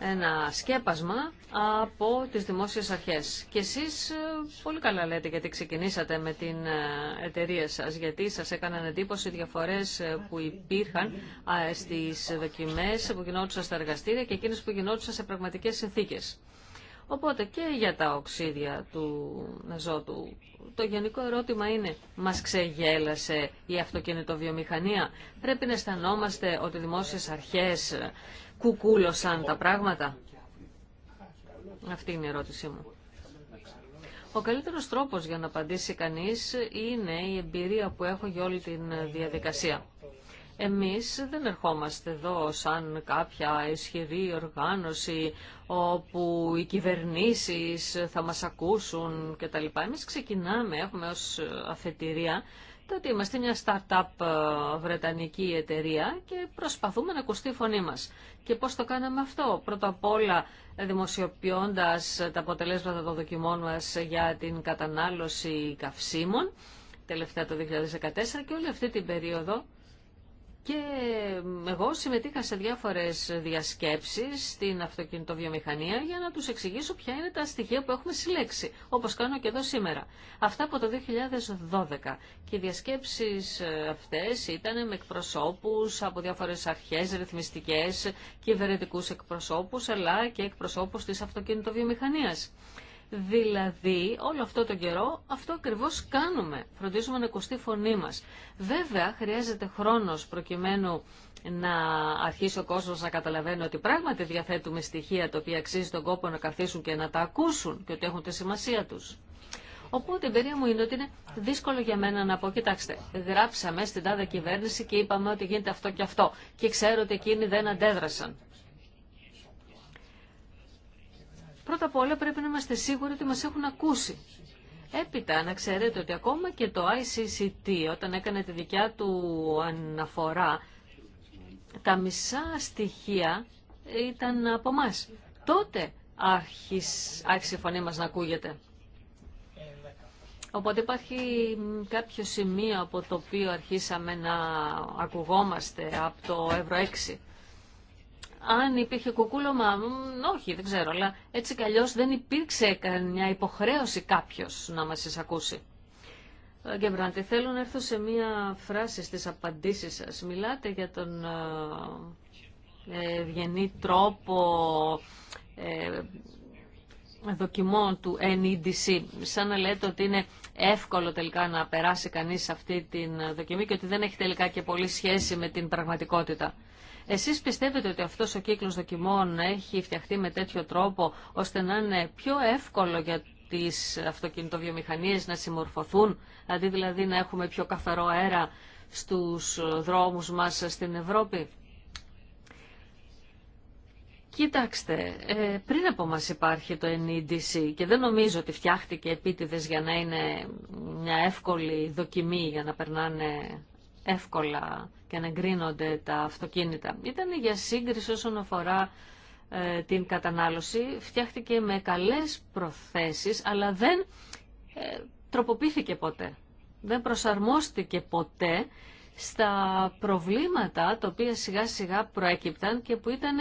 ένα σκέπασμα από τις δημόσιες αρχές. Και εσείς ε, πολύ καλά λέτε γιατί ξεκινήσατε με την ε, εταιρεία σας, γιατί σας έκαναν εντύπωση διαφορές ε, που υπήρχαν στις δοκιμές που γινόντουσαν στα εργαστήρια και εκείνες που γινόντουσαν σε πραγματικές συνθήκες. Οπότε και για τα οξύδια του ζώτου, Το γενικό ερώτημα είναι, μας ξεγέλασε η αυτοκινητοβιομηχανία. Πρέπει να αισθανόμαστε ότι οι δημόσιες αρχές κουκούλωσαν τα πράγματα. Αυτή είναι η ερώτησή μου. Ο καλύτερος τρόπος για να απαντήσει κανείς είναι η εμπειρία που έχω για όλη την διαδικασία. Εμείς δεν ερχόμαστε εδώ σαν κάποια ισχυρή οργάνωση όπου οι κυβερνήσεις θα μας ακούσουν κτλ. Εμείς ξεκινάμε, έχουμε ως αφετηρία το ότι είμαστε μια startup ε, βρετανική εταιρεία και προσπαθούμε να ακουστεί η φωνή μας. Και πώς το κάναμε αυτό. Πρώτα απ' όλα δημοσιοποιώντας τα αποτελέσματα των δοκιμών μας για την κατανάλωση καυσίμων, τελευταία το 2014 και όλη αυτή την περίοδο και εγώ συμμετείχα σε διάφορες διασκέψεις στην αυτοκινητοβιομηχανία για να τους εξηγήσω ποια είναι τα στοιχεία που έχουμε συλλέξει, όπως κάνω και εδώ σήμερα. Αυτά από το 2012. Και οι διασκέψεις ε, αυτές ήταν με εκπροσώπους από διάφορες αρχές ρυθμιστικές, κυβερνητικούς εκπροσώπους, αλλά και εκπροσώπους της αυτοκινητοβιομηχανίας. Δηλαδή, όλο αυτό το καιρό, αυτό ακριβώ κάνουμε. Φροντίζουμε να ακουστεί η φωνή μα. Βέβαια, χρειάζεται χρόνο προκειμένου να αρχίσει ο κόσμο να καταλαβαίνει ότι πράγματι διαθέτουμε στοιχεία τα οποία αξίζει τον κόπο να καθίσουν και να τα ακούσουν και ότι έχουν τη σημασία του. Οπότε η εμπειρία μου είναι ότι είναι δύσκολο για μένα να πω, κοιτάξτε, γράψαμε στην τάδε κυβέρνηση και είπαμε ότι γίνεται αυτό και αυτό. Και ξέρω ότι εκείνοι δεν αντέδρασαν. Πρώτα απ' όλα πρέπει να είμαστε σίγουροι ότι μας έχουν ακούσει. Έπειτα να ξέρετε ότι ακόμα και το ICCT όταν έκανε τη δικιά του αναφορά τα μισά στοιχεία ήταν από εμά. Τότε άρχισε η φωνή μας να ακούγεται. Οπότε υπάρχει κάποιο σημείο από το οποίο αρχίσαμε να ακουγόμαστε από το Ευρω 6 αν υπήρχε κουκούλωμα, όχι, δεν ξέρω, αλλά έτσι κι αλλιώς δεν υπήρξε καμιά υποχρέωση κάποιος να μας εισακούσει. Ε, Γκεμπράντη, θέλω να έρθω σε μία φράση στις απαντήσεις σας. Μιλάτε για τον ε, ε, ευγενή τρόπο ε, δοκιμών του NEDC. Σαν να λέτε ότι είναι εύκολο τελικά να περάσει κανείς αυτή την δοκιμή και ότι δεν έχει τελικά και πολύ σχέση με την πραγματικότητα. Εσείς πιστεύετε ότι αυτός ο κύκλος δοκιμών έχει φτιαχτεί με τέτοιο τρόπο ώστε να είναι πιο εύκολο για τις αυτοκινητοβιομηχανίες να συμμορφωθούν, δηλαδή να έχουμε πιο καθαρό αέρα στους δρόμους μας στην Ευρώπη. Κοιτάξτε, ε, πριν από μας υπάρχει το NEDC και δεν νομίζω ότι φτιάχτηκε επίτηδες για να είναι μια εύκολη δοκιμή για να περνάνε εύκολα και να εγκρίνονται τα αυτοκίνητα. Ήταν για σύγκριση όσον αφορά ε, την κατανάλωση. Φτιάχτηκε με καλές προθέσεις, αλλά δεν ε, τροποποιήθηκε ποτέ. Δεν προσαρμόστηκε ποτέ στα προβλήματα τα οποία σιγά σιγά προέκυπταν και που ήταν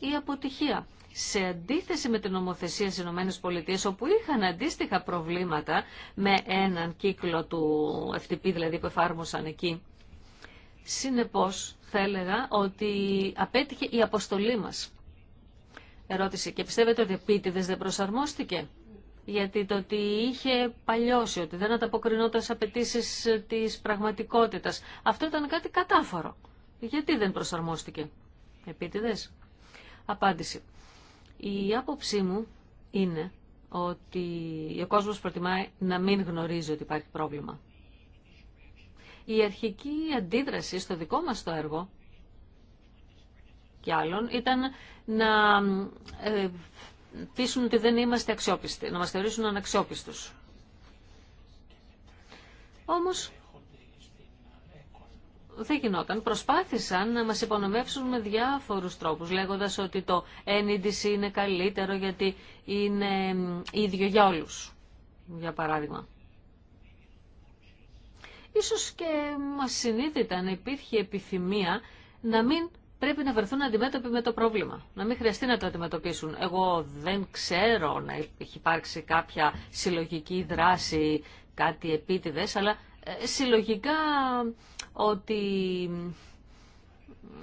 η αποτυχία. Σε αντίθεση με την νομοθεσία στις ΗΠΑ, όπου είχαν αντίστοιχα προβλήματα με έναν κύκλο του FTP, δηλαδή που εφάρμοσαν εκεί, Συνεπώς θα έλεγα ότι απέτυχε η αποστολή μας. Ερώτηση και πιστεύετε ότι επίτηδες δεν προσαρμόστηκε. Γιατί το ότι είχε παλιώσει, ότι δεν ανταποκρινόταν σε απαιτήσει της πραγματικότητας, αυτό ήταν κάτι κατάφορο. Γιατί δεν προσαρμόστηκε. Επίτηδες. Απάντηση. Η άποψή μου είναι ότι ο κόσμος προτιμάει να μην γνωρίζει ότι υπάρχει πρόβλημα. Η αρχική αντίδραση στο δικό μας το έργο και άλλων ήταν να ε, πείσουν ότι δεν είμαστε αξιόπιστοι, να μας θεωρήσουν αναξιόπιστους. Όμως δεν γινόταν. Προσπάθησαν να μας υπονομεύσουν με διάφορους τρόπους, λέγοντας ότι το NDC είναι καλύτερο γιατί είναι ε, ίδιο για όλους, για παράδειγμα. Ίσως και συνείδητα να υπήρχε επιθυμία να μην πρέπει να βρεθούν αντιμέτωποι με το πρόβλημα. Να μην χρειαστεί να το αντιμετωπίσουν. Εγώ δεν ξέρω να έχει υπάρξει κάποια συλλογική δράση, κάτι επίτηδες, αλλά ε, συλλογικά ότι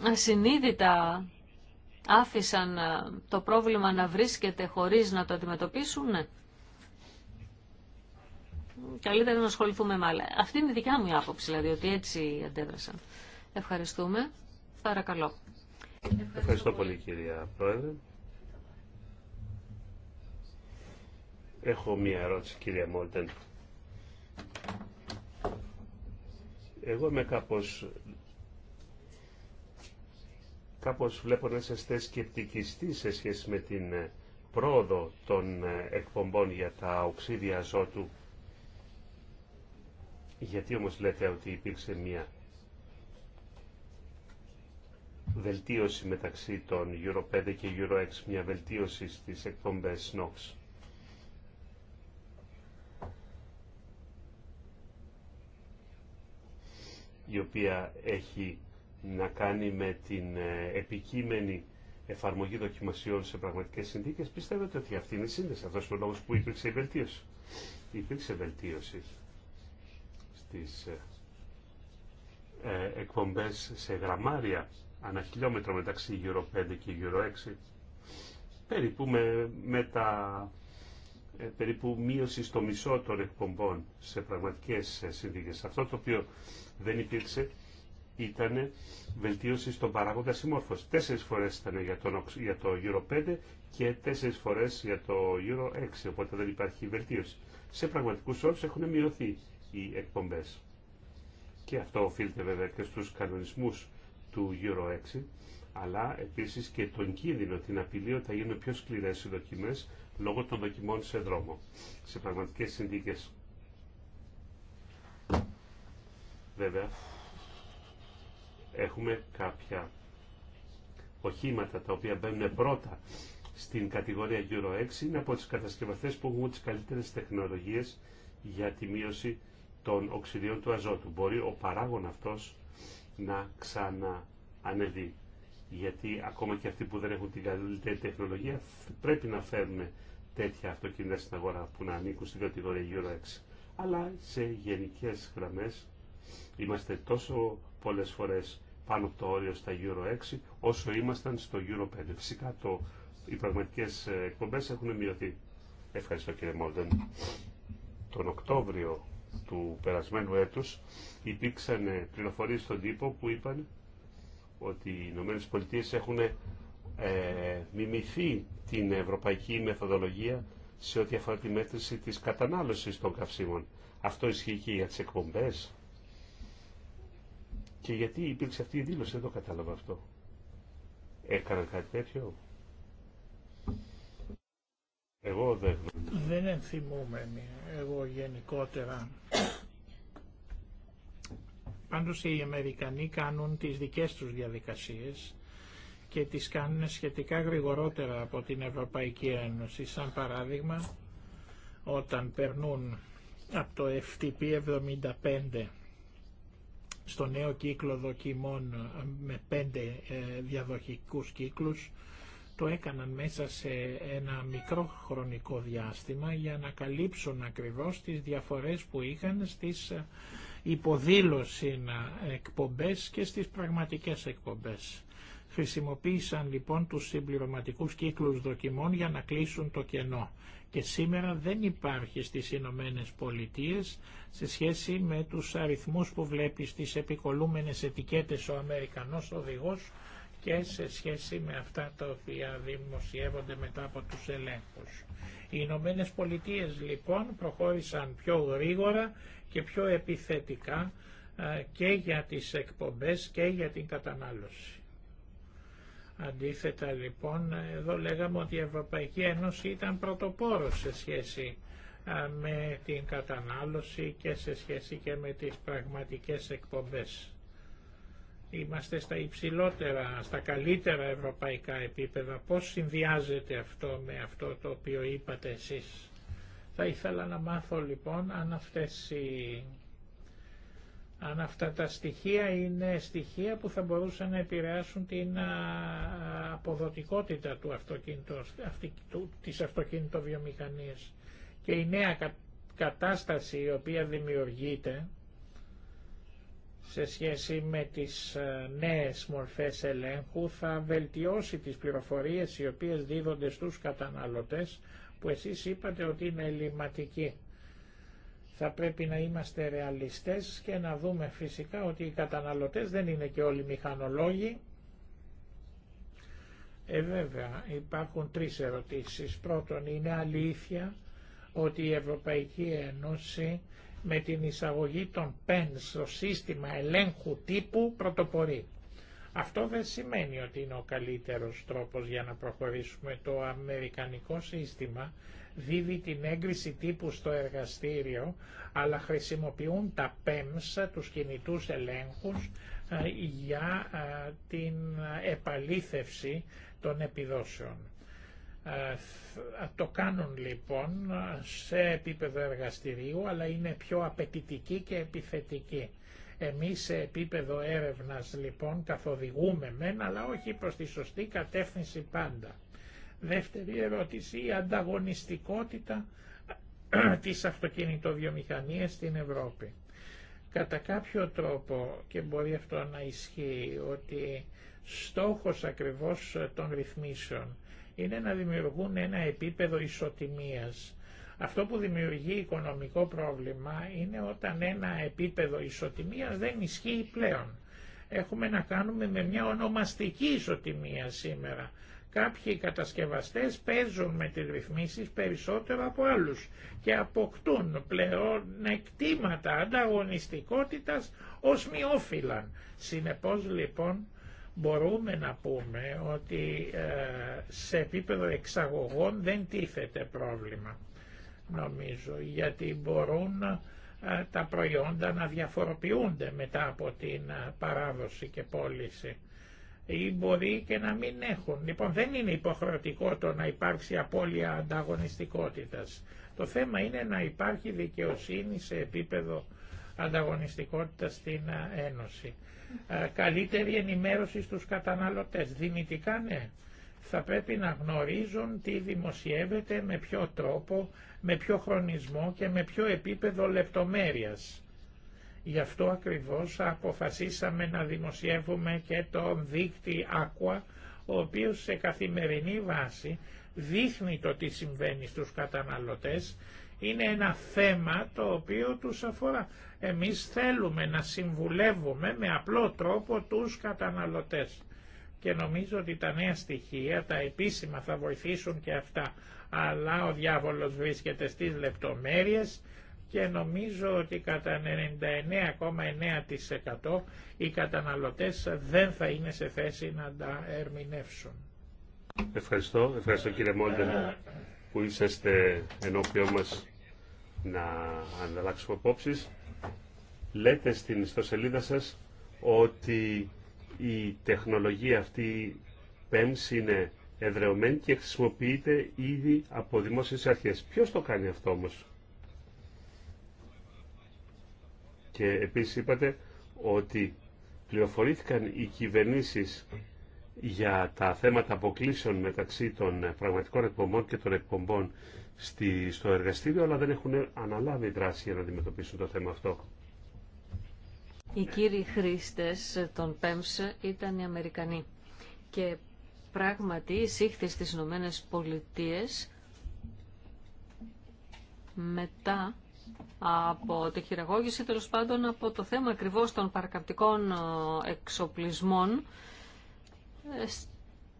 ασυνείδητα άφησαν ε, το πρόβλημα να βρίσκεται χωρίς να το αντιμετωπίσουν, ναι καλύτερα να ασχοληθούμε με άλλα. Αυτή είναι η δικιά μου άποψη, δηλαδή ότι έτσι αντέδρασαν. Ευχαριστούμε. Παρακαλώ. Ευχαριστώ, Ευχαριστώ πολύ κυρία Πρόεδρε. Έχω μία ερώτηση κυρία Μόλτεν. Εγώ είμαι κάπως κάπως βλέπω να είστε σκεπτικιστή σε σχέση με την πρόοδο των εκπομπών για τα οξύδια ζώτου γιατί όμως λέτε ότι υπήρξε μια βελτίωση μεταξύ των Euro 5 και Euro 6, μια βελτίωση στις εκπομπέ NOx. η οποία έχει να κάνει με την ε, επικείμενη εφαρμογή δοκιμασιών σε πραγματικές συνθήκες, πιστεύετε ότι αυτή είναι η σύνδεση, αυτός είναι ο λόγος που υπήρξε η βελτίωση. Υπήρξε βελτίωση τις ε, ε, εκπομπές σε γραμμάρια ανά χιλιόμετρο μεταξύ γύρω 5 και γύρω 6 περίπου με, με τα ε, περίπου μείωση στο μισό των εκπομπών σε πραγματικές ε, συνθήκες. Αυτό το οποίο δεν υπήρξε ήταν βελτίωση στον παράγοντα συμμόρφωση. Τέσσερις φορές ήταν για, τον, για το Euro 5 και τέσσερις φορές για το Euro 6, οπότε δεν υπάρχει βελτίωση. Σε πραγματικούς όρους έχουν μειωθεί οι εκπομπές. Και αυτό οφείλεται βέβαια και στους κανονισμούς του Euro 6, αλλά επίσης και τον κίνδυνο, την απειλή ότι θα γίνουν πιο σκληρές οι δοκιμές λόγω των δοκιμών σε δρόμο, σε πραγματικές συνθήκες. Βέβαια, έχουμε κάποια οχήματα τα οποία μπαίνουν πρώτα στην κατηγορία Euro 6 είναι από τις κατασκευαστές που έχουν τις καλύτερες τεχνολογίες για τη μείωση των οξυδίων του αζότου. Μπορεί ο παράγων αυτός να ξαναανεβεί. Γιατί ακόμα και αυτοί που δεν έχουν την καλύτερη τεχνολογία πρέπει να φέρουν τέτοια αυτοκίνητα στην αγορά που να ανήκουν στην κατηγορία Euro 6. Αλλά σε γενικές γραμμές είμαστε τόσο πολλές φορές πάνω από το όριο στα Euro 6 όσο ήμασταν στο Euro 5. Φυσικά το, οι πραγματικές ε, εκπομπές έχουν μειωθεί. Ευχαριστώ κύριε Μόρδεν Τον Οκτώβριο του περασμένου έτους υπήρξαν πληροφορίες στον τύπο που είπαν ότι οι Ηνωμένε Πολιτείε έχουν ε, μιμηθεί την ευρωπαϊκή μεθοδολογία σε ό,τι αφορά τη μέτρηση της κατανάλωσης των καυσίμων. Αυτό ισχύει και για τις εκπομπές. Και γιατί υπήρξε αυτή η δήλωση, δεν το κατάλαβα αυτό. Έκαναν κάτι τέτοιο δεν. Δεν ενθυμούμαι εγώ γενικότερα. Πάντως οι Αμερικανοί κάνουν τις δικές τους διαδικασίες και τις κάνουν σχετικά γρηγορότερα από την Ευρωπαϊκή Ένωση. Σαν παράδειγμα, όταν περνούν από το FTP 75 στο νέο κύκλο δοκιμών με πέντε ε, διαδοχικούς κύκλους, το έκαναν μέσα σε ένα μικρό χρονικό διάστημα για να καλύψουν ακριβώς τις διαφορές που είχαν στις ε, υποδήλωση εκπομπές και στις πραγματικές εκπομπές. Χρησιμοποίησαν λοιπόν τους συμπληρωματικούς κύκλους δοκιμών για να κλείσουν το κενό. Και σήμερα δεν υπάρχει στις Ηνωμένε Πολιτείε σε σχέση με τους αριθμούς που βλέπει στις επικολούμενες ετικέτες ο Αμερικανός οδηγός και σε σχέση με αυτά τα οποία δημοσιεύονται μετά από τους ελέγχους. Οι Ηνωμένε Πολιτείε λοιπόν προχώρησαν πιο γρήγορα και πιο επιθετικά και για τις εκπομπές και για την κατανάλωση. Αντίθετα λοιπόν, εδώ λέγαμε ότι η Ευρωπαϊκή Ένωση ήταν πρωτοπόρος σε σχέση με την κατανάλωση και σε σχέση και με τις πραγματικές εκπομπές είμαστε στα υψηλότερα, στα καλύτερα ευρωπαϊκά επίπεδα. Πώς συνδυάζεται αυτό με αυτό το οποίο είπατε εσείς. Θα ήθελα να μάθω λοιπόν αν, αυτές αν αυτά τα στοιχεία είναι στοιχεία που θα μπορούσαν να επηρεάσουν την αποδοτικότητα του αυτοκίνητο, της αυτοκίνητοβιομηχανίας. Και η νέα κατάσταση η οποία δημιουργείται σε σχέση με τις ε, νέες μορφές ελέγχου θα βελτιώσει τις πληροφορίες οι οποίες δίδονται στους καταναλωτές που εσείς είπατε ότι είναι ελληματικοί. Θα πρέπει να είμαστε ρεαλιστές και να δούμε φυσικά ότι οι καταναλωτές δεν είναι και όλοι μηχανολόγοι. Ε, βέβαια, υπάρχουν τρεις ερωτήσεις. Πρώτον, είναι αλήθεια ότι η Ευρωπαϊκή Ένωση με την εισαγωγή των PEN στο σύστημα ελέγχου τύπου πρωτοπορεί. Αυτό δεν σημαίνει ότι είναι ο καλύτερος τρόπος για να προχωρήσουμε. Το αμερικανικό σύστημα δίδει την έγκριση τύπου στο εργαστήριο, αλλά χρησιμοποιούν τα PEMS, τους κινητούς ελέγχους, ε, για ε, την επαλήθευση των επιδόσεων. Ε, το κάνουν λοιπόν σε επίπεδο εργαστηρίου, αλλά είναι πιο απαιτητικοί και επιθετικοί. Εμείς σε επίπεδο έρευνας λοιπόν καθοδηγούμε μεν, αλλά όχι προς τη σωστή κατεύθυνση πάντα. Δεύτερη ερώτηση, η ανταγωνιστικότητα της αυτοκινητοβιομηχανίας στην Ευρώπη. Κατά κάποιο τρόπο, και μπορεί αυτό να ισχύει, ότι στόχος ακριβώς των ρυθμίσεων είναι να δημιουργούν ένα επίπεδο ισοτιμίας. Αυτό που δημιουργεί οικονομικό πρόβλημα είναι όταν ένα επίπεδο ισοτιμίας δεν ισχύει πλέον. Έχουμε να κάνουμε με μια ονομαστική ισοτιμία σήμερα. Κάποιοι κατασκευαστές παίζουν με τις ρυθμίσεις περισσότερο από άλλους και αποκτούν πλέον εκτήματα ανταγωνιστικότητας ως μειόφυλαν. Συνεπώς λοιπόν μπορούμε να πούμε ότι ε, σε επίπεδο εξαγωγών δεν τίθεται πρόβλημα, νομίζω, γιατί μπορούν ε, τα προϊόντα να διαφοροποιούνται μετά από την ε, παράδοση και πώληση ή μπορεί και να μην έχουν. Λοιπόν δεν είναι υποχρεωτικό το να υπάρξει απώλεια ανταγωνιστικότητας. Το θέμα είναι να υπάρχει δικαιοσύνη σε επίπεδο ανταγωνιστικότητας στην Ένωση. Ε, καλύτερη ενημέρωση στους καταναλωτές. Δυνητικά ναι, θα πρέπει να γνωρίζουν τι δημοσιεύεται, με ποιο τρόπο, με ποιο χρονισμό και με ποιο επίπεδο λεπτομέρειας. Γι' αυτό ακριβώς αποφασίσαμε να δημοσιεύουμε και το δίκτυ Aqua, ο οποίος σε καθημερινή βάση δείχνει το τι συμβαίνει στους καταναλωτές είναι ένα θέμα το οποίο τους αφορά. Εμείς θέλουμε να συμβουλεύουμε με απλό τρόπο τους καταναλωτές. Και νομίζω ότι τα νέα στοιχεία, τα επίσημα θα βοηθήσουν και αυτά. Αλλά ο διάβολος βρίσκεται στις λεπτομέρειες και νομίζω ότι κατά 99,9% οι καταναλωτές δεν θα είναι σε θέση να τα ερμηνεύσουν. Ευχαριστώ. Ευχαριστώ κύριε που είσαστε ενώπιον μας να ανταλλάξουμε απόψεις. Λέτε στην ιστοσελίδα σας ότι η τεχνολογία αυτή PEMS είναι εδρεωμένη και χρησιμοποιείται ήδη από δημόσιες αρχές. Ποιος το κάνει αυτό όμως. Και επίσης είπατε ότι πληροφορήθηκαν οι κυβερνήσεις για τα θέματα αποκλήσεων μεταξύ των πραγματικών εκπομπών και των εκπομπών στη, στο εργαστήριο, αλλά δεν έχουν αναλάβει δράση για να αντιμετωπίσουν το θέμα αυτό. Οι κύριοι χρήστες των ΠΕΜΣ e ήταν οι Αμερικανοί και πράγματι εισήχθη στις Ηνωμένε Πολιτείες μετά από τη χειραγώγηση τέλο πάντων από το θέμα ακριβώς των παρακαπτικών εξοπλισμών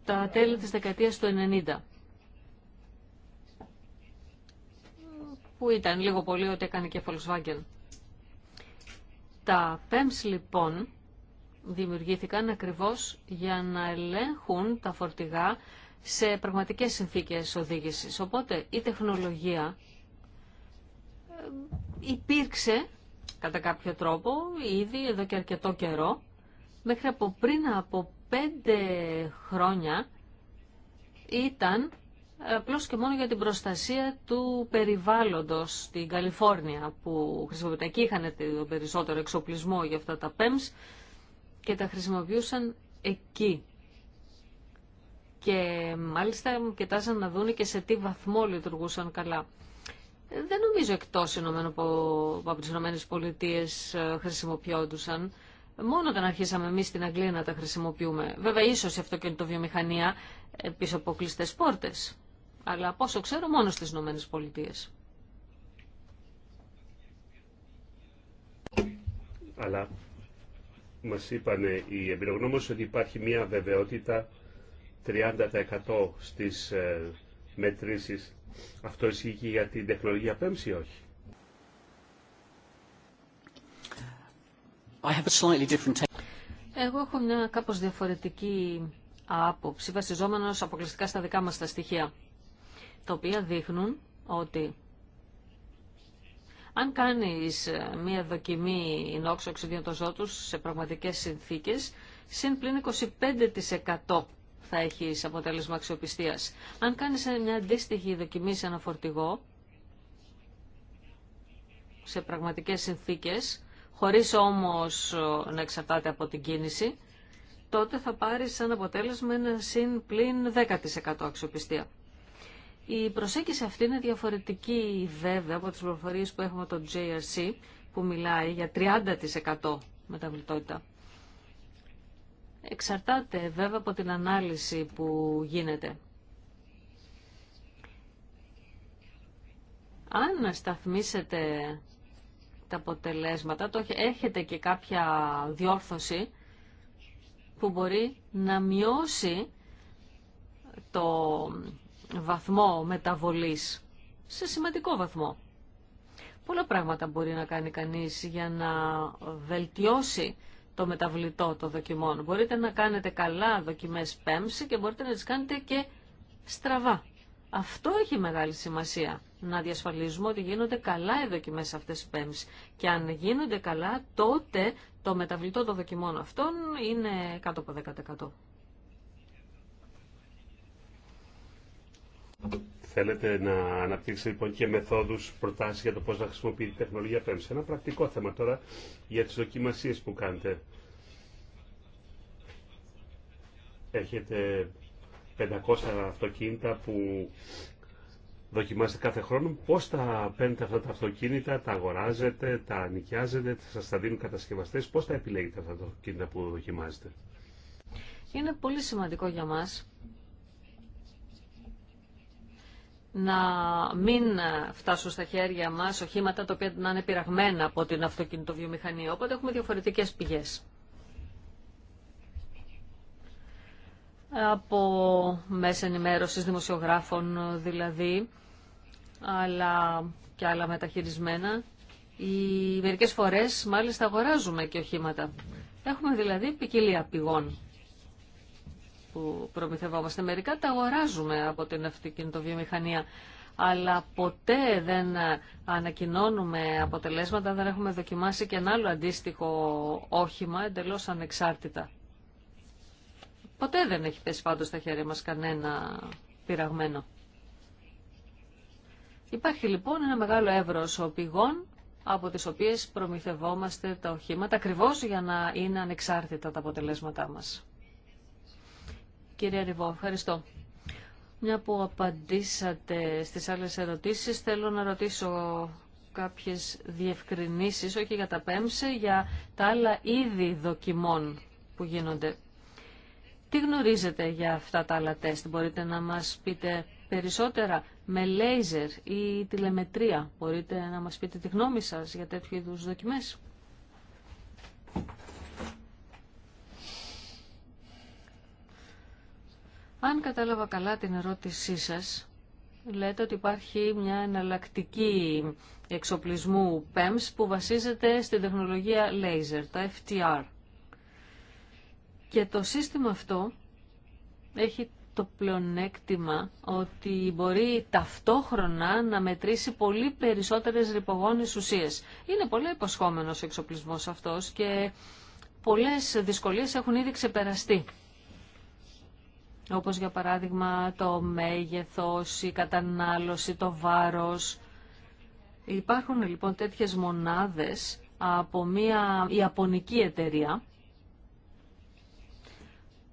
στα τέλη της δεκαετίας του 90. Που ήταν λίγο πολύ ότι έκανε και Volkswagen. Τα PEMS λοιπόν δημιουργήθηκαν ακριβώς για να ελέγχουν τα φορτηγά σε πραγματικές συνθήκες οδήγησης. Οπότε η τεχνολογία ε, υπήρξε κατά κάποιο τρόπο ήδη εδώ και αρκετό καιρό μέχρι από πριν από πέντε χρόνια ήταν ε, απλώ και μόνο για την προστασία του περιβάλλοντος στην Καλιφόρνια που χρησιμοποιούνται εκεί είχαν το περισσότερο εξοπλισμό για αυτά τα PEMS και τα χρησιμοποιούσαν εκεί. Και μάλιστα κοιτάζαν να δούνε και σε τι βαθμό λειτουργούσαν καλά. Ε, δεν νομίζω εκτός από τις ΗΠΑ ε, χρησιμοποιόντουσαν μόνο όταν αρχίσαμε εμεί στην Αγγλία να τα χρησιμοποιούμε. Βέβαια, ίσω η αυτοκινητοβιομηχανία ε, πίσω από κλειστέ πόρτε. Αλλά πόσο ξέρω, μόνο στι Ηνωμένε Πολιτείε. Αλλά μα είπαν οι εμπειρογνώμονε ότι υπάρχει μια βεβαιότητα 30% στι μετρήσει. Αυτό ισχύει για την τεχνολογία πέμψη, όχι. Εγώ έχω μια κάπως διαφορετική άποψη, βασιζόμενος αποκλειστικά στα δικά μας τα στοιχεία, τα οποία δείχνουν ότι αν κάνεις ε, μία δοκιμή ενόξου οξυδίων σε πραγματικές συνθήκες, συν πλήν 25% θα έχεις αποτέλεσμα αξιοπιστίας. Αν κάνεις μια αντίστοιχη δοκιμή σε ένα φορτηγό, σε πραγματικές συνθήκες, χωρίς όμως ε, να εξαρτάται από την κίνηση, τότε θα πάρει σαν αποτέλεσμα ένα συν πλήν 10% αξιοπιστία. Η προσέγγιση αυτή είναι διαφορετική βέβαια από τις προφορίες που έχουμε το JRC που μιλάει για 30% μεταβλητότητα. Εξαρτάται βέβαια από την ανάλυση που γίνεται. Αν σταθμίσετε τα αποτελέσματα, το έχετε και κάποια διόρθωση που μπορεί να μειώσει το βαθμό μεταβολής σε σημαντικό βαθμό. Πολλά πράγματα μπορεί να κάνει κανείς για να βελτιώσει το μεταβλητό των δοκιμών. Μπορείτε να κάνετε καλά δοκιμές πέμψη και μπορείτε να τις κάνετε και στραβά. Αυτό έχει μεγάλη σημασία. Να διασφαλίζουμε ότι γίνονται καλά οι δοκιμέ αυτές τις πέμψεις. Και αν γίνονται καλά, τότε το μεταβλητό των δοκιμών αυτών είναι κάτω από 10%. Θέλετε να αναπτύξετε λοιπόν και μεθόδου, προτάσει για το πώ να χρησιμοποιείτε τη τεχνολογία πέμψη. Ένα πρακτικό θέμα τώρα για τι δοκιμασίε που κάνετε. Έχετε 500 αυτοκίνητα που δοκιμάζετε κάθε χρόνο. Πώς τα παίρνετε αυτά τα αυτοκίνητα, τα αγοράζετε, τα νοικιάζετε, σας τα δίνουν κατασκευαστές. Πώς τα επιλέγετε αυτά τα αυτοκίνητα που δοκιμάζετε. Είναι πολύ σημαντικό για μας να μην φτάσουν στα χέρια μας οχήματα τα οποία να είναι πειραγμένα από την αυτοκινητοβιομηχανία. Οπότε έχουμε διαφορετικές πηγές. από μέσα ενημέρωσης δημοσιογράφων δηλαδή, αλλά και άλλα μεταχειρισμένα. Οι μερικές φορές μάλιστα αγοράζουμε και οχήματα. Έχουμε δηλαδή ποικιλία πηγών που προμηθευόμαστε. Μερικά τα αγοράζουμε από την αυτοκινητοβιομηχανία, αλλά ποτέ δεν ανακοινώνουμε αποτελέσματα, δεν έχουμε δοκιμάσει και ένα άλλο αντίστοιχο όχημα εντελώς ανεξάρτητα. Ποτέ δεν έχει πέσει πάντω στα χέρια μας κανένα πειραγμένο. Υπάρχει λοιπόν ένα μεγάλο εύρος πηγών από τις οποίες προμηθευόμαστε τα οχήματα ακριβώ για να είναι ανεξάρτητα τα αποτελέσματά μας. Κύριε Ριβό, ευχαριστώ. Μια που απαντήσατε στις άλλες ερωτήσεις, θέλω να ρωτήσω κάποιες διευκρινήσεις, όχι για τα πέμψε, για τα άλλα είδη δοκιμών που γίνονται. Τι γνωρίζετε για αυτά τα άλλα τεστ, μπορείτε να μας πείτε περισσότερα με λέιζερ ή τηλεμετρία. Μπορείτε να μας πείτε τη γνώμη σας για τέτοιου είδους δοκιμές. Αν κατάλαβα καλά την ερώτησή σας, λέτε ότι υπάρχει μια εναλλακτική εξοπλισμού PEMS που βασίζεται στην τεχνολογία laser, τα FTR. Και το σύστημα αυτό έχει το πλεονέκτημα ότι μπορεί ταυτόχρονα να μετρήσει πολύ περισσότερες ρηπογόνες ουσίες. Είναι πολύ υποσχόμενος ο εξοπλισμός αυτός και πολλές δυσκολίες έχουν ήδη ξεπεραστεί. Όπως για παράδειγμα το μέγεθος, η κατανάλωση, το βάρος. Υπάρχουν λοιπόν τέτοιες μονάδες από μια ιαπωνική εταιρεία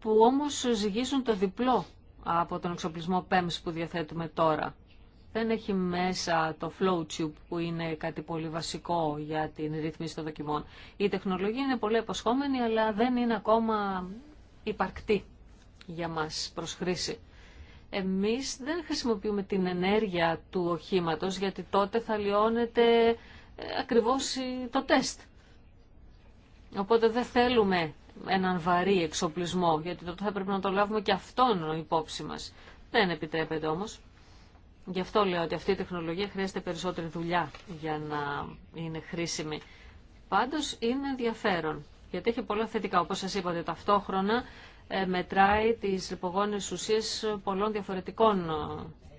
που όμως ζυγίζουν το διπλό από τον εξοπλισμό PEMS που διαθέτουμε τώρα. Δεν έχει μέσα το flow tube που είναι κάτι πολύ βασικό για την ρύθμιση των δοκιμών. Η τεχνολογία είναι πολύ υποσχόμενη αλλά δεν είναι ακόμα υπαρκτή για μας προς χρήση. Εμείς δεν χρησιμοποιούμε την ενέργεια του οχήματος γιατί τότε θα λιώνεται ε, ακριβώς το τεστ. Οπότε δεν θέλουμε έναν βαρύ εξοπλισμό, γιατί τότε θα πρέπει να το λάβουμε και αυτόν υπόψη μας. Δεν επιτρέπεται όμως. Γι' αυτό λέω ότι αυτή η τεχνολογία χρειάζεται περισσότερη δουλειά για να είναι χρήσιμη. Πάντως είναι ενδιαφέρον, γιατί έχει πολλά θετικά. Όπως σας είπατε, ταυτόχρονα ε, μετράει τις λιπογόνες ουσίες πολλών διαφορετικών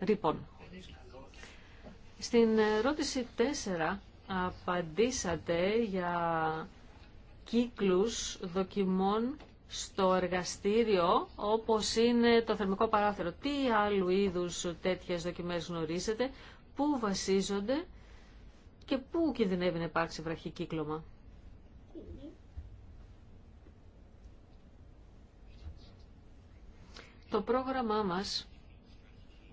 ε, ρήπων. Στην ερώτηση 4 απαντήσατε για κύκλους δοκιμών στο εργαστήριο όπως είναι το θερμικό παράθυρο. Τι άλλου είδους τέτοιες δοκιμές γνωρίζετε, πού βασίζονται και πού κινδυνεύει να υπάρξει κύκλωμα. Το πρόγραμμά μας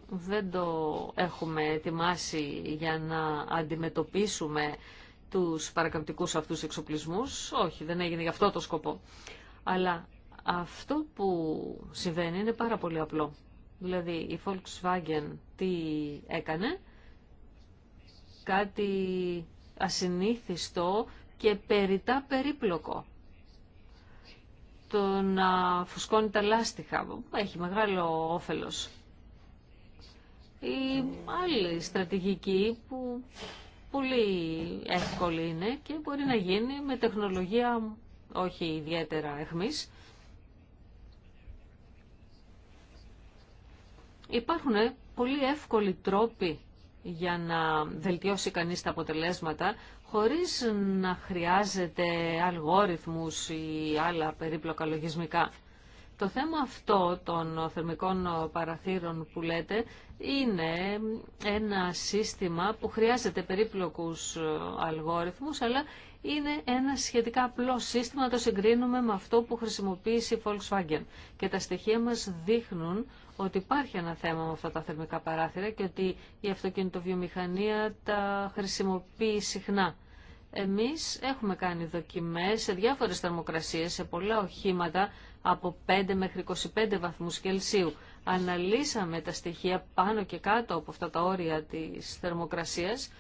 δεν το έχουμε ετοιμάσει για να αντιμετωπίσουμε τους παρακαμπτικούς αυτούς εξοπλισμούς. Όχι, δεν έγινε για αυτό το σκοπό. Αλλά αυτό που συμβαίνει είναι πάρα πολύ απλό. Δηλαδή η Volkswagen τι έκανε, κάτι ασυνήθιστο και περιτά περίπλοκο. Το να φουσκώνει τα λάστιχα έχει μεγάλο όφελος. Η άλλη στρατηγική που πολύ εύκολη είναι και μπορεί να γίνει με τεχνολογία όχι ιδιαίτερα εχμής. Υπάρχουν πολύ εύκολοι τρόποι για να βελτιώσει κανείς τα αποτελέσματα χωρίς να χρειάζεται αλγόριθμους ή άλλα περίπλοκα λογισμικά. Το θέμα αυτό των θερμικών παραθύρων που λέτε είναι ένα σύστημα που χρειάζεται περίπλοκους αλγόριθμους, αλλά είναι ένα σχετικά απλό σύστημα, το συγκρίνουμε με αυτό που χρησιμοποιεί η Volkswagen. Και τα στοιχεία μας δείχνουν ότι υπάρχει ένα θέμα με αυτά τα θερμικά παράθυρα και ότι η αυτοκινητοβιομηχανία τα χρησιμοποιεί συχνά. Εμείς έχουμε κάνει δοκιμές σε διάφορες θερμοκρασίες, σε πολλά οχήματα, από 5 μέχρι 25 βαθμούς Κελσίου. Αναλύσαμε τα στοιχεία πάνω και κάτω από αυτά τα όρια της θερμοκρασίας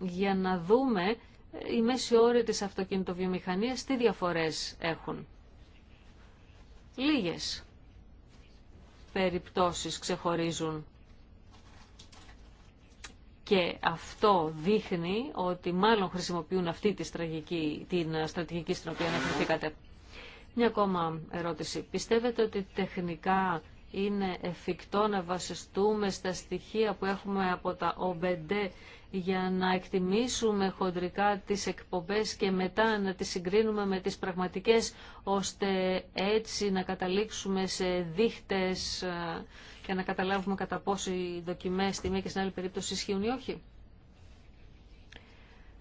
για να δούμε ε, οι μέση όροι της αυτοκινητοβιομηχανίας τι διαφορές έχουν. Λίγες περιπτώσεις ξεχωρίζουν και αυτό δείχνει ότι μάλλον χρησιμοποιούν αυτή τη στρατηγική, την στρατηγική στην οποία αναφερθήκατε. Μια ακόμα ερώτηση. Πιστεύετε ότι τεχνικά είναι εφικτό να βασιστούμε στα στοιχεία που έχουμε από τα ΟΜΠΕΝΤΕ για να εκτιμήσουμε χοντρικά τις εκπομπές και μετά να τις συγκρίνουμε με τις πραγματικές ώστε έτσι να καταλήξουμε σε δείχτες ε, και να καταλάβουμε κατά πόσο οι δοκιμές στη μία και στην άλλη περίπτωση ισχύουν ή όχι.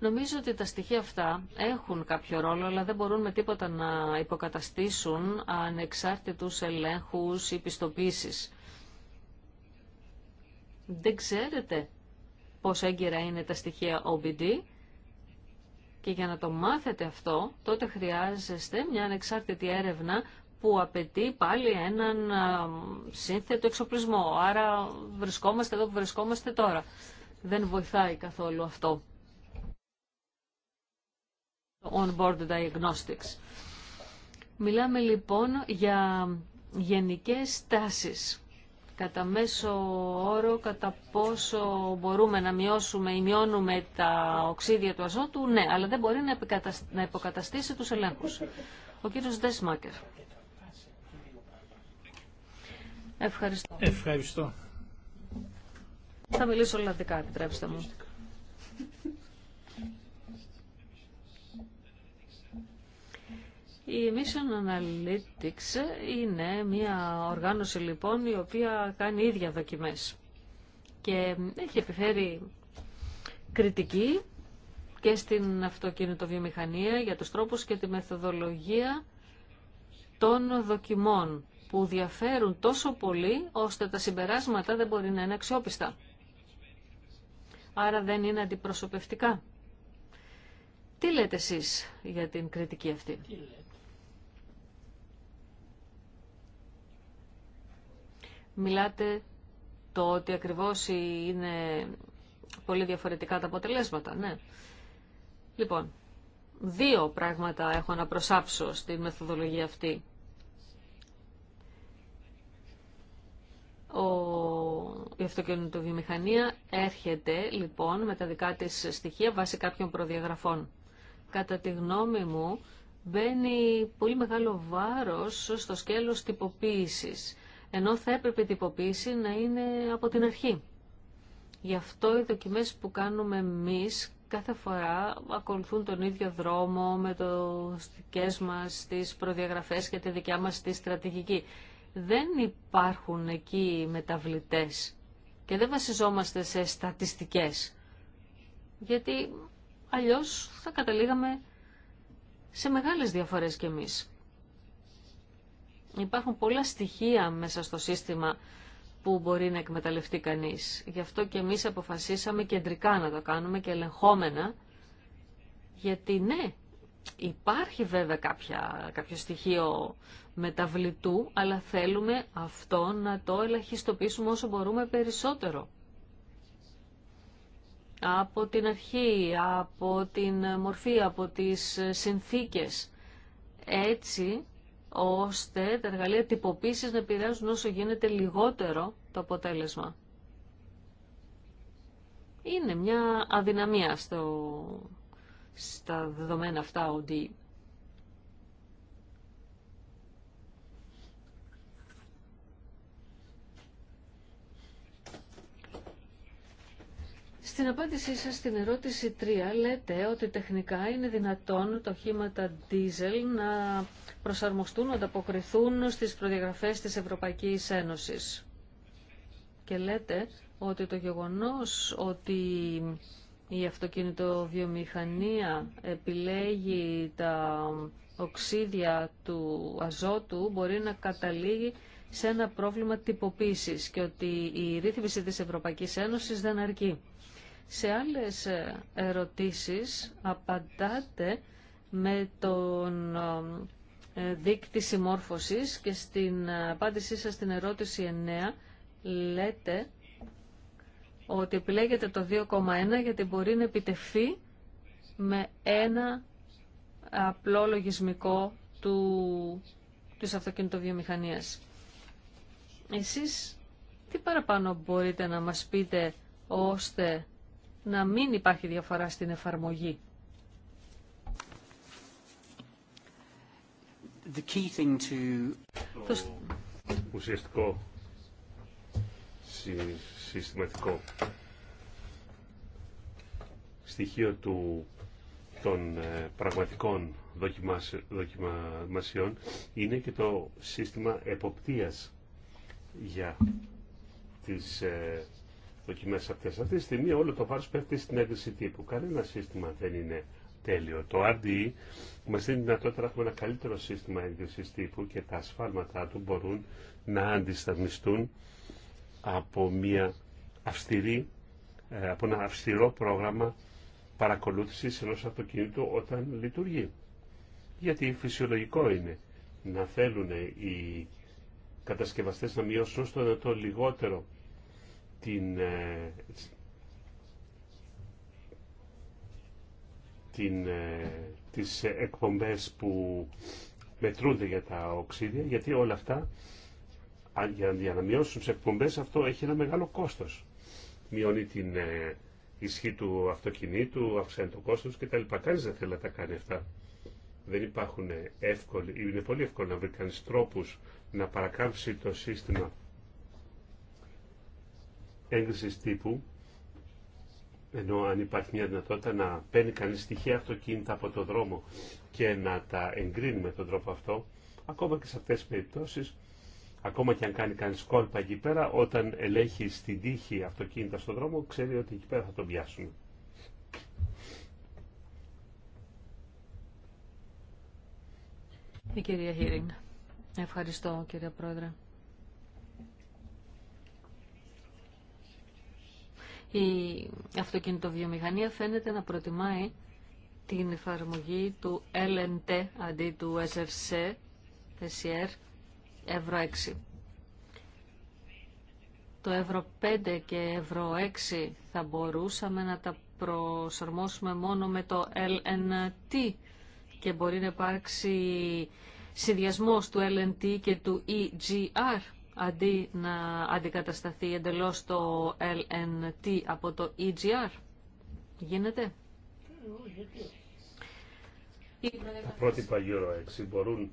Νομίζω ότι τα στοιχεία αυτά έχουν κάποιο ρόλο, αλλά δεν μπορούν με τίποτα να υποκαταστήσουν ανεξάρτητους ελέγχους ή πιστοποίησεις. Δεν ξέρετε πόσο έγκυρα είναι τα στοιχεία OBD και για να το μάθετε αυτό, τότε χρειάζεστε μια ανεξάρτητη έρευνα που απαιτεί πάλι έναν ε, σύνθετο εξοπλισμό. Άρα βρισκόμαστε εδώ που βρισκόμαστε τώρα. Δεν βοηθάει καθόλου αυτό on-board diagnostics. Μιλάμε λοιπόν για γενικές τάσεις. Κατά μέσο όρο, κατά πόσο μπορούμε να μειώσουμε ή μειώνουμε τα οξύδια του αζότου, ναι, αλλά δεν μπορεί να υποκαταστήσει τους ελέγχους. Ο κύριος Δεσμάκερ. Ευχαριστώ. Ευχαριστώ. Θα μιλήσω ολλανδικά, επιτρέψτε μου. Η Mission Analytics είναι μια οργάνωση λοιπόν η οποία κάνει ίδια δοκιμές και έχει επιφέρει κριτική και στην αυτοκινητοβιομηχανία για τους τρόπους και τη μεθοδολογία των δοκιμών που διαφέρουν τόσο πολύ ώστε τα συμπεράσματα δεν μπορεί να είναι αξιόπιστα. Άρα δεν είναι αντιπροσωπευτικά. Τι λέτε εσείς για την κριτική αυτή. Μιλάτε το ότι ακριβώς είναι πολύ διαφορετικά τα αποτελέσματα, ναι. Λοιπόν, δύο πράγματα έχω να προσάψω στη μεθοδολογία αυτή. Ο... Η αυτοκινητοβιομηχανία έρχεται λοιπόν με τα δικά της στοιχεία βάσει κάποιων προδιαγραφών. Κατά τη γνώμη μου μπαίνει πολύ μεγάλο βάρος στο σκέλος τυποποίησης ενώ θα έπρεπε η τυποποίηση να είναι από την αρχή. Γι' αυτό οι δοκιμές που κάνουμε εμείς κάθε φορά ακολουθούν τον ίδιο δρόμο με το δικές μας τις προδιαγραφές και τη δικιά μας τη στρατηγική. Δεν υπάρχουν εκεί μεταβλητές και δεν βασιζόμαστε σε στατιστικές. Γιατί αλλιώς θα καταλήγαμε σε μεγάλες διαφορές κι εμείς. Υπάρχουν πολλά στοιχεία μέσα στο σύστημα που μπορεί να εκμεταλλευτεί κανείς. Γι' αυτό και εμείς αποφασίσαμε κεντρικά να το κάνουμε και ελεγχόμενα, γιατί ναι, υπάρχει βέβαια κάποια, κάποιο στοιχείο μεταβλητού, αλλά θέλουμε αυτό να το ελαχιστοποιήσουμε όσο μπορούμε περισσότερο. Από την αρχή, από την μορφή, από τις συνθήκες. Έτσι ώστε τα εργαλεία τυποποίησης να επηρεάζουν όσο γίνεται λιγότερο το αποτέλεσμα. Είναι μια αδυναμία στο... στα δεδομένα αυτά ότι Στην απάντησή σας στην ερώτηση 3 λέτε ότι τεχνικά είναι δυνατόν τα οχήματα diesel να προσαρμοστούν, να ανταποκριθούν στις προδιαγραφές της Ευρωπαϊκής Ένωσης. Και λέτε ότι το γεγονός ότι η αυτοκινητοβιομηχανία επιλέγει τα οξύδια του αζότου μπορεί να καταλήγει σε ένα πρόβλημα τυποποίησης και ότι η ρύθμιση της Ευρωπαϊκής Ένωσης δεν αρκεί. Σε άλλες ε, ερωτήσεις απαντάτε με τον ε, ε, δείκτη συμμόρφωσης και στην απάντησή σας στην ερώτηση 9 λέτε ότι επιλέγετε το 2,1 γιατί μπορεί να επιτευχθεί με ένα απλό λογισμικό του, της αυτοκινητοβιομηχανίας. Εσείς τι παραπάνω μπορείτε να μας πείτε ώστε να μην υπάρχει διαφορά στην εφαρμογή. The key thing to... Το ουσιαστικό συστηματικό στοιχείο του, των ε, πραγματικών δοκιμασιών είναι και το σύστημα εποπτείας για τις ε, δοκιμές αυτές. Αυτή τη στιγμή όλο το βάρο πέφτει στην έγκριση τύπου. Κανένα σύστημα δεν είναι τέλειο. Το RDE μα δίνει δυνατότητα να έχουμε ένα καλύτερο σύστημα έγκρισης τύπου και τα ασφάλματά του μπορούν να αντισταθμιστούν από, μια αυστηρή, ε, από ένα αυστηρό πρόγραμμα παρακολούθηση ενό αυτοκινήτου όταν λειτουργεί. Γιατί φυσιολογικό είναι να θέλουν οι κατασκευαστές να μειώσουν στο δυνατό λιγότερο την, ε, την, ε, τις εκπομπές που μετρούνται για τα οξύδια, γιατί όλα αυτά, για, να μειώσουν τις εκπομπές, αυτό έχει ένα μεγάλο κόστος. Μειώνει την ε, ισχύ του αυτοκινήτου, αυξάνει το κόστος κτλ. Κανείς δεν θέλει να τα κάνει αυτά. Δεν υπάρχουν εύκολοι, είναι πολύ εύκολο να βρει κανείς τρόπους να παρακάμψει το σύστημα Έγκριση τύπου, ενώ αν υπάρχει μια δυνατότητα να παίρνει κάνει στοιχεία αυτοκίνητα από το δρόμο και να τα εγκρίνει με τον τρόπο αυτό, ακόμα και σε αυτέ τι περιπτώσει, ακόμα και αν κάνει κανεί κόλπα εκεί πέρα, όταν ελέγχει στην τύχη αυτοκίνητα στον δρόμο, ξέρει ότι εκεί πέρα θα τον πιάσουν. Η κυρία Χίρινγκ. Ευχαριστώ κύριε Πρόεδρε. Η αυτοκινητοβιομηχανία φαίνεται να προτιμάει την εφαρμογή του LNT αντί του SRC, SR, Ευρώ 6. Το Ευρώ 5 και Ευρώ 6 θα μπορούσαμε να τα προσαρμόσουμε μόνο με το LNT και μπορεί να υπάρξει συνδυασμός του LNT και του EGR αντί να αντικατασταθεί εντελώς το LNT από το EGR. Γίνεται. Τα πρότυπα Euro 6 μπορούν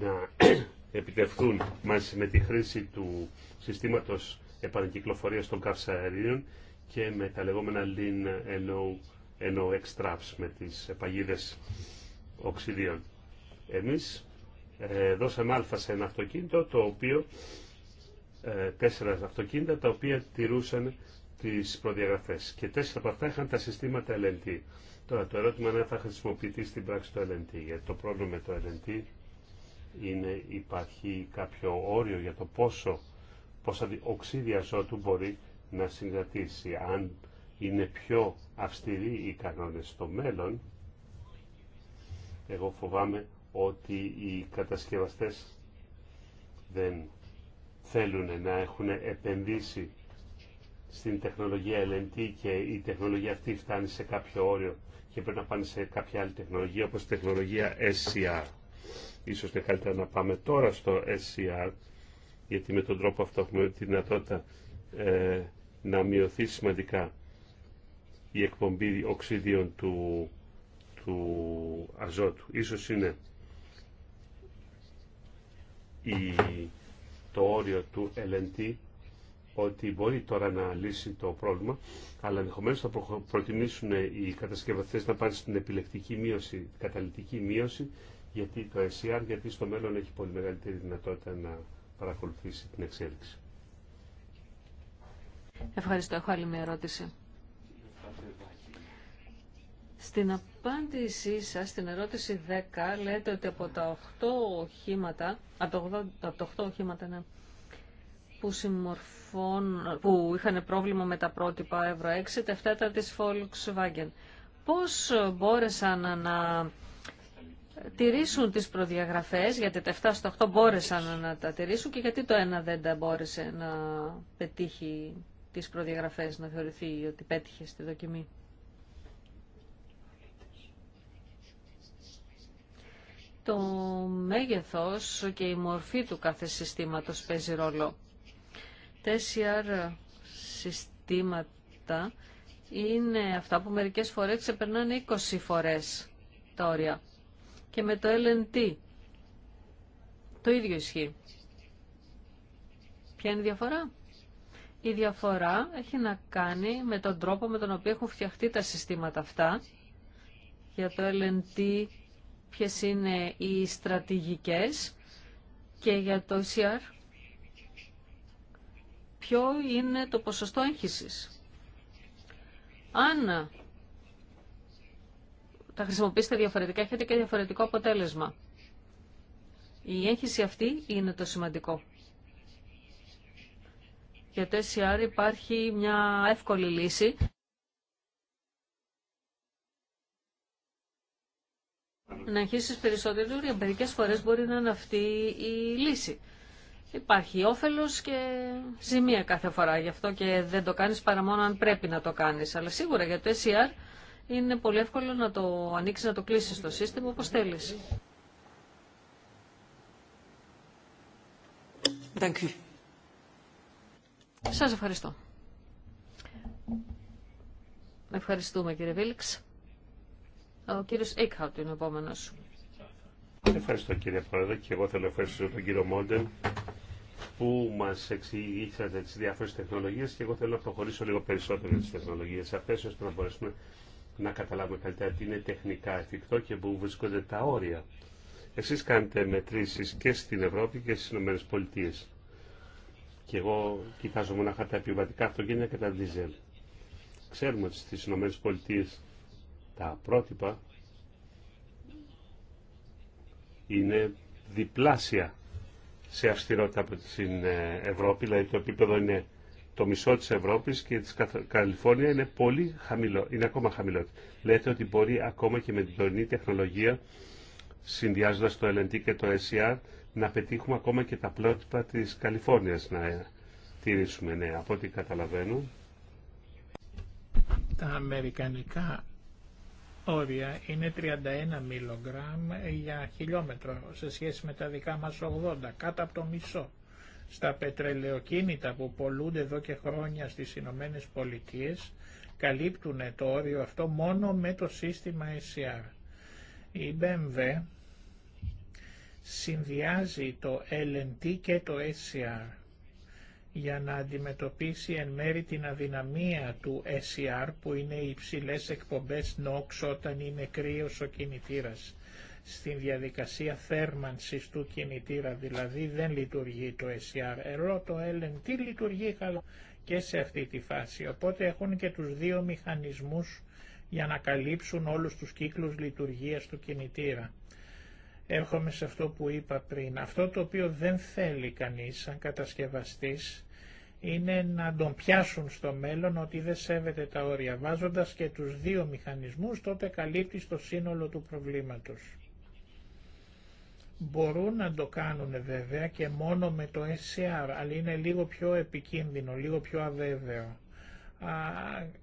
να επιτευχθούν μαζί με τη χρήση του συστήματος επανακυκλοφορίας των καυσαερίων και με τα λεγόμενα Lean NOx traps, με τις παγίδες οξυδίων. Εμείς ε, δώσαμε αλφα σε ένα αυτοκίνητο το οποίο ε, τέσσερα αυτοκίνητα τα οποία τηρούσαν τις προδιαγραφές και τέσσερα από αυτά είχαν τα συστήματα LNT. Τώρα το ερώτημα είναι αν θα χρησιμοποιηθεί στην πράξη το LNT γιατί το πρόβλημα με το LNT είναι υπάρχει κάποιο όριο για το πόσο πόσα οξύδια ζώτου μπορεί να συγκρατήσει. Αν είναι πιο αυστηροί οι κανόνες στο μέλλον, εγώ φοβάμαι ότι οι κατασκευαστές δεν θέλουν να έχουν επενδύσει στην τεχνολογία LNT και η τεχνολογία αυτή φτάνει σε κάποιο όριο και πρέπει να πάνε σε κάποια άλλη τεχνολογία όπως η τεχνολογία SCR. Ίσως είναι καλύτερα να πάμε τώρα στο SCR γιατί με τον τρόπο αυτό έχουμε τη δυνατότητα ε, να μειωθεί σημαντικά η εκπομπή οξυδίων του, του αζότου. Ίσως είναι η, το όριο του LNT ότι μπορεί τώρα να λύσει το πρόβλημα, αλλά ενδεχομένω θα προτιμήσουν οι κατασκευαστέ να πάνε στην επιλεκτική μείωση, καταλητική μείωση, γιατί το SCR, γιατί στο μέλλον έχει πολύ μεγαλύτερη δυνατότητα να παρακολουθήσει την εξέλιξη. Ευχαριστώ. Έχω άλλη μια ερώτηση. Στην απάντησή σας στην ερώτηση 10 λέτε ότι από τα 8 οχήματα, από τα 8, από ναι, που, που είχαν πρόβλημα με τα πρότυπα Euro 6, τα 7 ήταν της Volkswagen. Πώς μπόρεσαν να τηρήσουν τις προδιαγραφές, γιατί τα 7 στο 8 μπόρεσαν να τα τηρήσουν και γιατί το 1 δεν τα μπόρεσε να πετύχει τις προδιαγραφές, να θεωρηθεί ότι πέτυχε στη δοκιμή. το μέγεθος και η μορφή του κάθε συστήματος παίζει ρόλο. Τέσσερα συστήματα είναι αυτά που μερικές φορές ξεπερνάνε 20 φορές τα όρια. Και με το LNT το ίδιο ισχύει. Ποια είναι η διαφορά? Η διαφορά έχει να κάνει με τον τρόπο με τον οποίο έχουν φτιαχτεί τα συστήματα αυτά. Για το LNT ποιες είναι οι στρατηγικές και για το ECR ποιο είναι το ποσοστό έγχυσης. Αν τα χρησιμοποιήσετε διαφορετικά, έχετε και διαφορετικό αποτέλεσμα. Η έγχυση αυτή είναι το σημαντικό. Για το SCR υπάρχει μια εύκολη λύση. να αρχίσεις περισσότερο, δουλειά. μερικέ φορές μπορεί να είναι αυτή η λύση. Υπάρχει όφελος και ζημία κάθε φορά. Γι' αυτό και δεν το κάνεις παρά μόνο αν πρέπει να το κάνεις. Αλλά σίγουρα για το SCR e είναι πολύ εύκολο να το ανοίξει να το κλείσεις το σύστημα όπω θέλει. Σα ευχαριστώ. Ευχαριστούμε κύριε Βίλξ. Ο κύριος Έκχαουτ είναι ο επόμενος. Ευχαριστώ κύριε Πρόεδρε και εγώ θέλω να ευχαριστήσω τον κύριο Μόντεν που μας εξηγήσατε τις διάφορες τεχνολογίες και εγώ θέλω να προχωρήσω λίγο περισσότερο για τις τεχνολογίες αυτές ώστε να μπορέσουμε να καταλάβουμε καλύτερα τι είναι τεχνικά εφικτό και πού βρίσκονται τα όρια. Εσείς κάνετε μετρήσεις και στην Ευρώπη και στις Ηνωμένες Πολιτείες. Και εγώ κοιτάζω μονάχα τα επιβατικά αυτοκίνητα και τα δίζελ. Ξέρουμε ότι στις Ηνωμένες τα πρότυπα είναι διπλάσια σε αυστηρότητα από την ε, Ευρώπη, δηλαδή το επίπεδο είναι το μισό της Ευρώπης και της Καλιφόρνια είναι πολύ χαμηλό, είναι ακόμα χαμηλότερο. Λέτε ότι μπορεί ακόμα και με την τωρινή τεχνολογία, συνδυάζοντας το LNT και το SCR, e να πετύχουμε ακόμα και τα πρότυπα της Καλιφόρνιας να ε, τηρήσουμε. Ναι, από ό,τι καταλαβαίνω. Τα αμερικανικά όρια είναι 31 μιλογκράμμ για χιλιόμετρο σε σχέση με τα δικά μας 80, κάτω από το μισό. Στα πετρελαιοκίνητα που πολλούνται εδώ και χρόνια στις Ηνωμένε Πολιτείε καλύπτουν το όριο αυτό μόνο με το σύστημα SCR. Η BMW συνδυάζει το LNT και το SCR για να αντιμετωπίσει εν μέρη την αδυναμία του SCR που είναι οι υψηλές εκπομπές NOx όταν είναι κρύος ο κινητήρας. Στην διαδικασία θέρμανσης του κινητήρα δηλαδή δεν λειτουργεί το SCR. Ερώ το τι λειτουργεί καλά και σε αυτή τη φάση. Οπότε έχουν και τους δύο μηχανισμούς για να καλύψουν όλους τους κύκλους λειτουργίας του κινητήρα. Έρχομαι σε αυτό που είπα πριν. Αυτό το οποίο δεν θέλει κανείς σαν κατασκευαστής είναι να τον πιάσουν στο μέλλον ότι δεν σέβεται τα όρια. Βάζοντας και τους δύο μηχανισμούς τότε καλύπτει στο σύνολο του προβλήματος. Μπορούν να το κάνουν βέβαια και μόνο με το SCR, αλλά είναι λίγο πιο επικίνδυνο, λίγο πιο αβέβαιο.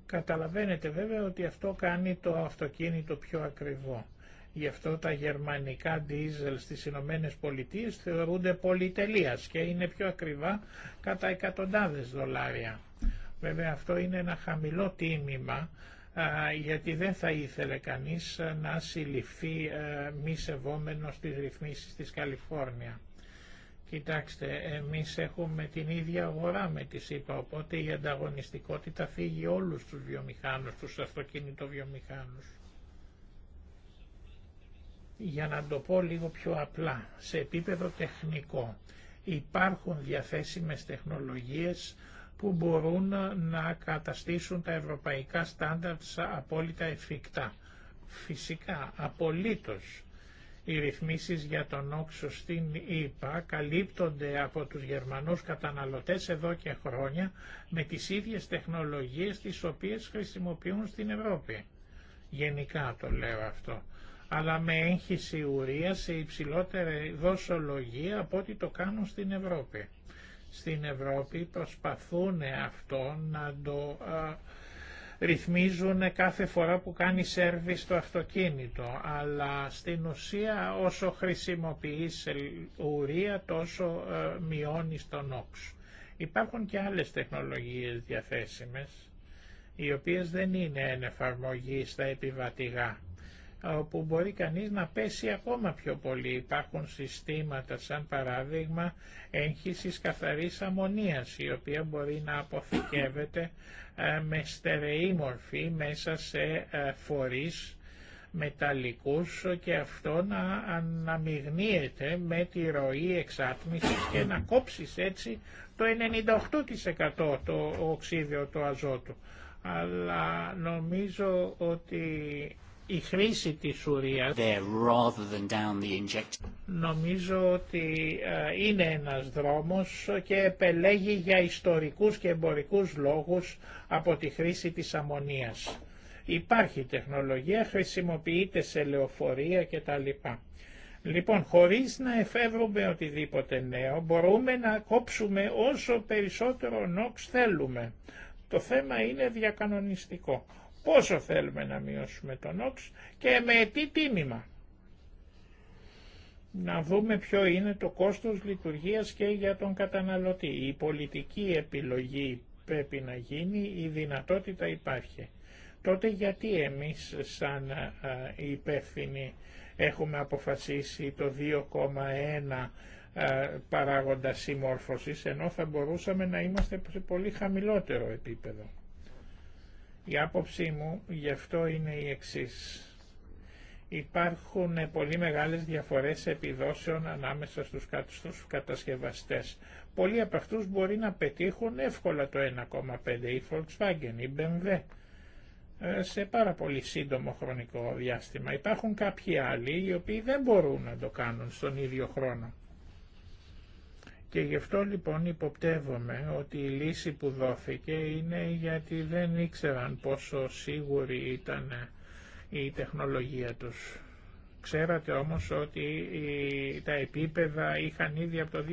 καταλαβαίνετε βέβαια ότι αυτό κάνει το αυτοκίνητο πιο ακριβό. Γι' αυτό τα γερμανικά ντίζελ στις Ηνωμένε Πολιτείε θεωρούνται πολυτελείας και είναι πιο ακριβά κατά εκατοντάδες δολάρια. Βέβαια αυτό είναι ένα χαμηλό τίμημα γιατί δεν θα ήθελε κανείς να συλληφθεί μη σεβόμενο στις ρυθμίσεις της Καλιφόρνια. Κοιτάξτε, εμείς έχουμε την ίδια αγορά με τη ΣΥΠΑ, οπότε η ανταγωνιστικότητα φύγει όλους τους βιομηχάνους, τους αυτοκινητοβιομηχάνους. Για να το πω λίγο πιο απλά, σε επίπεδο τεχνικό υπάρχουν διαθέσιμες τεχνολογίες που μπορούν να καταστήσουν τα ευρωπαϊκά στάνταρτς απόλυτα εφικτά. Φυσικά, απολύτως οι ρυθμίσεις για τον όξο στην ΕΠΑ καλύπτονται από τους Γερμανούς καταναλωτές εδώ και χρόνια με τις ίδιες τεχνολογίες τις οποίες χρησιμοποιούν στην Ευρώπη. Γενικά το λέω αυτό αλλά με έγχυση ουρία σε υψηλότερη δοσολογία από ό,τι το κάνουν στην Ευρώπη. Στην Ευρώπη προσπαθούν αυτό να το ρυθμίζουν κάθε φορά που κάνει σέρβι το αυτοκίνητο, αλλά στην ουσία όσο χρησιμοποιείς ουρία τόσο α, μειώνεις τον όξο. Υπάρχουν και άλλες τεχνολογίες διαθέσιμες, οι οποίες δεν είναι εφαρμογή στα επιβατηγά όπου μπορεί κανείς να πέσει ακόμα πιο πολύ. Υπάρχουν συστήματα σαν παράδειγμα έγχυσης καθαρής αμμονίας η οποία μπορεί να αποθηκεύεται ε, με στερεή μορφή μέσα σε ε, φορείς μεταλλικούς και αυτό να αναμειγνύεται με τη ροή εξάτμισης και να κόψεις έτσι το 98% το οξύδιο του αζότου. Αλλά νομίζω ότι η χρήση της ουρίας νομίζω ότι ε, είναι ένας δρόμος και επελέγει για ιστορικούς και εμπορικούς λόγους από τη χρήση της αμμονίας. Υπάρχει τεχνολογία, χρησιμοποιείται σε λεωφορεία κτλ. Λοιπόν, χωρίς να εφεύρουμε οτιδήποτε νέο, μπορούμε να κόψουμε όσο περισσότερο νόξ θέλουμε. Το θέμα είναι διακανονιστικό πόσο θέλουμε να μειώσουμε τον όξ και με τι τίμημα. Να δούμε ποιο είναι το κόστος λειτουργίας και για τον καταναλωτή. Η πολιτική επιλογή πρέπει να γίνει, η δυνατότητα υπάρχει. Τότε γιατί εμείς σαν υπεύθυνοι έχουμε αποφασίσει το 2,1 παράγοντα συμμόρφωσης, ενώ θα μπορούσαμε να είμαστε σε πολύ χαμηλότερο επίπεδο. Η άποψή μου γι' αυτό είναι η εξής. Υπάρχουν πολύ μεγάλες διαφορές επιδόσεων ανάμεσα στους, κατασκευαστές. Πολλοί από αυτούς μπορεί να πετύχουν εύκολα το 1,5 ή Volkswagen ή BMW ε, σε πάρα πολύ σύντομο χρονικό διάστημα. Υπάρχουν κάποιοι άλλοι οι οποίοι δεν μπορούν να το κάνουν στον ίδιο χρόνο. Και γι' αυτό λοιπόν υποπτεύομαι ότι η λύση που δόθηκε είναι γιατί δεν ήξεραν πόσο σίγουρη ήταν η τεχνολογία τους. Ξέρατε όμως ότι τα επίπεδα είχαν ήδη από το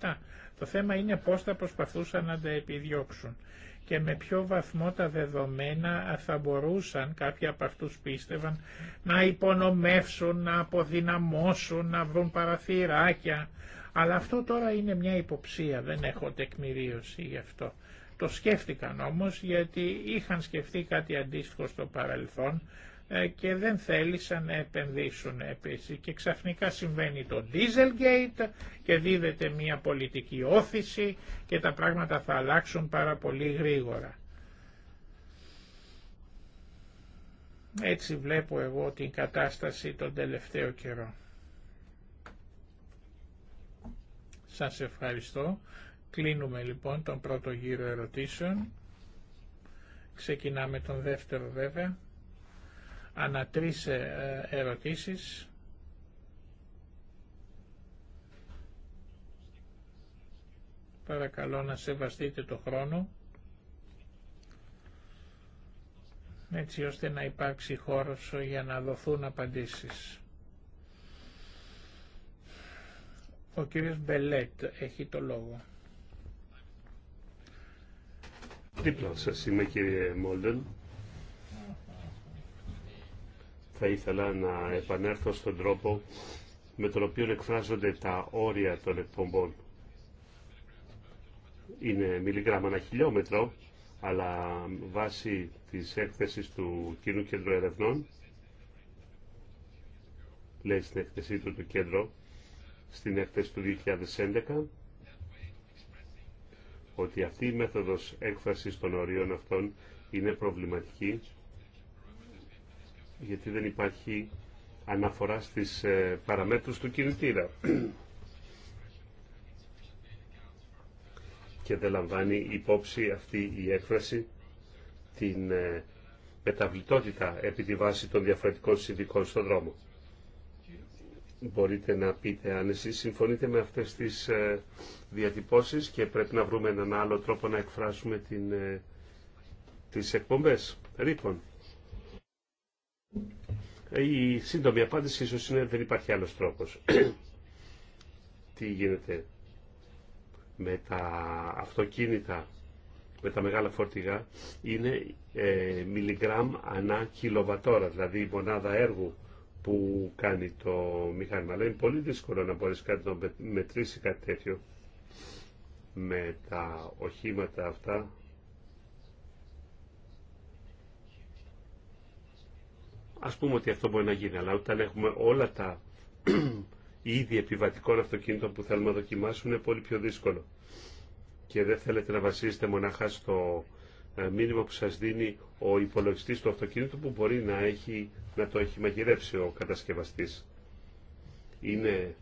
2007. Το θέμα είναι πώς θα προσπαθούσαν να τα επιδιώξουν και με ποιο βαθμό τα δεδομένα θα μπορούσαν, κάποιοι από αυτούς πίστευαν, να υπονομεύσουν, να αποδυναμώσουν, να βρουν παραθυράκια, αλλά αυτό τώρα είναι μια υποψία, δεν έχω τεκμηρίωση γι' αυτό. Το σκέφτηκαν όμως γιατί είχαν σκεφτεί κάτι αντίστοιχο στο παρελθόν ε, και δεν θέλησαν να επενδύσουν επίσης. Και ξαφνικά συμβαίνει το Dieselgate και δίδεται μια πολιτική όθηση και τα πράγματα θα αλλάξουν πάρα πολύ γρήγορα. Έτσι βλέπω εγώ την κατάσταση τον τελευταίο καιρό. Σας ευχαριστώ. Κλείνουμε λοιπόν τον πρώτο γύρο ερωτήσεων. Ξεκινάμε τον δεύτερο βέβαια. Ανά τρεις ε, ε, ερωτήσεις. Παρακαλώ να σεβαστείτε το χρόνο. έτσι ώστε να υπάρξει χώρος για να δοθούν απαντήσεις. Ο κύριος Μπελέτ έχει το λόγο. Δίπλα σας είμαι κύριε Μόλτεν. Θα ήθελα να επανέλθω στον τρόπο με τον οποίο εκφράζονται τα όρια των εκπομπών. Είναι μιλιγράμμα ένα χιλιόμετρο, αλλά βάσει της έκθεσης του Κοινού Κέντρου Ερευνών, λέει στην έκθεσή του το κέντρο, στην έκθεση του 2011 ότι αυτή η μέθοδος έκφρασης των ορίων αυτών είναι προβληματική γιατί δεν υπάρχει αναφορά στις ε, παραμέτρους του κινητήρα και δεν λαμβάνει υπόψη αυτή η έκφραση την ε, μεταβλητότητα επί τη βάση των διαφορετικών συνδικών στον δρόμο μπορείτε να πείτε αν εσείς συμφωνείτε με αυτές τις ε, διατυπώσεις και πρέπει να βρούμε έναν άλλο τρόπο να εκφράσουμε την, ε, τις εκπομπές. Λοιπόν, η σύντομη απάντηση ίσως είναι δεν υπάρχει άλλος τρόπος. Τι γίνεται με τα αυτοκίνητα, με τα μεγάλα φορτηγά, είναι ε, μιλιγκράμμ ανά κιλοβατόρα, δηλαδή η μονάδα έργου που κάνει το μηχάνημα. Αλλά είναι πολύ δύσκολο να μπορείς κάτι να μετρήσει κάτι τέτοιο με τα οχήματα αυτά. Ας πούμε ότι αυτό μπορεί να γίνει, αλλά όταν έχουμε όλα τα είδη επιβατικών αυτοκίνητων που θέλουμε να δοκιμάσουμε είναι πολύ πιο δύσκολο. Και δεν θέλετε να βασίζετε μονάχα στο ε, μήνυμα που σας δίνει ο υπολογιστής του αυτοκίνητου που μπορεί να, έχει, να το έχει μαγειρέψει ο κατασκευαστής. Είναι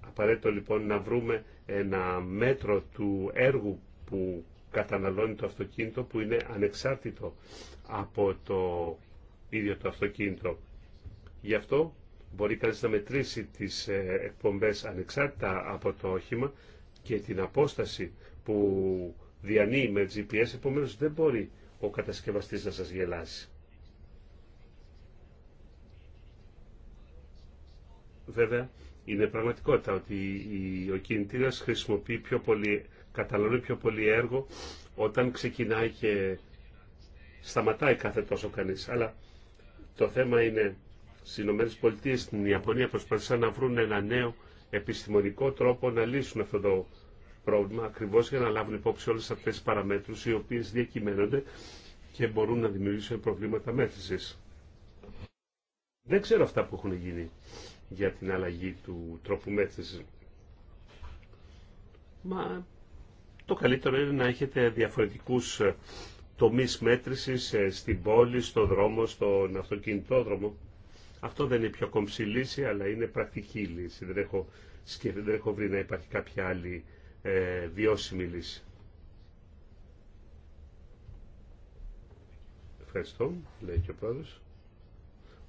απαραίτητο λοιπόν να βρούμε ένα μέτρο του έργου που καταναλώνει το αυτοκίνητο που είναι ανεξάρτητο από το ίδιο το αυτοκίνητο. Γι' αυτό μπορεί κανείς να μετρήσει τις ε, εκπομπές ανεξάρτητα από το όχημα και την απόσταση που διανύει με GPS, επομένως δεν μπορεί ο κατασκευαστής να σας γελάσει. Βέβαια, είναι πραγματικότητα ότι ο κινητήρας χρησιμοποιεί πιο πολύ, καταναλώνει πιο πολύ έργο όταν ξεκινάει και σταματάει κάθε τόσο κανείς. Αλλά το θέμα είναι στι Ηνωμένε Πολιτείε, στην Ιαπωνία προσπαθούν να βρουν ένα νέο επιστημονικό τρόπο να λύσουν αυτό το πρόβλημα ακριβώς για να λάβουν υπόψη όλες αυτές τις παραμέτρους οι οποίες διακυμαίνονται και μπορούν να δημιουργήσουν προβλήματα μέθησης. Δεν ξέρω αυτά που έχουν γίνει για την αλλαγή του τρόπου μέθησης. Μα το καλύτερο είναι να έχετε διαφορετικούς ε, τομείς μέτρησης ε, στην πόλη, στο δρόμο, στον αυτοκινητόδρομο. Αυτό δεν είναι πιο κομψή λύση, αλλά είναι πρακτική λύση. Δεν έχω, δεν έχω βρει να υπάρχει κάποια άλλη ε, βιώσιμη λύση. Ευχαριστώ, λέει και ο πρόεδρος.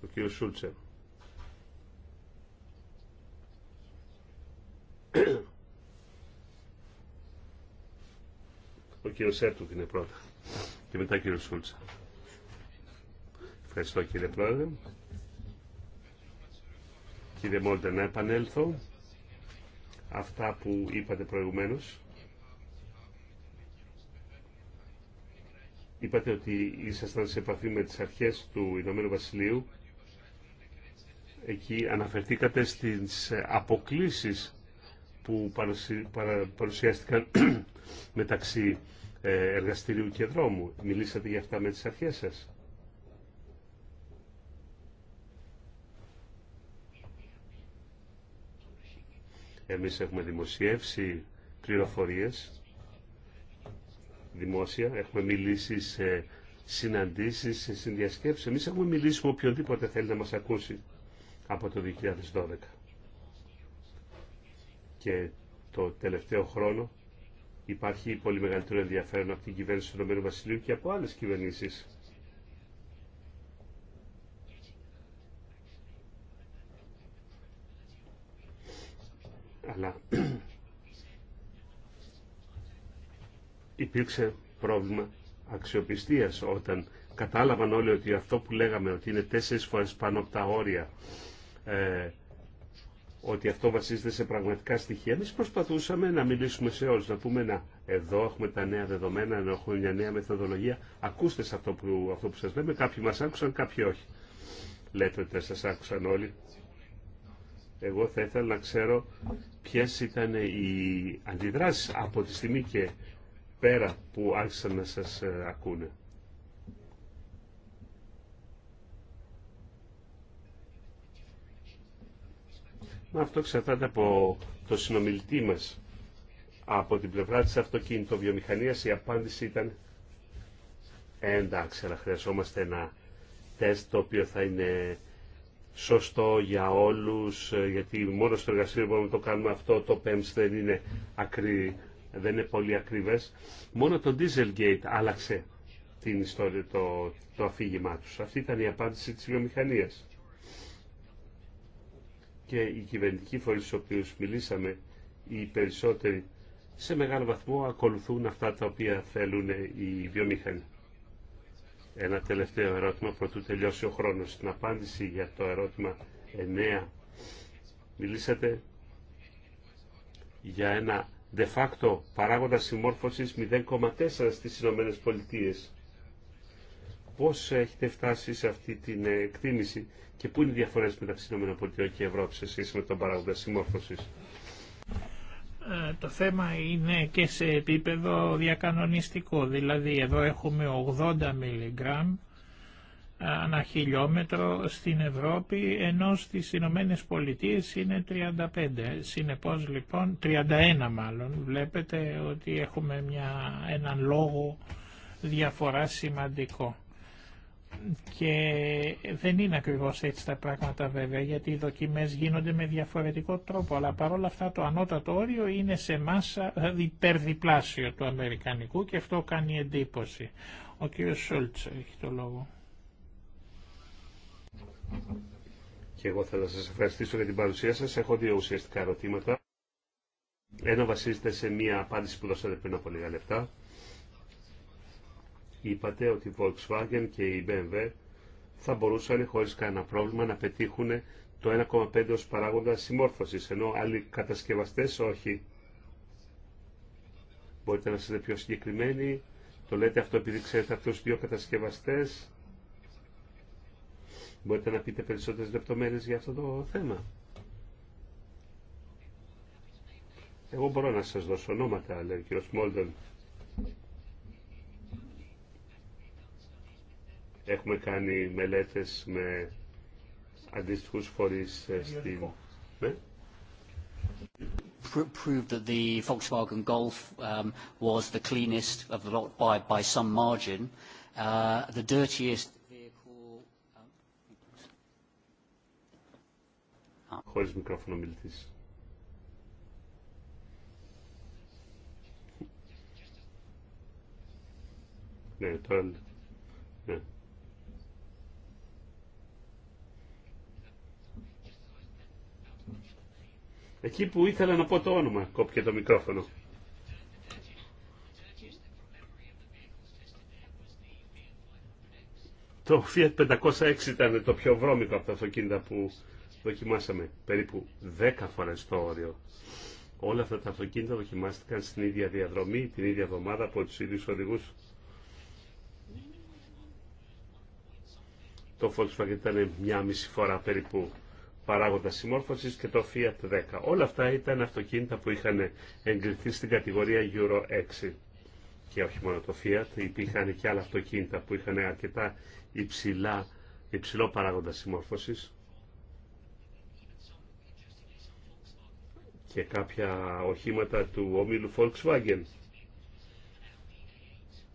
Ο κύριος Σούλτσε. Ο κύριος Σέρτουκ είναι πρώτα. Και μετά ο κύριος Σούλτσε. Ευχαριστώ κύριε πρόεδρε. Κύριε Μόλτε, να επανέλθω αυτά που είπατε προηγουμένως. Είπατε ότι ήσασταν σε επαφή με τις αρχές του Ηνωμένου Βασιλείου. Εκεί αναφερθήκατε στις αποκλίσεις που παρουσιάστηκαν μεταξύ ε, εργαστηρίου και δρόμου. Μιλήσατε για αυτά με τις αρχές σας. Εμείς έχουμε δημοσιεύσει πληροφορίες δημόσια, έχουμε μιλήσει σε συναντήσεις, σε συνδιασκέψεις. Εμείς έχουμε μιλήσει με οποιονδήποτε θέλει να μας ακούσει από το 2012. Και το τελευταίο χρόνο υπάρχει πολύ μεγαλύτερο ενδιαφέρον από την κυβέρνηση του Ρωμαίου Βασιλείου και από άλλες κυβερνήσεις αλλά υπήρξε πρόβλημα αξιοπιστίας όταν κατάλαβαν όλοι ότι αυτό που λέγαμε ότι είναι τέσσερις φορές πάνω από τα όρια ε, ότι αυτό βασίζεται σε πραγματικά στοιχεία. Εμεί προσπαθούσαμε να μιλήσουμε σε όλου, να πούμε να εδώ έχουμε τα νέα δεδομένα, να έχουμε μια νέα μεθοδολογία. Ακούστε σε αυτό που, αυτό που σα λέμε. Κάποιοι μα άκουσαν, κάποιοι όχι. Λέτε ότι σα άκουσαν όλοι. Εγώ θα ήθελα να ξέρω ποιε ήταν οι αντιδράσει από τη στιγμή και πέρα που άρχισαν να σας ε, ακούνε. αυτό εξαρτάται από το συνομιλητή μας. Από την πλευρά της αυτοκινητοβιομηχανίας η απάντηση ήταν «Ε, εντάξει, αλλά χρειαζόμαστε ένα τεστ το οποίο θα είναι σωστό για όλους, ε, γιατί μόνο στο εργαστήριο μπορούμε να το κάνουμε αυτό, το PEMS δεν είναι, ακρι, δεν είναι πολύ ακριβές. Μόνο το Dieselgate άλλαξε την ιστορία, το, το αφήγημά τους. Αυτή ήταν η απάντηση της βιομηχανίας. Και οι κυβερνητικοί φορείς στους οποίους μιλήσαμε, οι περισσότεροι, σε μεγάλο βαθμό ακολουθούν αυτά τα οποία θέλουν οι βιομηχανοί. Ένα τελευταίο ερώτημα προτού τελειώσει ο χρόνος. Στην απάντηση για το ερώτημα 9 μιλήσατε για ένα de facto παράγοντα συμμόρφωσης 0,4 στις Ηνωμένες Πολιτείες. Πώς έχετε φτάσει σε αυτή την εκτίμηση και πού είναι οι διαφορές μεταξύ ΗΠΑ και Ευρώπης σε σχέση με τον παράγοντα συμμόρφωσης. Ε, το θέμα είναι και σε επίπεδο διακανονιστικό, δηλαδή εδώ έχουμε 80 μιλιγκράμμ ανά χιλιόμετρο στην Ευρώπη, ενώ στις Ηνωμένε Πολιτείε είναι 35. Συνεπώς λοιπόν, 31 μάλλον, βλέπετε ότι έχουμε μια, έναν λόγο διαφορά σημαντικό. Και δεν είναι ακριβώ έτσι τα πράγματα βέβαια, γιατί οι δοκιμέ γίνονται με διαφορετικό τρόπο, αλλά παρόλα αυτά το ανώτατο όριο είναι σε μάσα δηλαδή, υπερδιπλάσιο του Αμερικανικού και αυτό κάνει εντύπωση. Ο κύριος Σόλτς έχει το λόγο. Και εγώ θέλω να σας ευχαριστήσω για την παρουσία σας. Έχω δύο ουσιαστικά ερωτήματα. Ένα βασίζεται σε μία απάντηση που δώσατε πριν από λίγα λεπτά είπατε ότι η Volkswagen και η BMW θα μπορούσαν χωρίς κανένα πρόβλημα να πετύχουν το 1,5 ως παράγοντα συμμόρφωσης, ενώ άλλοι κατασκευαστές όχι. Μπορείτε να είστε πιο συγκεκριμένοι, το λέτε αυτό επειδή ξέρετε αυτούς τους δύο κατασκευαστές. Μπορείτε να πείτε περισσότερες λεπτομέρειες για αυτό το θέμα. Εγώ μπορώ να σας δώσω ονόματα, λέει ο κ. Μόλτον. Έχουμε κάνει μελέτες με αντίστοιχους φορείς στην... Proved that the Volkswagen Golf um, was the cleanest of the lot by, by some margin. Uh, the dirtiest vehicle... Χωρίς μικρόφωνο Εκεί που ήθελα να πω το όνομα, κόπηκε το μικρόφωνο. Το Fiat 506 ήταν το πιο βρώμικο από τα αυτοκίνητα που δοκιμάσαμε. Περίπου 10 φορές το όριο. Όλα αυτά τα αυτοκίνητα δοκιμάστηκαν στην ίδια διαδρομή, την ίδια εβδομάδα από τους ίδιους οδηγούς. Το Volkswagen ήταν μια μισή φορά περίπου παράγοντα συμμόρφωση και το Fiat 10. Όλα αυτά ήταν αυτοκίνητα που είχαν εγκριθεί στην κατηγορία Euro 6. Και όχι μόνο το Fiat, υπήρχαν και άλλα αυτοκίνητα που είχαν αρκετά υψηλά, υψηλό παράγοντα συμμόρφωση. Και κάποια οχήματα του ομίλου Volkswagen.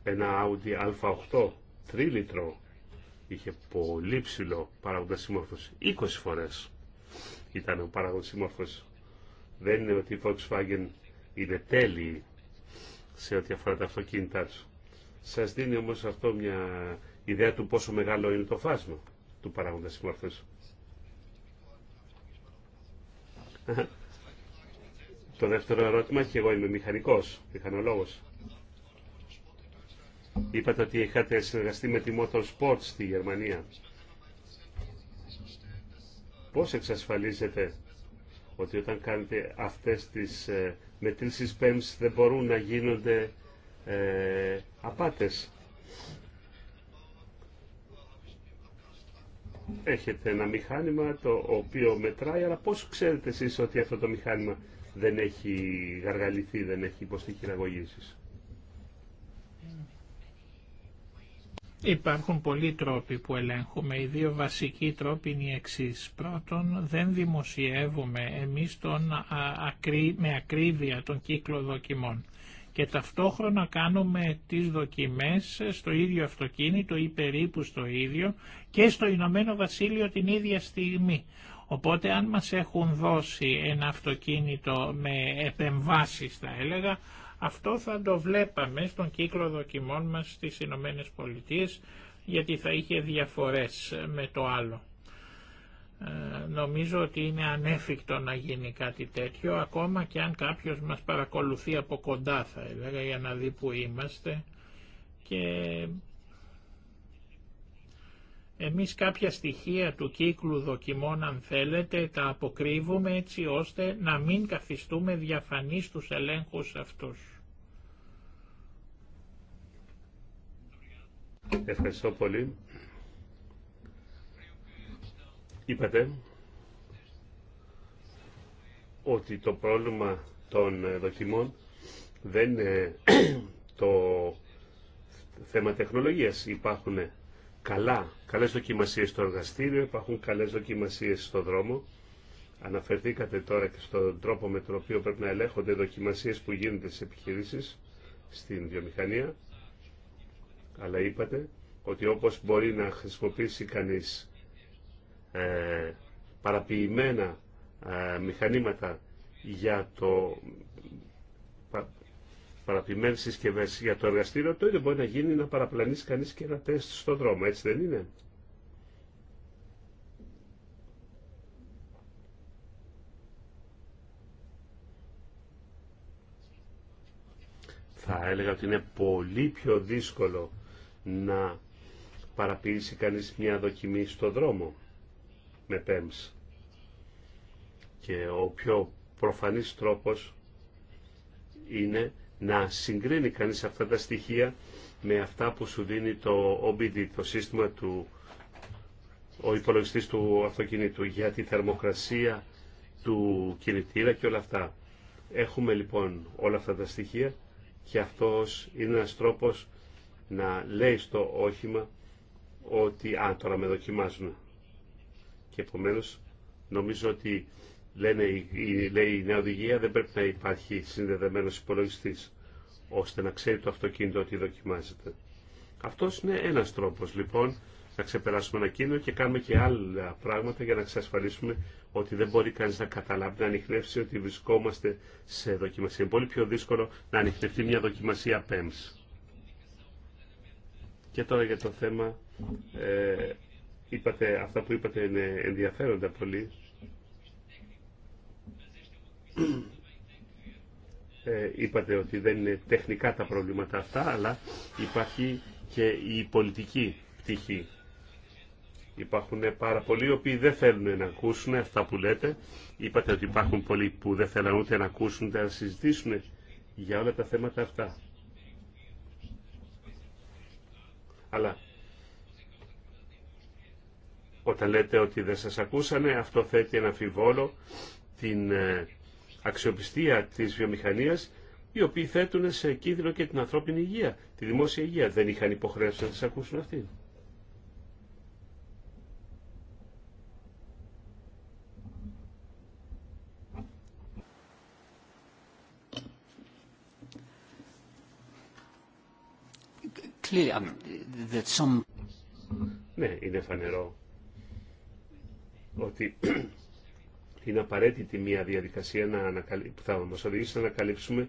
Ένα Audi A8 3 λίτρο είχε πολύ ψηλό παράγοντα συμμόρφωση, 20 φορές ήταν ο παράγον συμμόρφωσης. Δεν είναι ότι η Volkswagen είναι τέλειη σε ό,τι αφορά τα αυτοκίνητά σου. Σας δίνει όμως αυτό μια ιδέα του πόσο μεγάλο είναι το φάσμα του παράγοντα συμμόρφωσης. Το δεύτερο ερώτημα, και εγώ είμαι μηχανικός, μηχανολόγος. Είπατε ότι είχατε συνεργαστεί με τη Motorsport στη Γερμανία. Πώς εξασφαλίζετε ότι όταν κάνετε αυτές τις ε, μετρήσεις πέμψης δεν μπορούν να γίνονται ε, απάτες. Έχετε ένα μηχάνημα το οποίο μετράει, αλλά πώς ξέρετε εσείς ότι αυτό το μηχάνημα δεν έχει γαργαληθεί, δεν έχει υποστεί χειραγωγήσεις. Υπάρχουν πολλοί τρόποι που ελέγχουμε. Οι δύο βασικοί τρόποι είναι οι εξή. Πρώτον, δεν δημοσιεύουμε εμείς τον, με ακρίβεια τον κύκλο δοκιμών και ταυτόχρονα κάνουμε τις δοκιμές στο ίδιο αυτοκίνητο ή περίπου στο ίδιο και στο Ηνωμένο Βασίλειο την ίδια στιγμή. Οπότε αν μας έχουν δώσει ένα αυτοκίνητο με επεμβάσεις θα έλεγα, αυτό θα το βλέπαμε στον κύκλο δοκιμών μας στις Ηνωμένε Πολιτείες γιατί θα είχε διαφορές με το άλλο. Ε, νομίζω ότι είναι ανέφικτο να γίνει κάτι τέτοιο ακόμα και αν κάποιος μας παρακολουθεί από κοντά θα έλεγα για να δει που είμαστε και εμείς κάποια στοιχεία του κύκλου δοκιμών, αν θέλετε, τα αποκρύβουμε έτσι ώστε να μην καθιστούμε διαφανείς τους ελέγχους αυτούς. Ευχαριστώ πολύ. Είπατε ότι το πρόβλημα των ε, δοκιμών δεν είναι το θέμα τεχνολογίας. Υπάρχουν καλά, καλές δοκιμασίες στο εργαστήριο, υπάρχουν καλές δοκιμασίες στο δρόμο. Αναφερθήκατε τώρα και στον τρόπο με τον οποίο πρέπει να ελέγχονται δοκιμασίες που γίνονται σε επιχειρήσεις, στην βιομηχανία. Αλλά είπατε ότι όπως μπορεί να χρησιμοποιήσει κανείς ε, παραποιημένα ε, μηχανήματα για το παραπημένες συσκευέ για το εργαστήριο, το ίδιο μπορεί να γίνει να παραπλανήσει κανείς και να τεστ στον δρόμο, έτσι δεν είναι. Θα έλεγα ότι είναι πολύ πιο δύσκολο να παραποιήσει κανείς μια δοκιμή στον δρόμο με PEMS. Και ο πιο προφανής τρόπος είναι να συγκρίνει κανείς αυτά τα στοιχεία με αυτά που σου δίνει το OBD, το σύστημα του ο υπολογιστής του αυτοκινήτου για τη θερμοκρασία του κινητήρα και όλα αυτά. Έχουμε λοιπόν όλα αυτά τα στοιχεία και αυτός είναι ένας τρόπος να λέει στο όχημα ότι αν τώρα με δοκιμάζουν». Και επομένως νομίζω ότι λένε, λέει η νέα οδηγία, δεν πρέπει να υπάρχει συνδεδεμένο υπολογιστή, ώστε να ξέρει το αυτοκίνητο ότι δοκιμάζεται. Αυτό είναι ένα τρόπο λοιπόν να ξεπεράσουμε ένα κίνητο και κάνουμε και άλλα πράγματα για να εξασφαλίσουμε ότι δεν μπορεί κανεί να καταλάβει, να ανοιχνεύσει ότι βρισκόμαστε σε δοκιμασία. Είναι πολύ πιο δύσκολο να ανοιχνευτεί μια δοκιμασία PEMS. Και τώρα για το θέμα, ε, είπατε, αυτά που είπατε είναι ενδιαφέροντα πολύ ε, είπατε ότι δεν είναι τεχνικά τα προβλήματα αυτά, αλλά υπάρχει και η πολιτική πτυχή. Υπάρχουν πάρα πολλοί οποίοι δεν θέλουν να ακούσουν αυτά που λέτε. Είπατε ότι υπάρχουν πολλοί που δεν θέλουν ούτε να ακούσουν, ούτε να συζητήσουν για όλα τα θέματα αυτά. Αλλά όταν λέτε ότι δεν σας ακούσανε, αυτό θέτει ένα αμφιβόλο την ε, αξιοπιστία της βιομηχανίας, οι οποίοι θέτουν σε κίνδυνο και την ανθρώπινη υγεία, τη δημόσια υγεία. Δεν είχαν υποχρέωση να τις ακούσουν αυτοί. Um, ναι, είναι φανερό ότι είναι απαραίτητη μια διαδικασία να που θα μας οδηγήσει να ανακαλύψουμε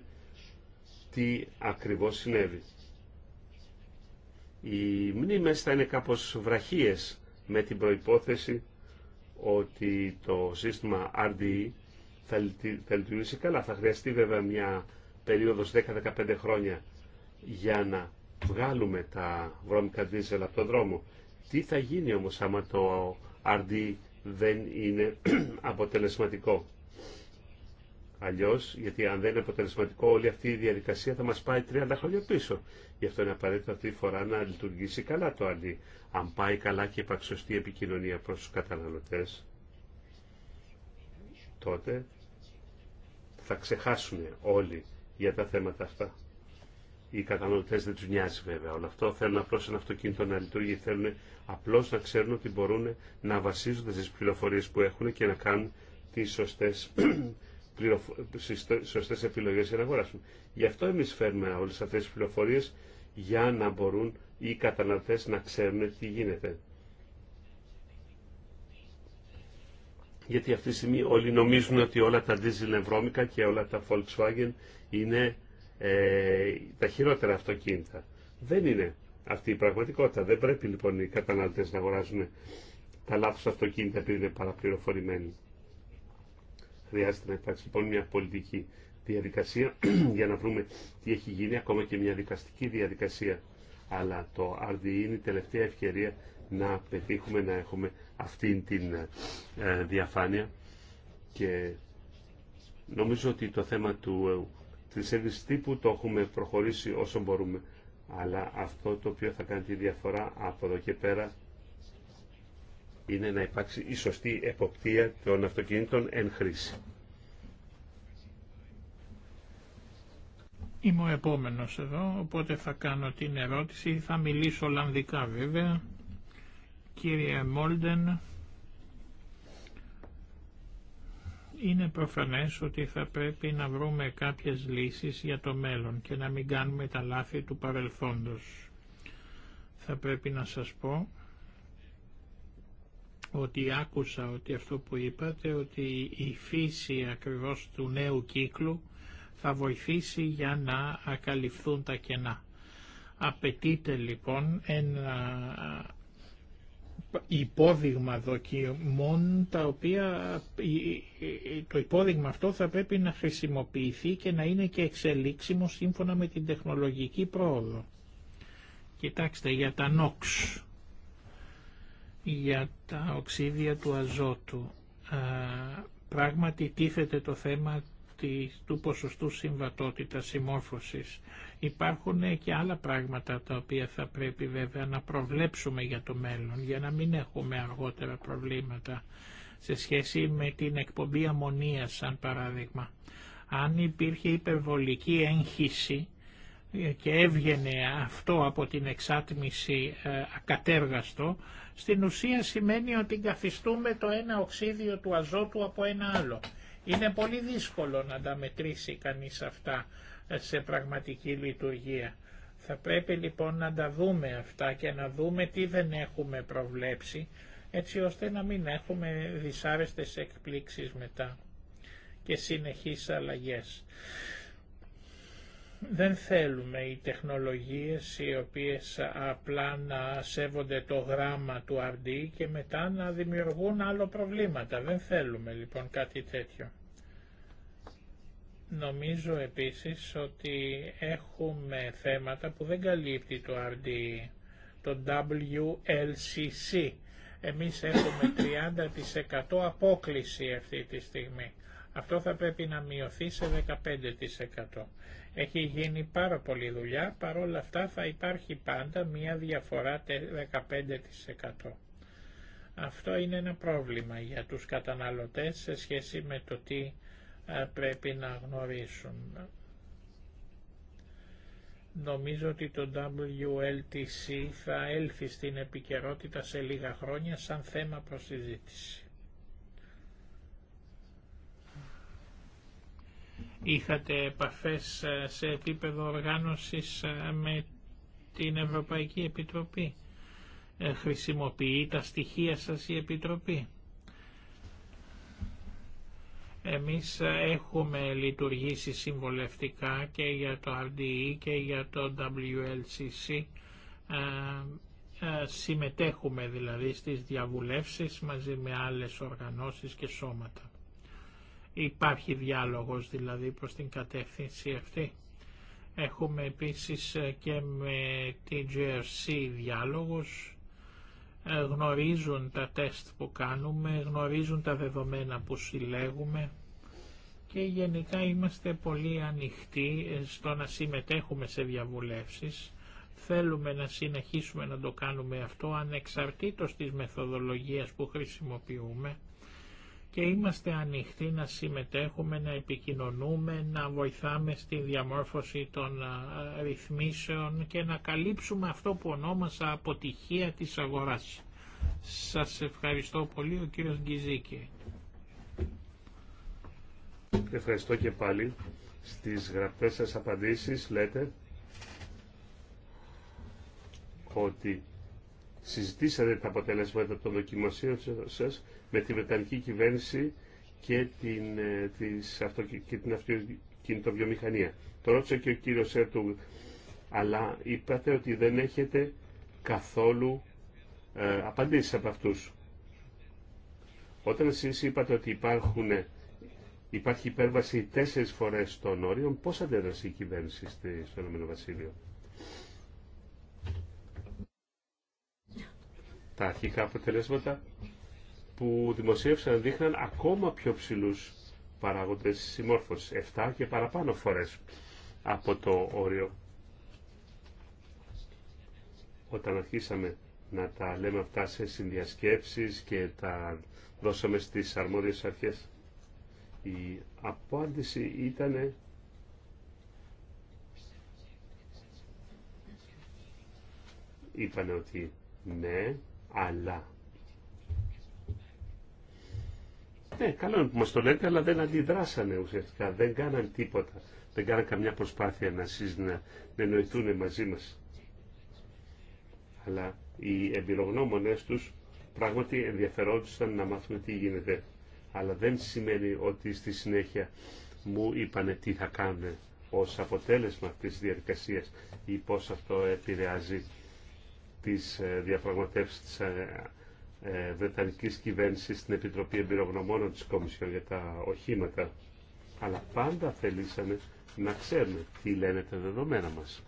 τι ακριβώς συνέβη. Οι μνήμες θα είναι κάπως βραχίες με την προϋπόθεση ότι το σύστημα RDE θα λειτουργήσει καλά. Θα χρειαστεί βέβαια μια περίοδος 10-15 χρόνια για να βγάλουμε τα βρώμικα δίζελ από τον δρόμο. Τι θα γίνει όμως άμα το RDE δεν είναι αποτελεσματικό. Αλλιώς, γιατί αν δεν είναι αποτελεσματικό όλη αυτή η διαδικασία θα μας πάει 30 χρόνια πίσω. Γι' αυτό είναι απαραίτητο αυτή τη φορά να λειτουργήσει καλά το αντί. Αν πάει καλά και υπάρχει σωστή επικοινωνία προς τους καταναλωτές, τότε θα ξεχάσουν όλοι για τα θέματα αυτά. Οι καταναλωτέ δεν του νοιάζει βέβαια όλο αυτό. Θέλουν απλώ ένα αυτοκίνητο να λειτουργεί. Θέλουν απλώ να ξέρουν ότι μπορούν να βασίζονται στι πληροφορίε που έχουν και να κάνουν τι σωστέ πληροφο... σωστές επιλογές για να αγοράσουν. Γι' αυτό εμείς φέρνουμε όλες αυτές τις πληροφορίες για να μπορούν οι καταναλωτές να ξέρουν τι γίνεται. Γιατί αυτή τη στιγμή όλοι νομίζουν ότι όλα τα diesel ευρώμικα και όλα τα Volkswagen είναι ε, τα χειρότερα αυτοκίνητα. Δεν είναι αυτή η πραγματικότητα. Δεν πρέπει λοιπόν οι καταναλωτέ να αγοράζουν τα λάθος αυτοκίνητα επειδή είναι παραπληροφορημένοι. Χρειάζεται να υπάρξει λοιπόν μια πολιτική διαδικασία για να βρούμε τι έχει γίνει, ακόμα και μια δικαστική διαδικασία. Αλλά το RDE είναι η τελευταία ευκαιρία να πετύχουμε να έχουμε αυτήν την ε, διαφάνεια και νομίζω ότι το θέμα του ε, της τύπου το έχουμε προχωρήσει όσο μπορούμε. Αλλά αυτό το οποίο θα κάνει τη διαφορά από εδώ και πέρα είναι να υπάρξει η σωστή εποπτεία των αυτοκινήτων εν χρήση. Είμαι ο επόμενος εδώ, οπότε θα κάνω την ερώτηση. Θα μιλήσω Ολλανδικά βέβαια. Κύριε Μόλντεν, Είναι προφανές ότι θα πρέπει να βρούμε κάποιες λύσεις για το μέλλον και να μην κάνουμε τα λάθη του παρελθόντος. Θα πρέπει να σας πω ότι άκουσα ότι αυτό που είπατε, ότι η φύση ακριβώς του νέου κύκλου θα βοηθήσει για να ακαλυφθούν τα κενά. Απαιτείται λοιπόν ένα υπόδειγμα δοκιμών τα οποία το υπόδειγμα αυτό θα πρέπει να χρησιμοποιηθεί και να είναι και εξελίξιμο σύμφωνα με την τεχνολογική πρόοδο. Κοιτάξτε για τα νόξ, για τα οξύδια του αζότου. Πράγματι τίθεται το θέμα του ποσοστού συμβατότητας συμμόρφωσης. Υπάρχουν ε, και άλλα πράγματα τα οποία θα πρέπει βέβαια να προβλέψουμε για το μέλλον για να μην έχουμε αργότερα προβλήματα σε σχέση με την εκπομπή αμμονίας σαν παράδειγμα. Αν υπήρχε υπερβολική έγχυση ε, και έβγαινε αυτό από την εξάτμιση ε, ακατέργαστο, στην ουσία σημαίνει ότι καθιστούμε το ένα οξύδιο του αζότου από ένα άλλο. Είναι πολύ δύσκολο να τα μετρήσει κανείς αυτά σε πραγματική λειτουργία. Θα πρέπει λοιπόν να τα δούμε αυτά και να δούμε τι δεν έχουμε προβλέψει, έτσι ώστε να μην έχουμε δυσάρεστες εκπλήξεις μετά και συνεχείς αλλαγές. Δεν θέλουμε οι τεχνολογίες οι οποίες απλά να σέβονται το γράμμα του RD και μετά να δημιουργούν άλλο προβλήματα. Δεν θέλουμε λοιπόν κάτι τέτοιο. Νομίζω επίσης ότι έχουμε θέματα που δεν καλύπτει το RDE, το WLCC. Εμείς έχουμε 30% απόκληση αυτή τη στιγμή. Αυτό θα πρέπει να μειωθεί σε 15%. Έχει γίνει πάρα πολλή δουλειά, παρόλα αυτά θα υπάρχει πάντα μία διαφορά 15%. Αυτό είναι ένα πρόβλημα για τους καταναλωτές σε σχέση με το τι πρέπει να γνωρίσουν. Νομίζω ότι το WLTC θα έλθει στην επικαιρότητα σε λίγα χρόνια σαν θέμα συζήτηση. Είχατε επαφές σε επίπεδο οργάνωσης με την Ευρωπαϊκή Επιτροπή. Ε, χρησιμοποιεί τα στοιχεία σας η Επιτροπή. Εμείς έχουμε λειτουργήσει συμβολευτικά και για το RDE και για το WLCC. Ε, ε, συμμετέχουμε δηλαδή στις διαβουλεύσεις μαζί με άλλες οργανώσεις και σώματα. Υπάρχει διάλογος δηλαδή προς την κατεύθυνση αυτή. Έχουμε επίσης και με την GRC διάλογους. Ε, γνωρίζουν τα τεστ που κάνουμε, γνωρίζουν τα δεδομένα που συλλέγουμε και γενικά είμαστε πολύ ανοιχτοί ε, στο να συμμετέχουμε σε διαβουλεύσεις. Θέλουμε να συνεχίσουμε να το κάνουμε αυτό ανεξαρτήτως της μεθοδολογίας που χρησιμοποιούμε και είμαστε ανοιχτοί να συμμετέχουμε, να επικοινωνούμε, να βοηθάμε στη διαμόρφωση των ρυθμίσεων και να καλύψουμε αυτό που ονόμασα αποτυχία της αγοράς. Σας ευχαριστώ πολύ ο κύριος Γκυζίκη. Ευχαριστώ και πάλι. Στις γραπτές σας απαντήσεις λέτε ότι συζητήσατε τα αποτελέσματα των δοκιμασίων σας με τη Βρετανική κυβέρνηση και την, ε, της αυτο, και την αυτοκινητοβιομηχανία. Το ρώτησε και ο κύριος Έρτου, αλλά είπατε ότι δεν έχετε καθόλου ε, απαντήσεις από αυτούς. Όταν εσείς είπατε ότι υπάρχουν υπάρχει υπέρβαση τέσσερις φορές των όριων, πώς αντέδρασε η κυβέρνηση στο Ηνωμένο Βασίλειο. Τα αρχικά αποτελέσματα που δημοσίευσαν δείχναν ακόμα πιο ψηλούς παράγοντες συμμόρφωσης, 7 και παραπάνω φορές από το όριο. Όταν αρχίσαμε να τα λέμε αυτά σε συνδιασκέψεις και τα δώσαμε στις αρμόδιες αρχές η απάντηση ήταν είπαν ότι ναι, αλλά ναι, καλό είναι που μας το λέτε, αλλά δεν αντιδράσανε ουσιαστικά, δεν κάναν τίποτα. Δεν κάναν καμιά προσπάθεια να συνεννοηθούν μαζί μας. Αλλά οι εμπειρογνώμονες τους πράγματι ενδιαφερόντουσαν να μάθουν τι γίνεται αλλά δεν σημαίνει ότι στη συνέχεια μου είπανε τι θα κάνουν ως αποτέλεσμα αυτής της διαδικασίας ή πώς αυτό επηρεάζει τις ε, διαπραγματεύσεις της ε, ε, Βρετανικής κυβέρνησης στην Επιτροπή Εμπειρογνωμόνων της Κομισιόν για τα οχήματα. Αλλά πάντα θελήσανε να ξέρουμε τι λένε τα δεδομένα μας.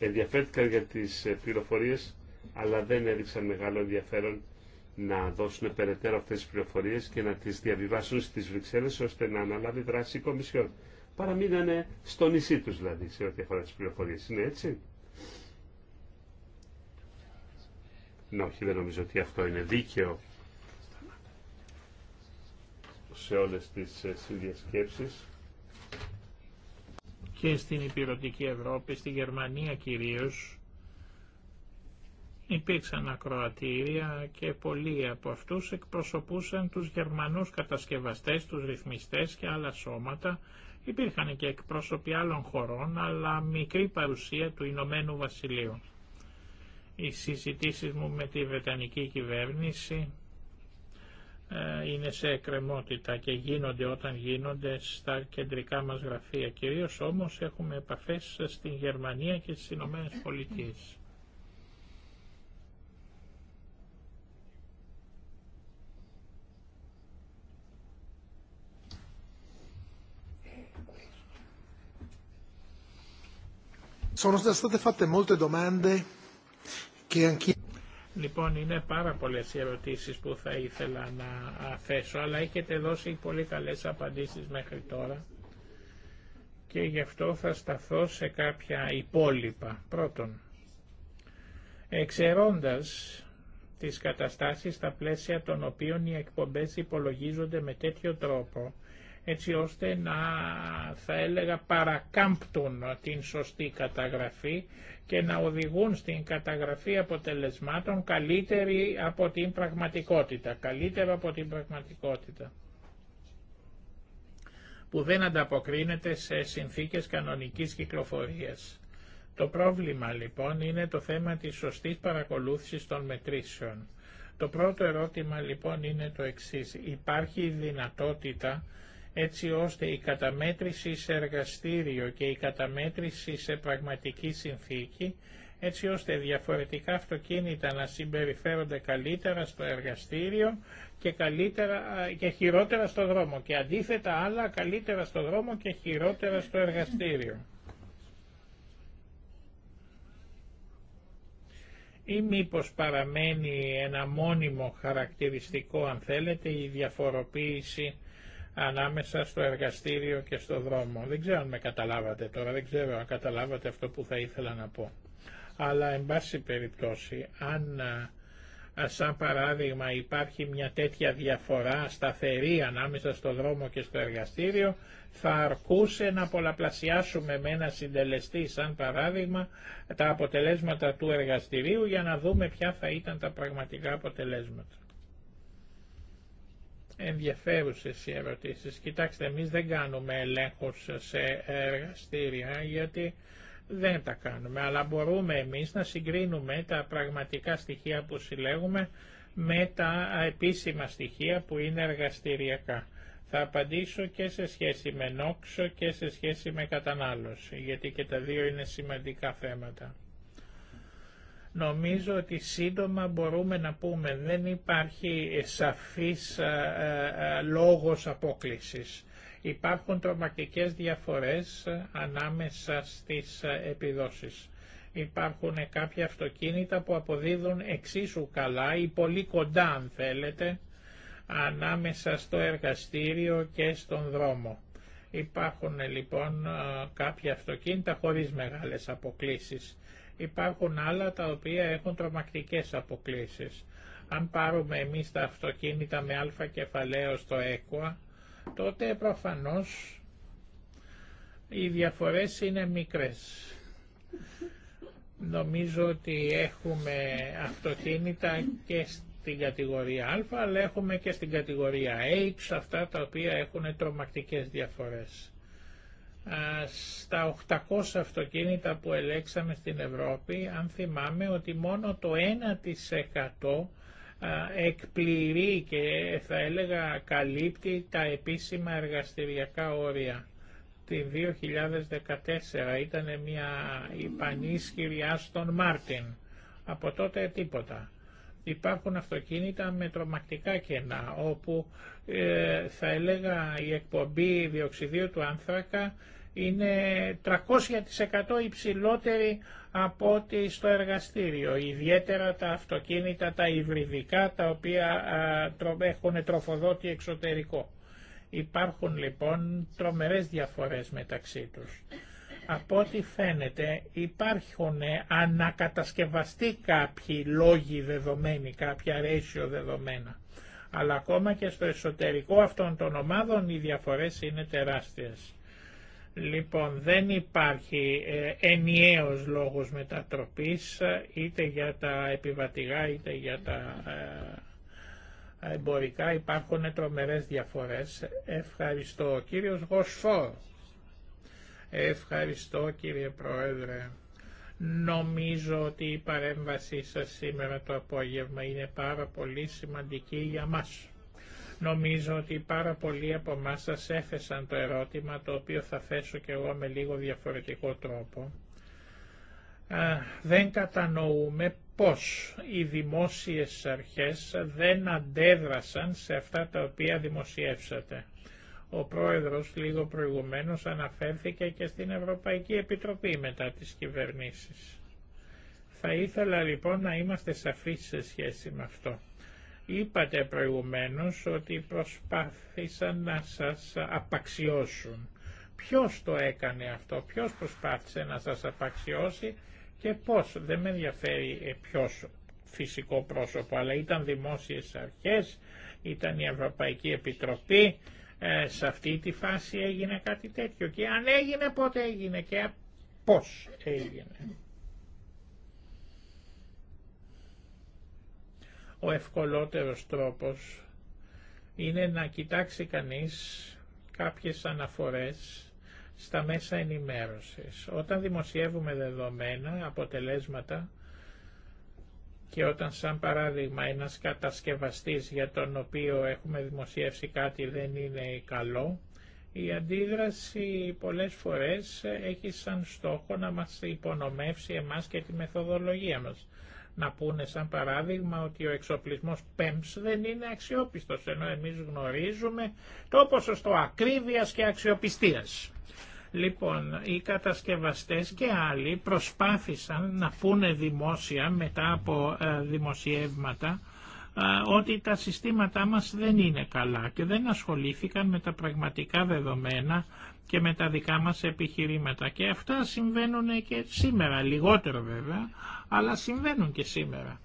ενδιαφέρθηκαν για τις ε, πληροφορίες αλλά δεν έδειξαν μεγάλο ενδιαφέρον να δώσουν περαιτέρω αυτές τις πληροφορίες και να τις διαβιβάσουν στις Βρυξέλλες ώστε να αναλάβει δράση η Κομισιόν. Παραμείνανε στο νησί τους δηλαδή σε ό,τι αφορά τις πληροφορίες. Είναι έτσι. Ναι, όχι, δεν νομίζω ότι αυτό είναι δίκαιο σε όλες τις ε, συνδιασκέψεις και στην υπηρετική Ευρώπη, στη Γερμανία κυρίως, υπήρξαν ακροατήρια και πολλοί από αυτούς εκπροσωπούσαν τους Γερμανούς κατασκευαστές, τους ρυθμιστές και άλλα σώματα. Υπήρχαν και εκπρόσωποι άλλων χωρών, αλλά μικρή παρουσία του Ηνωμένου Βασιλείου. Οι συζητήσεις μου με τη Βρετανική κυβέρνηση ε, είναι σε εκκρεμότητα και γίνονται όταν γίνονται στα κεντρικά μας γραφεία. Κυρίως όμως έχουμε επαφές στην Γερμανία και στις Ηνωμένε Πολιτείες. Sono state fatte molte domande che Λοιπόν, είναι πάρα πολλέ οι ερωτήσεις που θα ήθελα να θέσω, αλλά έχετε δώσει πολύ καλές απαντήσεις μέχρι τώρα και γι' αυτό θα σταθώ σε κάποια υπόλοιπα. Πρώτον, εξαιρώντας τις καταστάσεις στα πλαίσια των οποίων οι εκπομπές υπολογίζονται με τέτοιο τρόπο, έτσι ώστε να θα έλεγα παρακάμπτουν την σωστή καταγραφή και να οδηγούν στην καταγραφή αποτελεσμάτων καλύτερη από την πραγματικότητα, καλύτερα από την πραγματικότητα που δεν ανταποκρίνεται σε συνθήκες κανονικής κυκλοφορίας. Το πρόβλημα λοιπόν είναι το θέμα της σωστής παρακολούθησης των μετρήσεων. Το πρώτο ερώτημα λοιπόν είναι το εξής. Υπάρχει δυνατότητα έτσι ώστε η καταμέτρηση σε εργαστήριο και η καταμέτρηση σε πραγματική συνθήκη, έτσι ώστε διαφορετικά αυτοκίνητα να συμπεριφέρονται καλύτερα στο εργαστήριο και, καλύτερα, και χειρότερα στο δρόμο και αντίθετα άλλα καλύτερα στο δρόμο και χειρότερα στο εργαστήριο. ή μήπως παραμένει ένα μόνιμο χαρακτηριστικό αν θέλετε η διαφοροποίηση ανάμεσα στο εργαστήριο και στο δρόμο. Δεν ξέρω αν με καταλάβατε τώρα, δεν ξέρω αν καταλάβατε αυτό που θα ήθελα να πω. Αλλά, εν πάση περιπτώσει, αν σαν παράδειγμα υπάρχει μια τέτοια διαφορά σταθερή ανάμεσα στο δρόμο και στο εργαστήριο, θα αρκούσε να πολλαπλασιάσουμε με ένα συντελεστή σαν παράδειγμα τα αποτελέσματα του εργαστηρίου για να δούμε ποια θα ήταν τα πραγματικά αποτελέσματα ενδιαφέρουσες οι ερωτήσεις. Κοιτάξτε, εμείς δεν κάνουμε ελέγχους σε εργαστήρια γιατί δεν τα κάνουμε, αλλά μπορούμε εμείς να συγκρίνουμε τα πραγματικά στοιχεία που συλλέγουμε με τα επίσημα στοιχεία που είναι εργαστηριακά. Θα απαντήσω και σε σχέση με νόξο και σε σχέση με κατανάλωση, γιατί και τα δύο είναι σημαντικά θέματα. Νομίζω ότι σύντομα μπορούμε να πούμε δεν υπάρχει σαφής α, ε, α, ε, ε, λόγος απόκλησης. Υπάρχουν τρομακτικές διαφορές ανάμεσα στις επιδόσεις. Υπάρχουν κάποια αυτοκίνητα που αποδίδουν εξίσου καλά ή πολύ κοντά αν θέλετε ανάμεσα στο εργαστήριο και στον δρόμο. Υπάρχουν λοιπόν κάποια αυτοκίνητα χωρίς μεγάλες αποκλήσεις. Υπάρχουν άλλα τα οποία έχουν τρομακτικές αποκλήσεις. Αν πάρουμε εμείς τα αυτοκίνητα με α κεφαλαίο στο ΕΚΟΑ, τότε προφανώς οι διαφορές είναι μικρές. Νομίζω ότι έχουμε αυτοκίνητα και στην κατηγορία α, αλλά έχουμε και στην κατηγορία H αυτά τα οποία έχουν τρομακτικές διαφορές στα 800 αυτοκίνητα που ελέξαμε στην Ευρώπη, αν θυμάμαι ότι μόνο το 1% εκπληρεί και θα έλεγα καλύπτει τα επίσημα εργαστηριακά όρια. Την 2014 ήταν μια υπανίσχυρη στον Μάρτιν. Από τότε τίποτα υπάρχουν αυτοκίνητα με τρομακτικά κενά, όπου ε, θα έλεγα η εκπομπή διοξιδίου του άνθρακα είναι 300% υψηλότερη από ό,τι στο εργαστήριο. Ιδιαίτερα τα αυτοκίνητα, τα υβριδικά, τα οποία α, έχουν τροφοδότη εξωτερικό. Υπάρχουν λοιπόν τρομερές διαφορές μεταξύ τους. Από ό,τι φαίνεται υπάρχουν ε, ανακατασκευαστεί κάποιοι λόγοι δεδομένοι, κάποια ratio δεδομένα. Αλλά ακόμα και στο εσωτερικό αυτών των ομάδων οι διαφορές είναι τεράστιες. Λοιπόν, δεν υπάρχει ε, ενιαίος λόγος μετατροπής είτε για τα επιβατηγά είτε για τα ε, εμπορικά. Υπάρχουν τρομερές διαφορές. Ευχαριστώ. Ο κύριος Γοσφόρ. Ευχαριστώ κύριε Πρόεδρε. Νομίζω ότι η παρέμβασή σας σήμερα το απόγευμα είναι πάρα πολύ σημαντική για μας. Νομίζω ότι πάρα πολλοί από εμά σας έθεσαν το ερώτημα το οποίο θα θέσω και εγώ με λίγο διαφορετικό τρόπο. Δεν κατανοούμε πως οι δημόσιες αρχές δεν αντέδρασαν σε αυτά τα οποία δημοσιεύσατε. Ο πρόεδρος λίγο προηγουμένως αναφέρθηκε και στην Ευρωπαϊκή Επιτροπή μετά τις κυβερνήσεις. Θα ήθελα λοιπόν να είμαστε σαφείς σε σχέση με αυτό. Είπατε προηγουμένως ότι προσπάθησαν να σας απαξιώσουν. Ποιος το έκανε αυτό, ποιος προσπάθησε να σας απαξιώσει και πώς. Δεν με ενδιαφέρει ε, ποιος φυσικό πρόσωπο, αλλά ήταν δημόσιες αρχές, ήταν η Ευρωπαϊκή Επιτροπή, ε, σε αυτή τη φάση έγινε κάτι τέτοιο και αν έγινε πότε έγινε και πώς έγινε. Ο ευκολότερος τρόπος είναι να κοιτάξει κανείς κάποιες αναφορές στα μέσα ενημέρωσης. Όταν δημοσιεύουμε δεδομένα, αποτελέσματα, και όταν σαν παράδειγμα ένας κατασκευαστής για τον οποίο έχουμε δημοσιεύσει κάτι δεν είναι καλό, η αντίδραση πολλές φορές έχει σαν στόχο να μας υπονομεύσει εμάς και τη μεθοδολογία μας. Να πούνε σαν παράδειγμα ότι ο εξοπλισμός PEMS δεν είναι αξιόπιστος, ενώ εμείς γνωρίζουμε το ποσοστό ακρίβειας και αξιοπιστίας. Λοιπόν, οι κατασκευαστές και άλλοι προσπάθησαν να πούνε δημόσια μετά από ε, δημοσιεύματα ε, ότι τα συστήματά μας δεν είναι καλά και δεν ασχολήθηκαν με τα πραγματικά δεδομένα και με τα δικά μας επιχειρήματα. Και αυτά συμβαίνουν και σήμερα, λιγότερο βέβαια, αλλά συμβαίνουν και σήμερα.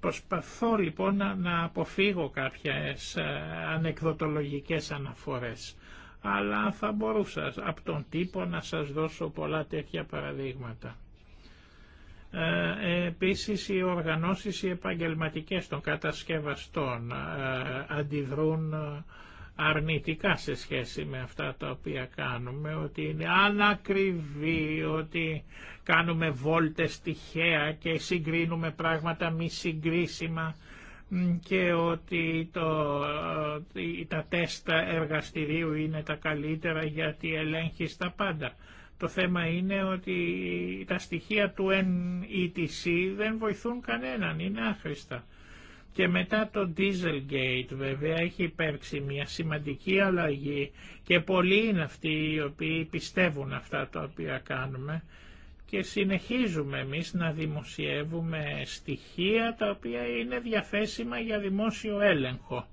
Προσπαθώ λοιπόν να αποφύγω κάποιες ε, ανεκδοτολογικές αναφορές αλλά θα μπορούσα από τον τύπο να σας δώσω πολλά τέτοια παραδείγματα. Ε, επίσης οι οργανώσεις οι επαγγελματικές των κατασκευαστών ε, αντιδρούν ε, αρνητικά σε σχέση με αυτά τα οποία κάνουμε, ότι είναι ανακριβή, ότι κάνουμε βόλτες τυχαία και συγκρίνουμε πράγματα μη συγκρίσιμα και ότι το, τα τεστ εργαστηρίου είναι τα καλύτερα γιατί ελέγχει τα πάντα. Το θέμα είναι ότι τα στοιχεία του NETC δεν βοηθούν κανέναν, είναι άχρηστα. Και μετά το Dieselgate βέβαια έχει υπέρξει μια σημαντική αλλαγή και πολλοί είναι αυτοί οι οποίοι πιστεύουν αυτά τα οποία κάνουμε και συνεχίζουμε εμείς να δημοσιεύουμε στοιχεία τα οποία είναι διαθέσιμα για δημόσιο έλεγχο.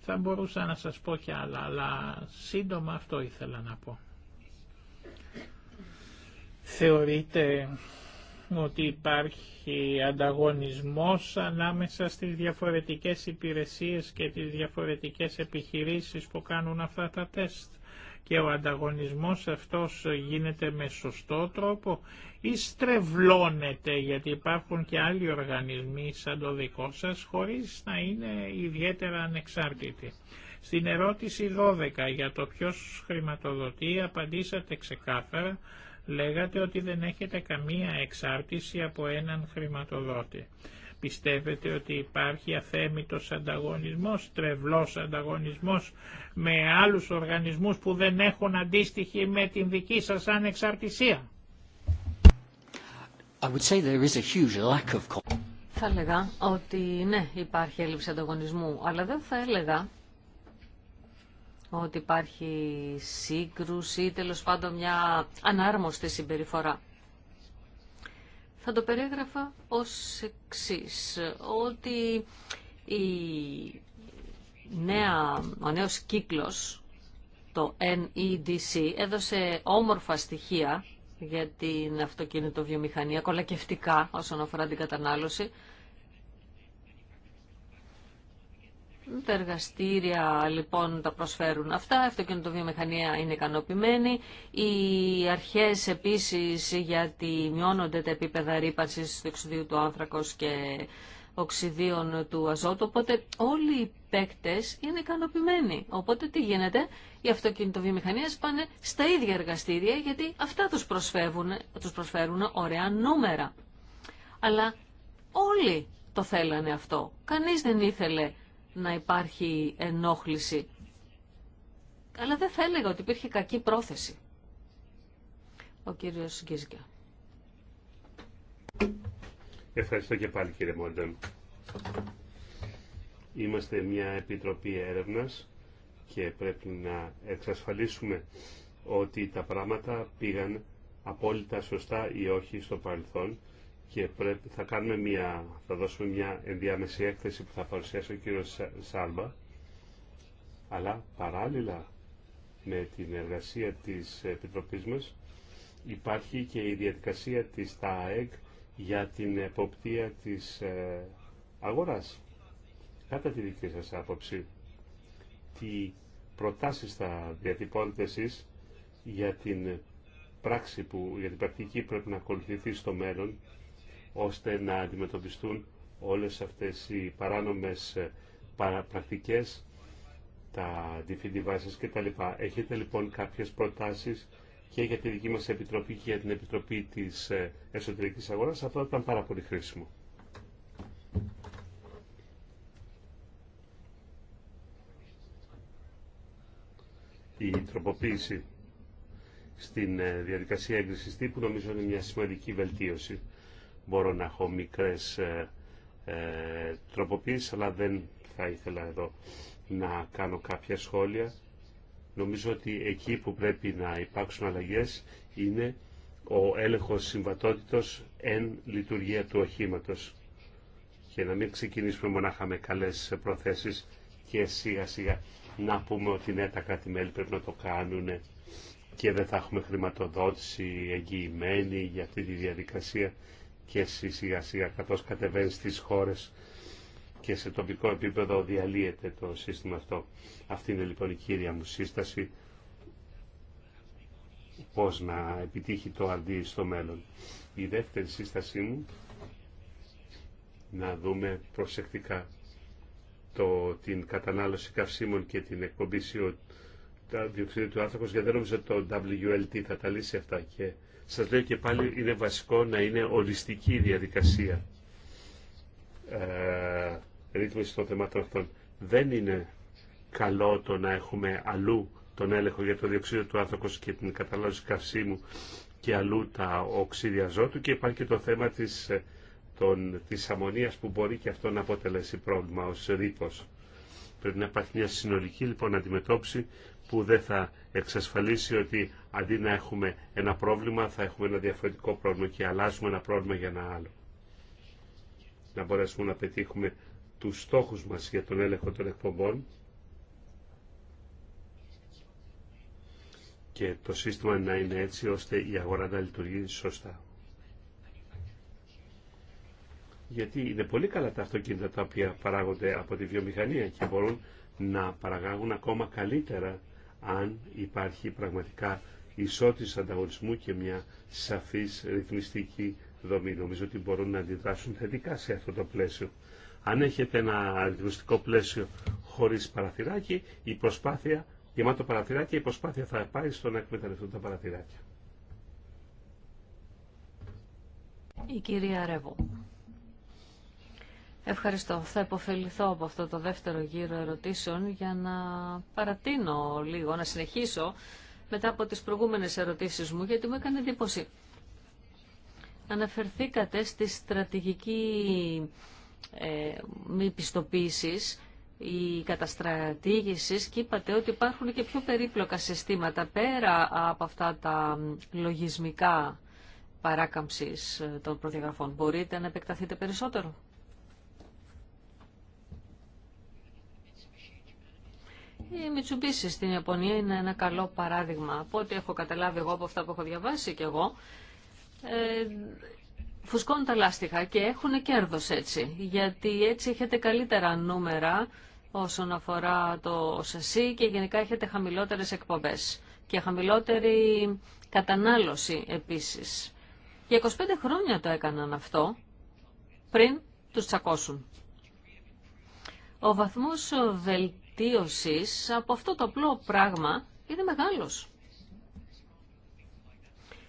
Θα μπορούσα να σας πω και άλλα, αλλά σύντομα αυτό ήθελα να πω. Θεωρείτε ότι υπάρχει ανταγωνισμός ανάμεσα στις διαφορετικές υπηρεσίες και τις διαφορετικές επιχειρήσεις που κάνουν αυτά τα τεστ και ο ανταγωνισμός αυτός γίνεται με σωστό τρόπο ή στρεβλώνεται γιατί υπάρχουν και άλλοι οργανισμοί σαν το δικό σας χωρίς να είναι ιδιαίτερα ανεξάρτητοι. Στην ερώτηση 12 για το ποιος χρηματοδοτεί απαντήσατε ξεκάθαρα λέγατε ότι δεν έχετε καμία εξάρτηση από έναν χρηματοδότη. Πιστεύετε ότι υπάρχει αθέμητος ανταγωνισμός, τρευλός ανταγωνισμός με άλλους οργανισμούς που δεν έχουν αντίστοιχη με την δική σας ανεξαρτησία. I would say Θα έλεγα ότι ναι υπάρχει έλλειψη ανταγωνισμού, αλλά δεν θα έλεγα ότι υπάρχει σύγκρουση ή τέλος πάντων μια ανάρμοστη συμπεριφορά θα το περιέγραφα ως εξή ότι η νέα, ο νέος κύκλος, το NEDC, έδωσε όμορφα στοιχεία για την αυτοκινητοβιομηχανία, κολακευτικά όσον αφορά την κατανάλωση, Τα εργαστήρια λοιπόν τα προσφέρουν αυτά, η αυτοκινητοβιομηχανία είναι ικανοποιημένη, οι αρχές επίσης γιατί μειώνονται τα επίπεδα ρήπανσης του εξουδίου του άνθρακος και οξυδίων του αζότου, οπότε όλοι οι παίκτες είναι ικανοποιημένοι. Οπότε τι γίνεται, οι αυτοκινητοβιομηχανίες πάνε στα ίδια εργαστήρια γιατί αυτά τους προσφέρουν, τους προσφέρουν ωραία νούμερα. Αλλά όλοι το θέλανε αυτό. Κανείς δεν ήθελε να υπάρχει ενόχληση. Αλλά δεν θα έλεγα ότι υπήρχε κακή πρόθεση. Ο κύριος Γκίζικα. Ευχαριστώ και πάλι κύριε Μόντεν. Είμαστε μια επιτροπή έρευνας και πρέπει να εξασφαλίσουμε ότι τα πράγματα πήγαν απόλυτα σωστά ή όχι στο παρελθόν και πρέπει, θα, κάνουμε μια, θα δώσουμε μια ενδιάμεση έκθεση που θα παρουσιάσει ο κύριος Σάλμπα αλλά παράλληλα με την εργασία της Επιτροπής μας υπάρχει και η διαδικασία της ΤΑΕΚ για την εποπτεία της ε, αγοράς. Κατά τη δική σας άποψη, τι προτάσεις θα διατυπώνετε εσείς για την πράξη που, για την πρακτική πρέπει να ακολουθηθεί στο μέλλον ώστε να αντιμετωπιστούν όλες αυτές οι παράνομες ε, πρακτικές, τα DVD devices κτλ. Έχετε λοιπόν κάποιες προτάσεις και για τη δική μας Επιτροπή και για την Επιτροπή της ε, Εσωτερικής Αγοράς. Αυτό ήταν πάρα πολύ χρήσιμο. Η τροποποίηση στην ε, διαδικασία έγκρισης τύπου νομίζω είναι μια σημαντική βελτίωση μπορώ να έχω μικρές ε, ε, αλλά δεν θα ήθελα εδώ να κάνω κάποια σχόλια. Νομίζω ότι εκεί που πρέπει να υπάρξουν αλλαγές είναι ο έλεγχος συμβατότητος εν λειτουργία του οχήματος και να μην ξεκινήσουμε μονάχα με καλές προθέσεις και σιγά σιγά να πούμε ότι ναι τα μελη πρέπει να το κάνουν και δεν θα έχουμε χρηματοδότηση εγγυημένη για αυτή τη διαδικασία και σιγά σιγά καθώς κατεβαίνει στις χώρες και σε τοπικό επίπεδο διαλύεται το σύστημα αυτό. Αυτή είναι λοιπόν η κύρια μου σύσταση πώς να επιτύχει το αντί στο μέλλον. Η δεύτερη σύστασή μου να δούμε προσεκτικά το, την κατανάλωση καυσίμων και την εκπομπή CO2 του άνθρακος γιατί δεν νομίζω το WLT θα τα λύσει αυτά και σας λέω και πάλι είναι βασικό να είναι ολιστική η διαδικασία ε, ρύθμιση των θεμάτων αυτών. Δεν είναι καλό το να έχουμε αλλού τον έλεγχο για το διοξείδιο του άνθρακος και την κατανάλωση καυσίμου και αλλού τα οξύδια ζώτου και υπάρχει και το θέμα της, ε, των, της αμμονίας που μπορεί και αυτό να αποτελέσει πρόβλημα ως ρήπος. Πρέπει να υπάρχει μια συνολική λοιπόν αντιμετώπιση που δεν θα εξασφαλίσει ότι αντί να έχουμε ένα πρόβλημα θα έχουμε ένα διαφορετικό πρόβλημα και αλλάζουμε ένα πρόβλημα για ένα άλλο. Να μπορέσουμε να πετύχουμε τους στόχους μας για τον έλεγχο των εκπομπών και το σύστημα να είναι έτσι ώστε η αγορά να λειτουργεί σωστά. Γιατί είναι πολύ καλά τα αυτοκίνητα τα οποία παράγονται από τη βιομηχανία και μπορούν να παραγάγουν ακόμα καλύτερα αν υπάρχει πραγματικά ισότης ανταγωνισμού και μια σαφής ρυθμιστική δομή. Νομίζω ότι μπορούν να αντιδράσουν θετικά σε αυτό το πλαίσιο. Αν έχετε ένα ρυθμιστικό πλαίσιο χωρίς παραθυράκι, η προσπάθεια, γεμάτο παραθυράκι, η προσπάθεια θα πάει στο να εκμεταλλευτούν τα παραθυράκια. Η κυρία Ευχαριστώ. Θα υποφεληθώ από αυτό το δεύτερο γύρο ερωτήσεων για να παρατείνω λίγο, να συνεχίσω μετά από τις προηγούμενες ερωτήσεις μου, γιατί μου έκανε εντύπωση. Αναφερθήκατε στη στρατηγική ε, μη πιστοποίησης η καταστρατήγηση και είπατε ότι υπάρχουν και πιο περίπλοκα συστήματα πέρα από αυτά τα λογισμικά παράκαμψης ε, των προδιαγραφών. Μπορείτε να επεκταθείτε περισσότερο. Η Μιτσουμπίση στην Ιαπωνία είναι ένα καλό παράδειγμα. Από ό,τι έχω καταλάβει εγώ από αυτά που έχω διαβάσει και εγώ, ε, φουσκώνουν τα λάστιχα και έχουν κέρδος έτσι. Γιατί έτσι έχετε καλύτερα νούμερα όσον αφορά το σασί και γενικά έχετε χαμηλότερες εκπομπές και χαμηλότερη κατανάλωση επίσης. Για 25 χρόνια το έκαναν αυτό πριν τους τσακώσουν. Ο βαθμός από αυτό το απλό πράγμα είναι μεγάλος.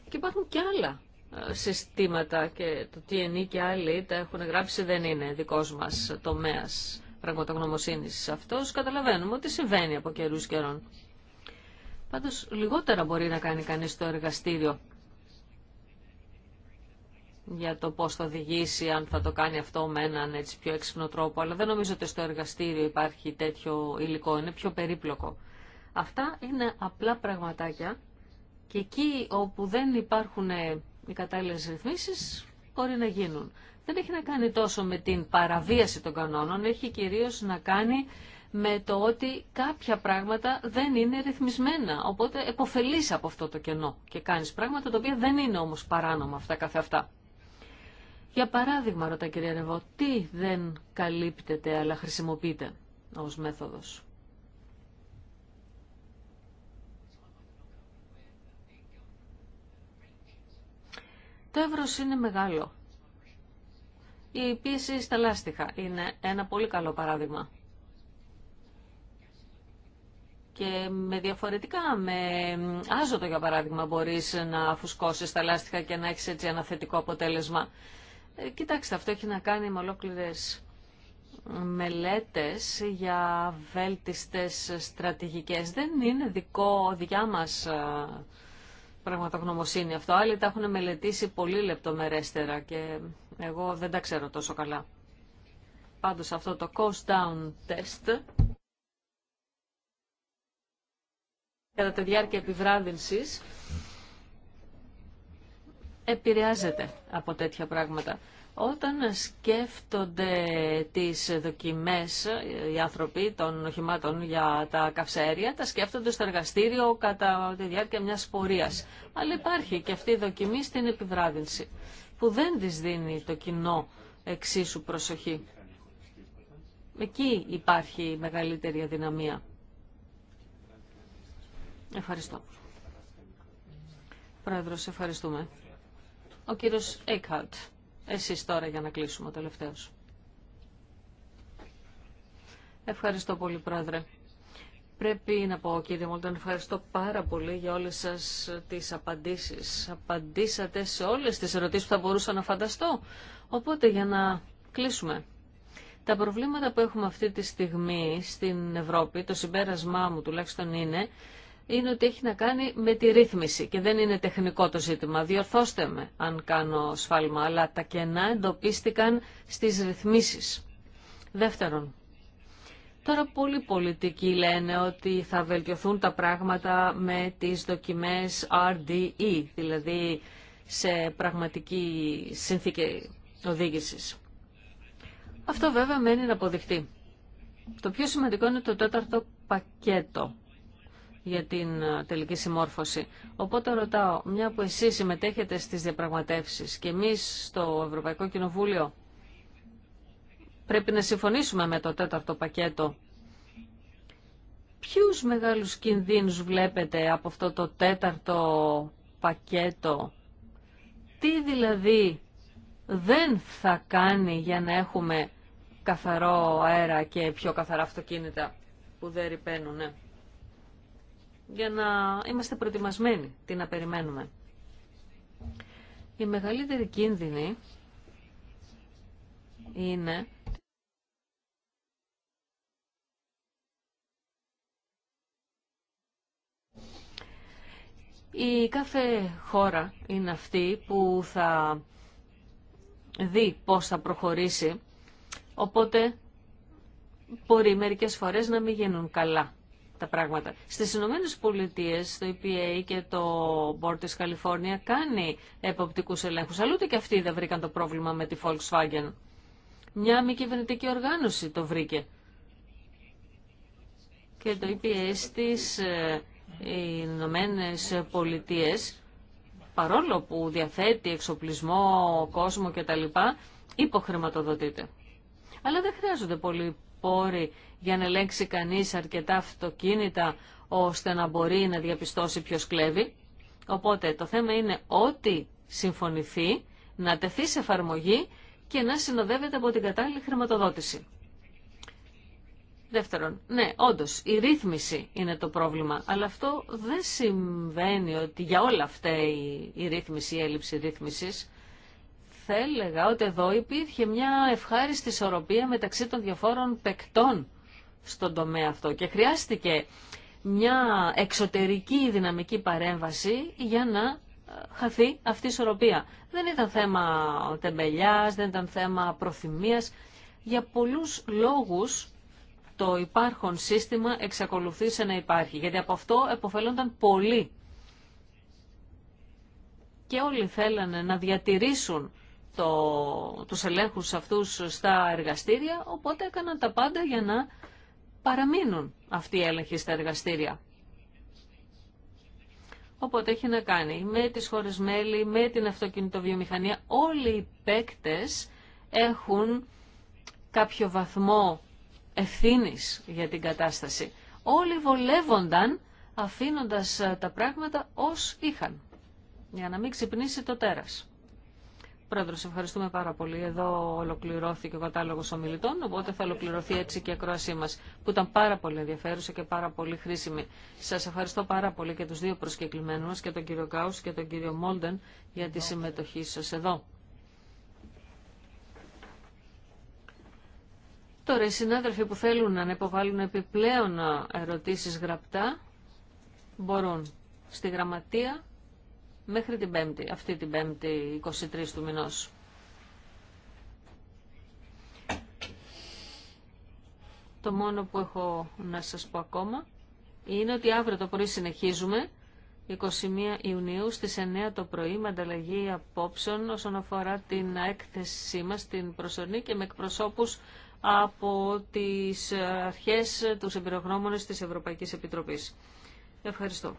Και υπάρχουν και άλλα ε, συστήματα και το TNE και άλλοι τα έχουν γράψει δεν είναι δικός μας τομέας πραγματογνωμοσύνης αυτός. Καταλαβαίνουμε ότι συμβαίνει από καιρούς καιρών. Πάντως λιγότερα μπορεί να κάνει κανείς το εργαστήριο για το πώς θα οδηγήσει, αν θα το κάνει αυτό με έναν έτσι πιο έξυπνο τρόπο, αλλά δεν νομίζω ότι στο εργαστήριο υπάρχει τέτοιο υλικό, είναι πιο περίπλοκο. Αυτά είναι απλά πραγματάκια και εκεί όπου δεν υπάρχουν ε, οι κατάλληλες ρυθμίσεις μπορεί να γίνουν. Δεν έχει να κάνει τόσο με την παραβίαση των κανόνων, έχει κυρίως να κάνει με το ότι κάποια πράγματα δεν είναι ρυθμισμένα. Οπότε εποφελείς από αυτό το κενό και κάνεις πράγματα τα οποία δεν είναι όμως παράνομα αυτά καθε αυτά. Για παράδειγμα, ρωτά κυρία Ρεβό, τι δεν καλύπτεται αλλά χρησιμοποιείται ως μέθοδος. Το εύρος είναι μεγάλο. Η πίεση στα λάστιχα είναι ένα πολύ καλό παράδειγμα. Και με διαφορετικά, με άζωτο για παράδειγμα, μπορείς να φουσκώσεις τα λάστιχα και να έχεις έτσι ένα θετικό αποτέλεσμα. Ε, κοιτάξτε, αυτό έχει να κάνει με ολόκληρε μελέτες για βέλτιστες στρατηγικές. Δεν είναι δικό διά μας ε, πραγματογνωμοσύνη αυτό. Άλλοι τα έχουν μελετήσει πολύ λεπτομερέστερα και εγώ δεν τα ξέρω τόσο καλά. Πάντως αυτό το cost down test κατά τη διάρκεια επιβράδυνσης επηρεάζεται από τέτοια πράγματα. Όταν σκέφτονται τις δοκιμές οι άνθρωποι των οχημάτων για τα καυσαέρια, τα σκέφτονται στο εργαστήριο κατά τη διάρκεια μιας πορείας. Αλλά υπάρχει και αυτή η δοκιμή στην επιβράδυνση, που δεν της δίνει το κοινό εξίσου προσοχή. Εκεί υπάρχει η μεγαλύτερη αδυναμία. Ευχαριστώ. Πρόεδρος, ευχαριστούμε. Ο κύριος Έκχαρτ, Εσείς τώρα για να κλείσουμε ο τελευταίος. Ευχαριστώ πολύ, Πρόεδρε. Πρέπει να πω, κύριε Μόλτον, ευχαριστώ πάρα πολύ για όλες σας τις απαντήσεις. Απαντήσατε σε όλες τις ερωτήσεις που θα μπορούσα να φανταστώ. Οπότε, για να κλείσουμε. Τα προβλήματα που έχουμε αυτή τη στιγμή στην Ευρώπη, το συμπέρασμά μου τουλάχιστον είναι, είναι ότι έχει να κάνει με τη ρύθμιση και δεν είναι τεχνικό το ζήτημα. Διορθώστε με αν κάνω σφάλμα, αλλά τα κενά εντοπίστηκαν στις ρυθμίσεις. Δεύτερον, τώρα πολλοί πολιτικοί λένε ότι θα βελτιωθούν τα πράγματα με τις δοκιμές RDE, δηλαδή σε πραγματική συνθήκη οδήγησης. Αυτό βέβαια μένει να αποδειχτεί. Το πιο σημαντικό είναι το τέταρτο πακέτο για την ε, τελική συμμόρφωση. Οπότε ρωτάω, μια που εσείς συμμετέχετε στις διαπραγματεύσεις και εμείς στο Ευρωπαϊκό Κοινοβούλιο πρέπει να συμφωνήσουμε με το τέταρτο πακέτο. Ποιους μεγάλους κινδύνους βλέπετε από αυτό το τέταρτο πακέτο. Τι δηλαδή δεν θα κάνει για να έχουμε καθαρό αέρα και πιο καθαρά αυτοκίνητα που δεν ρηπαίνουν για να είμαστε προετοιμασμένοι τι να περιμένουμε. Η μεγαλύτερη κίνδυνη είναι Η κάθε χώρα είναι αυτή που θα δει πώς θα προχωρήσει, οπότε μπορεί μερικές φορές να μην γίνουν καλά τα πράγματα. Στις Ηνωμένες Πολιτείες το EPA και το Board της Καλιφόρνια κάνει εποπτικούς ελέγχους, αλλά ούτε και αυτοί δεν βρήκαν το πρόβλημα με τη Volkswagen. Μια μη κυβερνητική οργάνωση το βρήκε. Και το EPA στις ε, Ηνωμένε Πολιτείες, παρόλο που διαθέτει εξοπλισμό, κόσμο κτλ, υποχρηματοδοτείται. Αλλά δεν χρειάζονται πολλοί πόροι για να ελέγξει κανείς αρκετά αυτοκίνητα ώστε να μπορεί να διαπιστώσει ποιος κλέβει. Οπότε το θέμα είναι ότι συμφωνηθεί να τεθεί σε εφαρμογή και να συνοδεύεται από την κατάλληλη χρηματοδότηση. Δεύτερον, ναι, όντως, η ρύθμιση είναι το πρόβλημα, αλλά αυτό δεν συμβαίνει ότι για όλα αυτά η, ρύθμιση, η έλλειψη ρύθμισης, θα έλεγα ότι εδώ υπήρχε μια ευχάριστη ισορροπία μεταξύ των διαφόρων παικτών στον τομέα αυτό και χρειάστηκε μια εξωτερική δυναμική παρέμβαση για να ε, χαθεί αυτή η ισορροπία. Δεν ήταν θέμα τεμπελιάς, δεν ήταν θέμα προθυμίας. Για πολλούς λόγους το υπάρχον σύστημα εξακολουθήσε να υπάρχει, γιατί από αυτό εποφελόνταν πολλοί. Και όλοι θέλανε να διατηρήσουν το, τους ελέγχους αυτούς στα εργαστήρια, οπότε έκαναν τα πάντα για να παραμείνουν αυτοί οι έλεγχοι στα εργαστήρια. Οπότε έχει να κάνει με τις χώρες μέλη, με την αυτοκινητοβιομηχανία. Όλοι οι παίκτες έχουν κάποιο βαθμό ευθύνης για την κατάσταση. Όλοι βολεύονταν αφήνοντας τα πράγματα ως είχαν, για να μην ξυπνήσει το τέρας. Πρόεδρο, ευχαριστούμε πάρα πολύ. Εδώ ολοκληρώθηκε ο κατάλογο ομιλητών, οπότε θα ολοκληρωθεί έτσι και η ακρόασή μα, που ήταν πάρα πολύ ενδιαφέρουσα και πάρα πολύ χρήσιμη. Σα ευχαριστώ πάρα πολύ και του δύο προσκεκλημένου μα, και τον κύριο Κάου και τον κύριο Μόλντεν, για τη συμμετοχή σα εδώ. Τώρα, οι συνάδελφοι που θέλουν να υποβάλουν επιπλέον ερωτήσει γραπτά μπορούν στη γραμματεία μέχρι την Πέμπτη, αυτή την Πέμπτη 23 του μηνός. Το μόνο που έχω να σας πω ακόμα είναι ότι αύριο το πρωί συνεχίζουμε 21 Ιουνίου στις 9 το πρωί με ανταλλαγή απόψεων όσον αφορά την έκθεσή μας την προσωρινή και με εκπροσώπους από τις αρχές τους εμπειρογνώμονες της Ευρωπαϊκής Επιτροπής. Ευχαριστώ.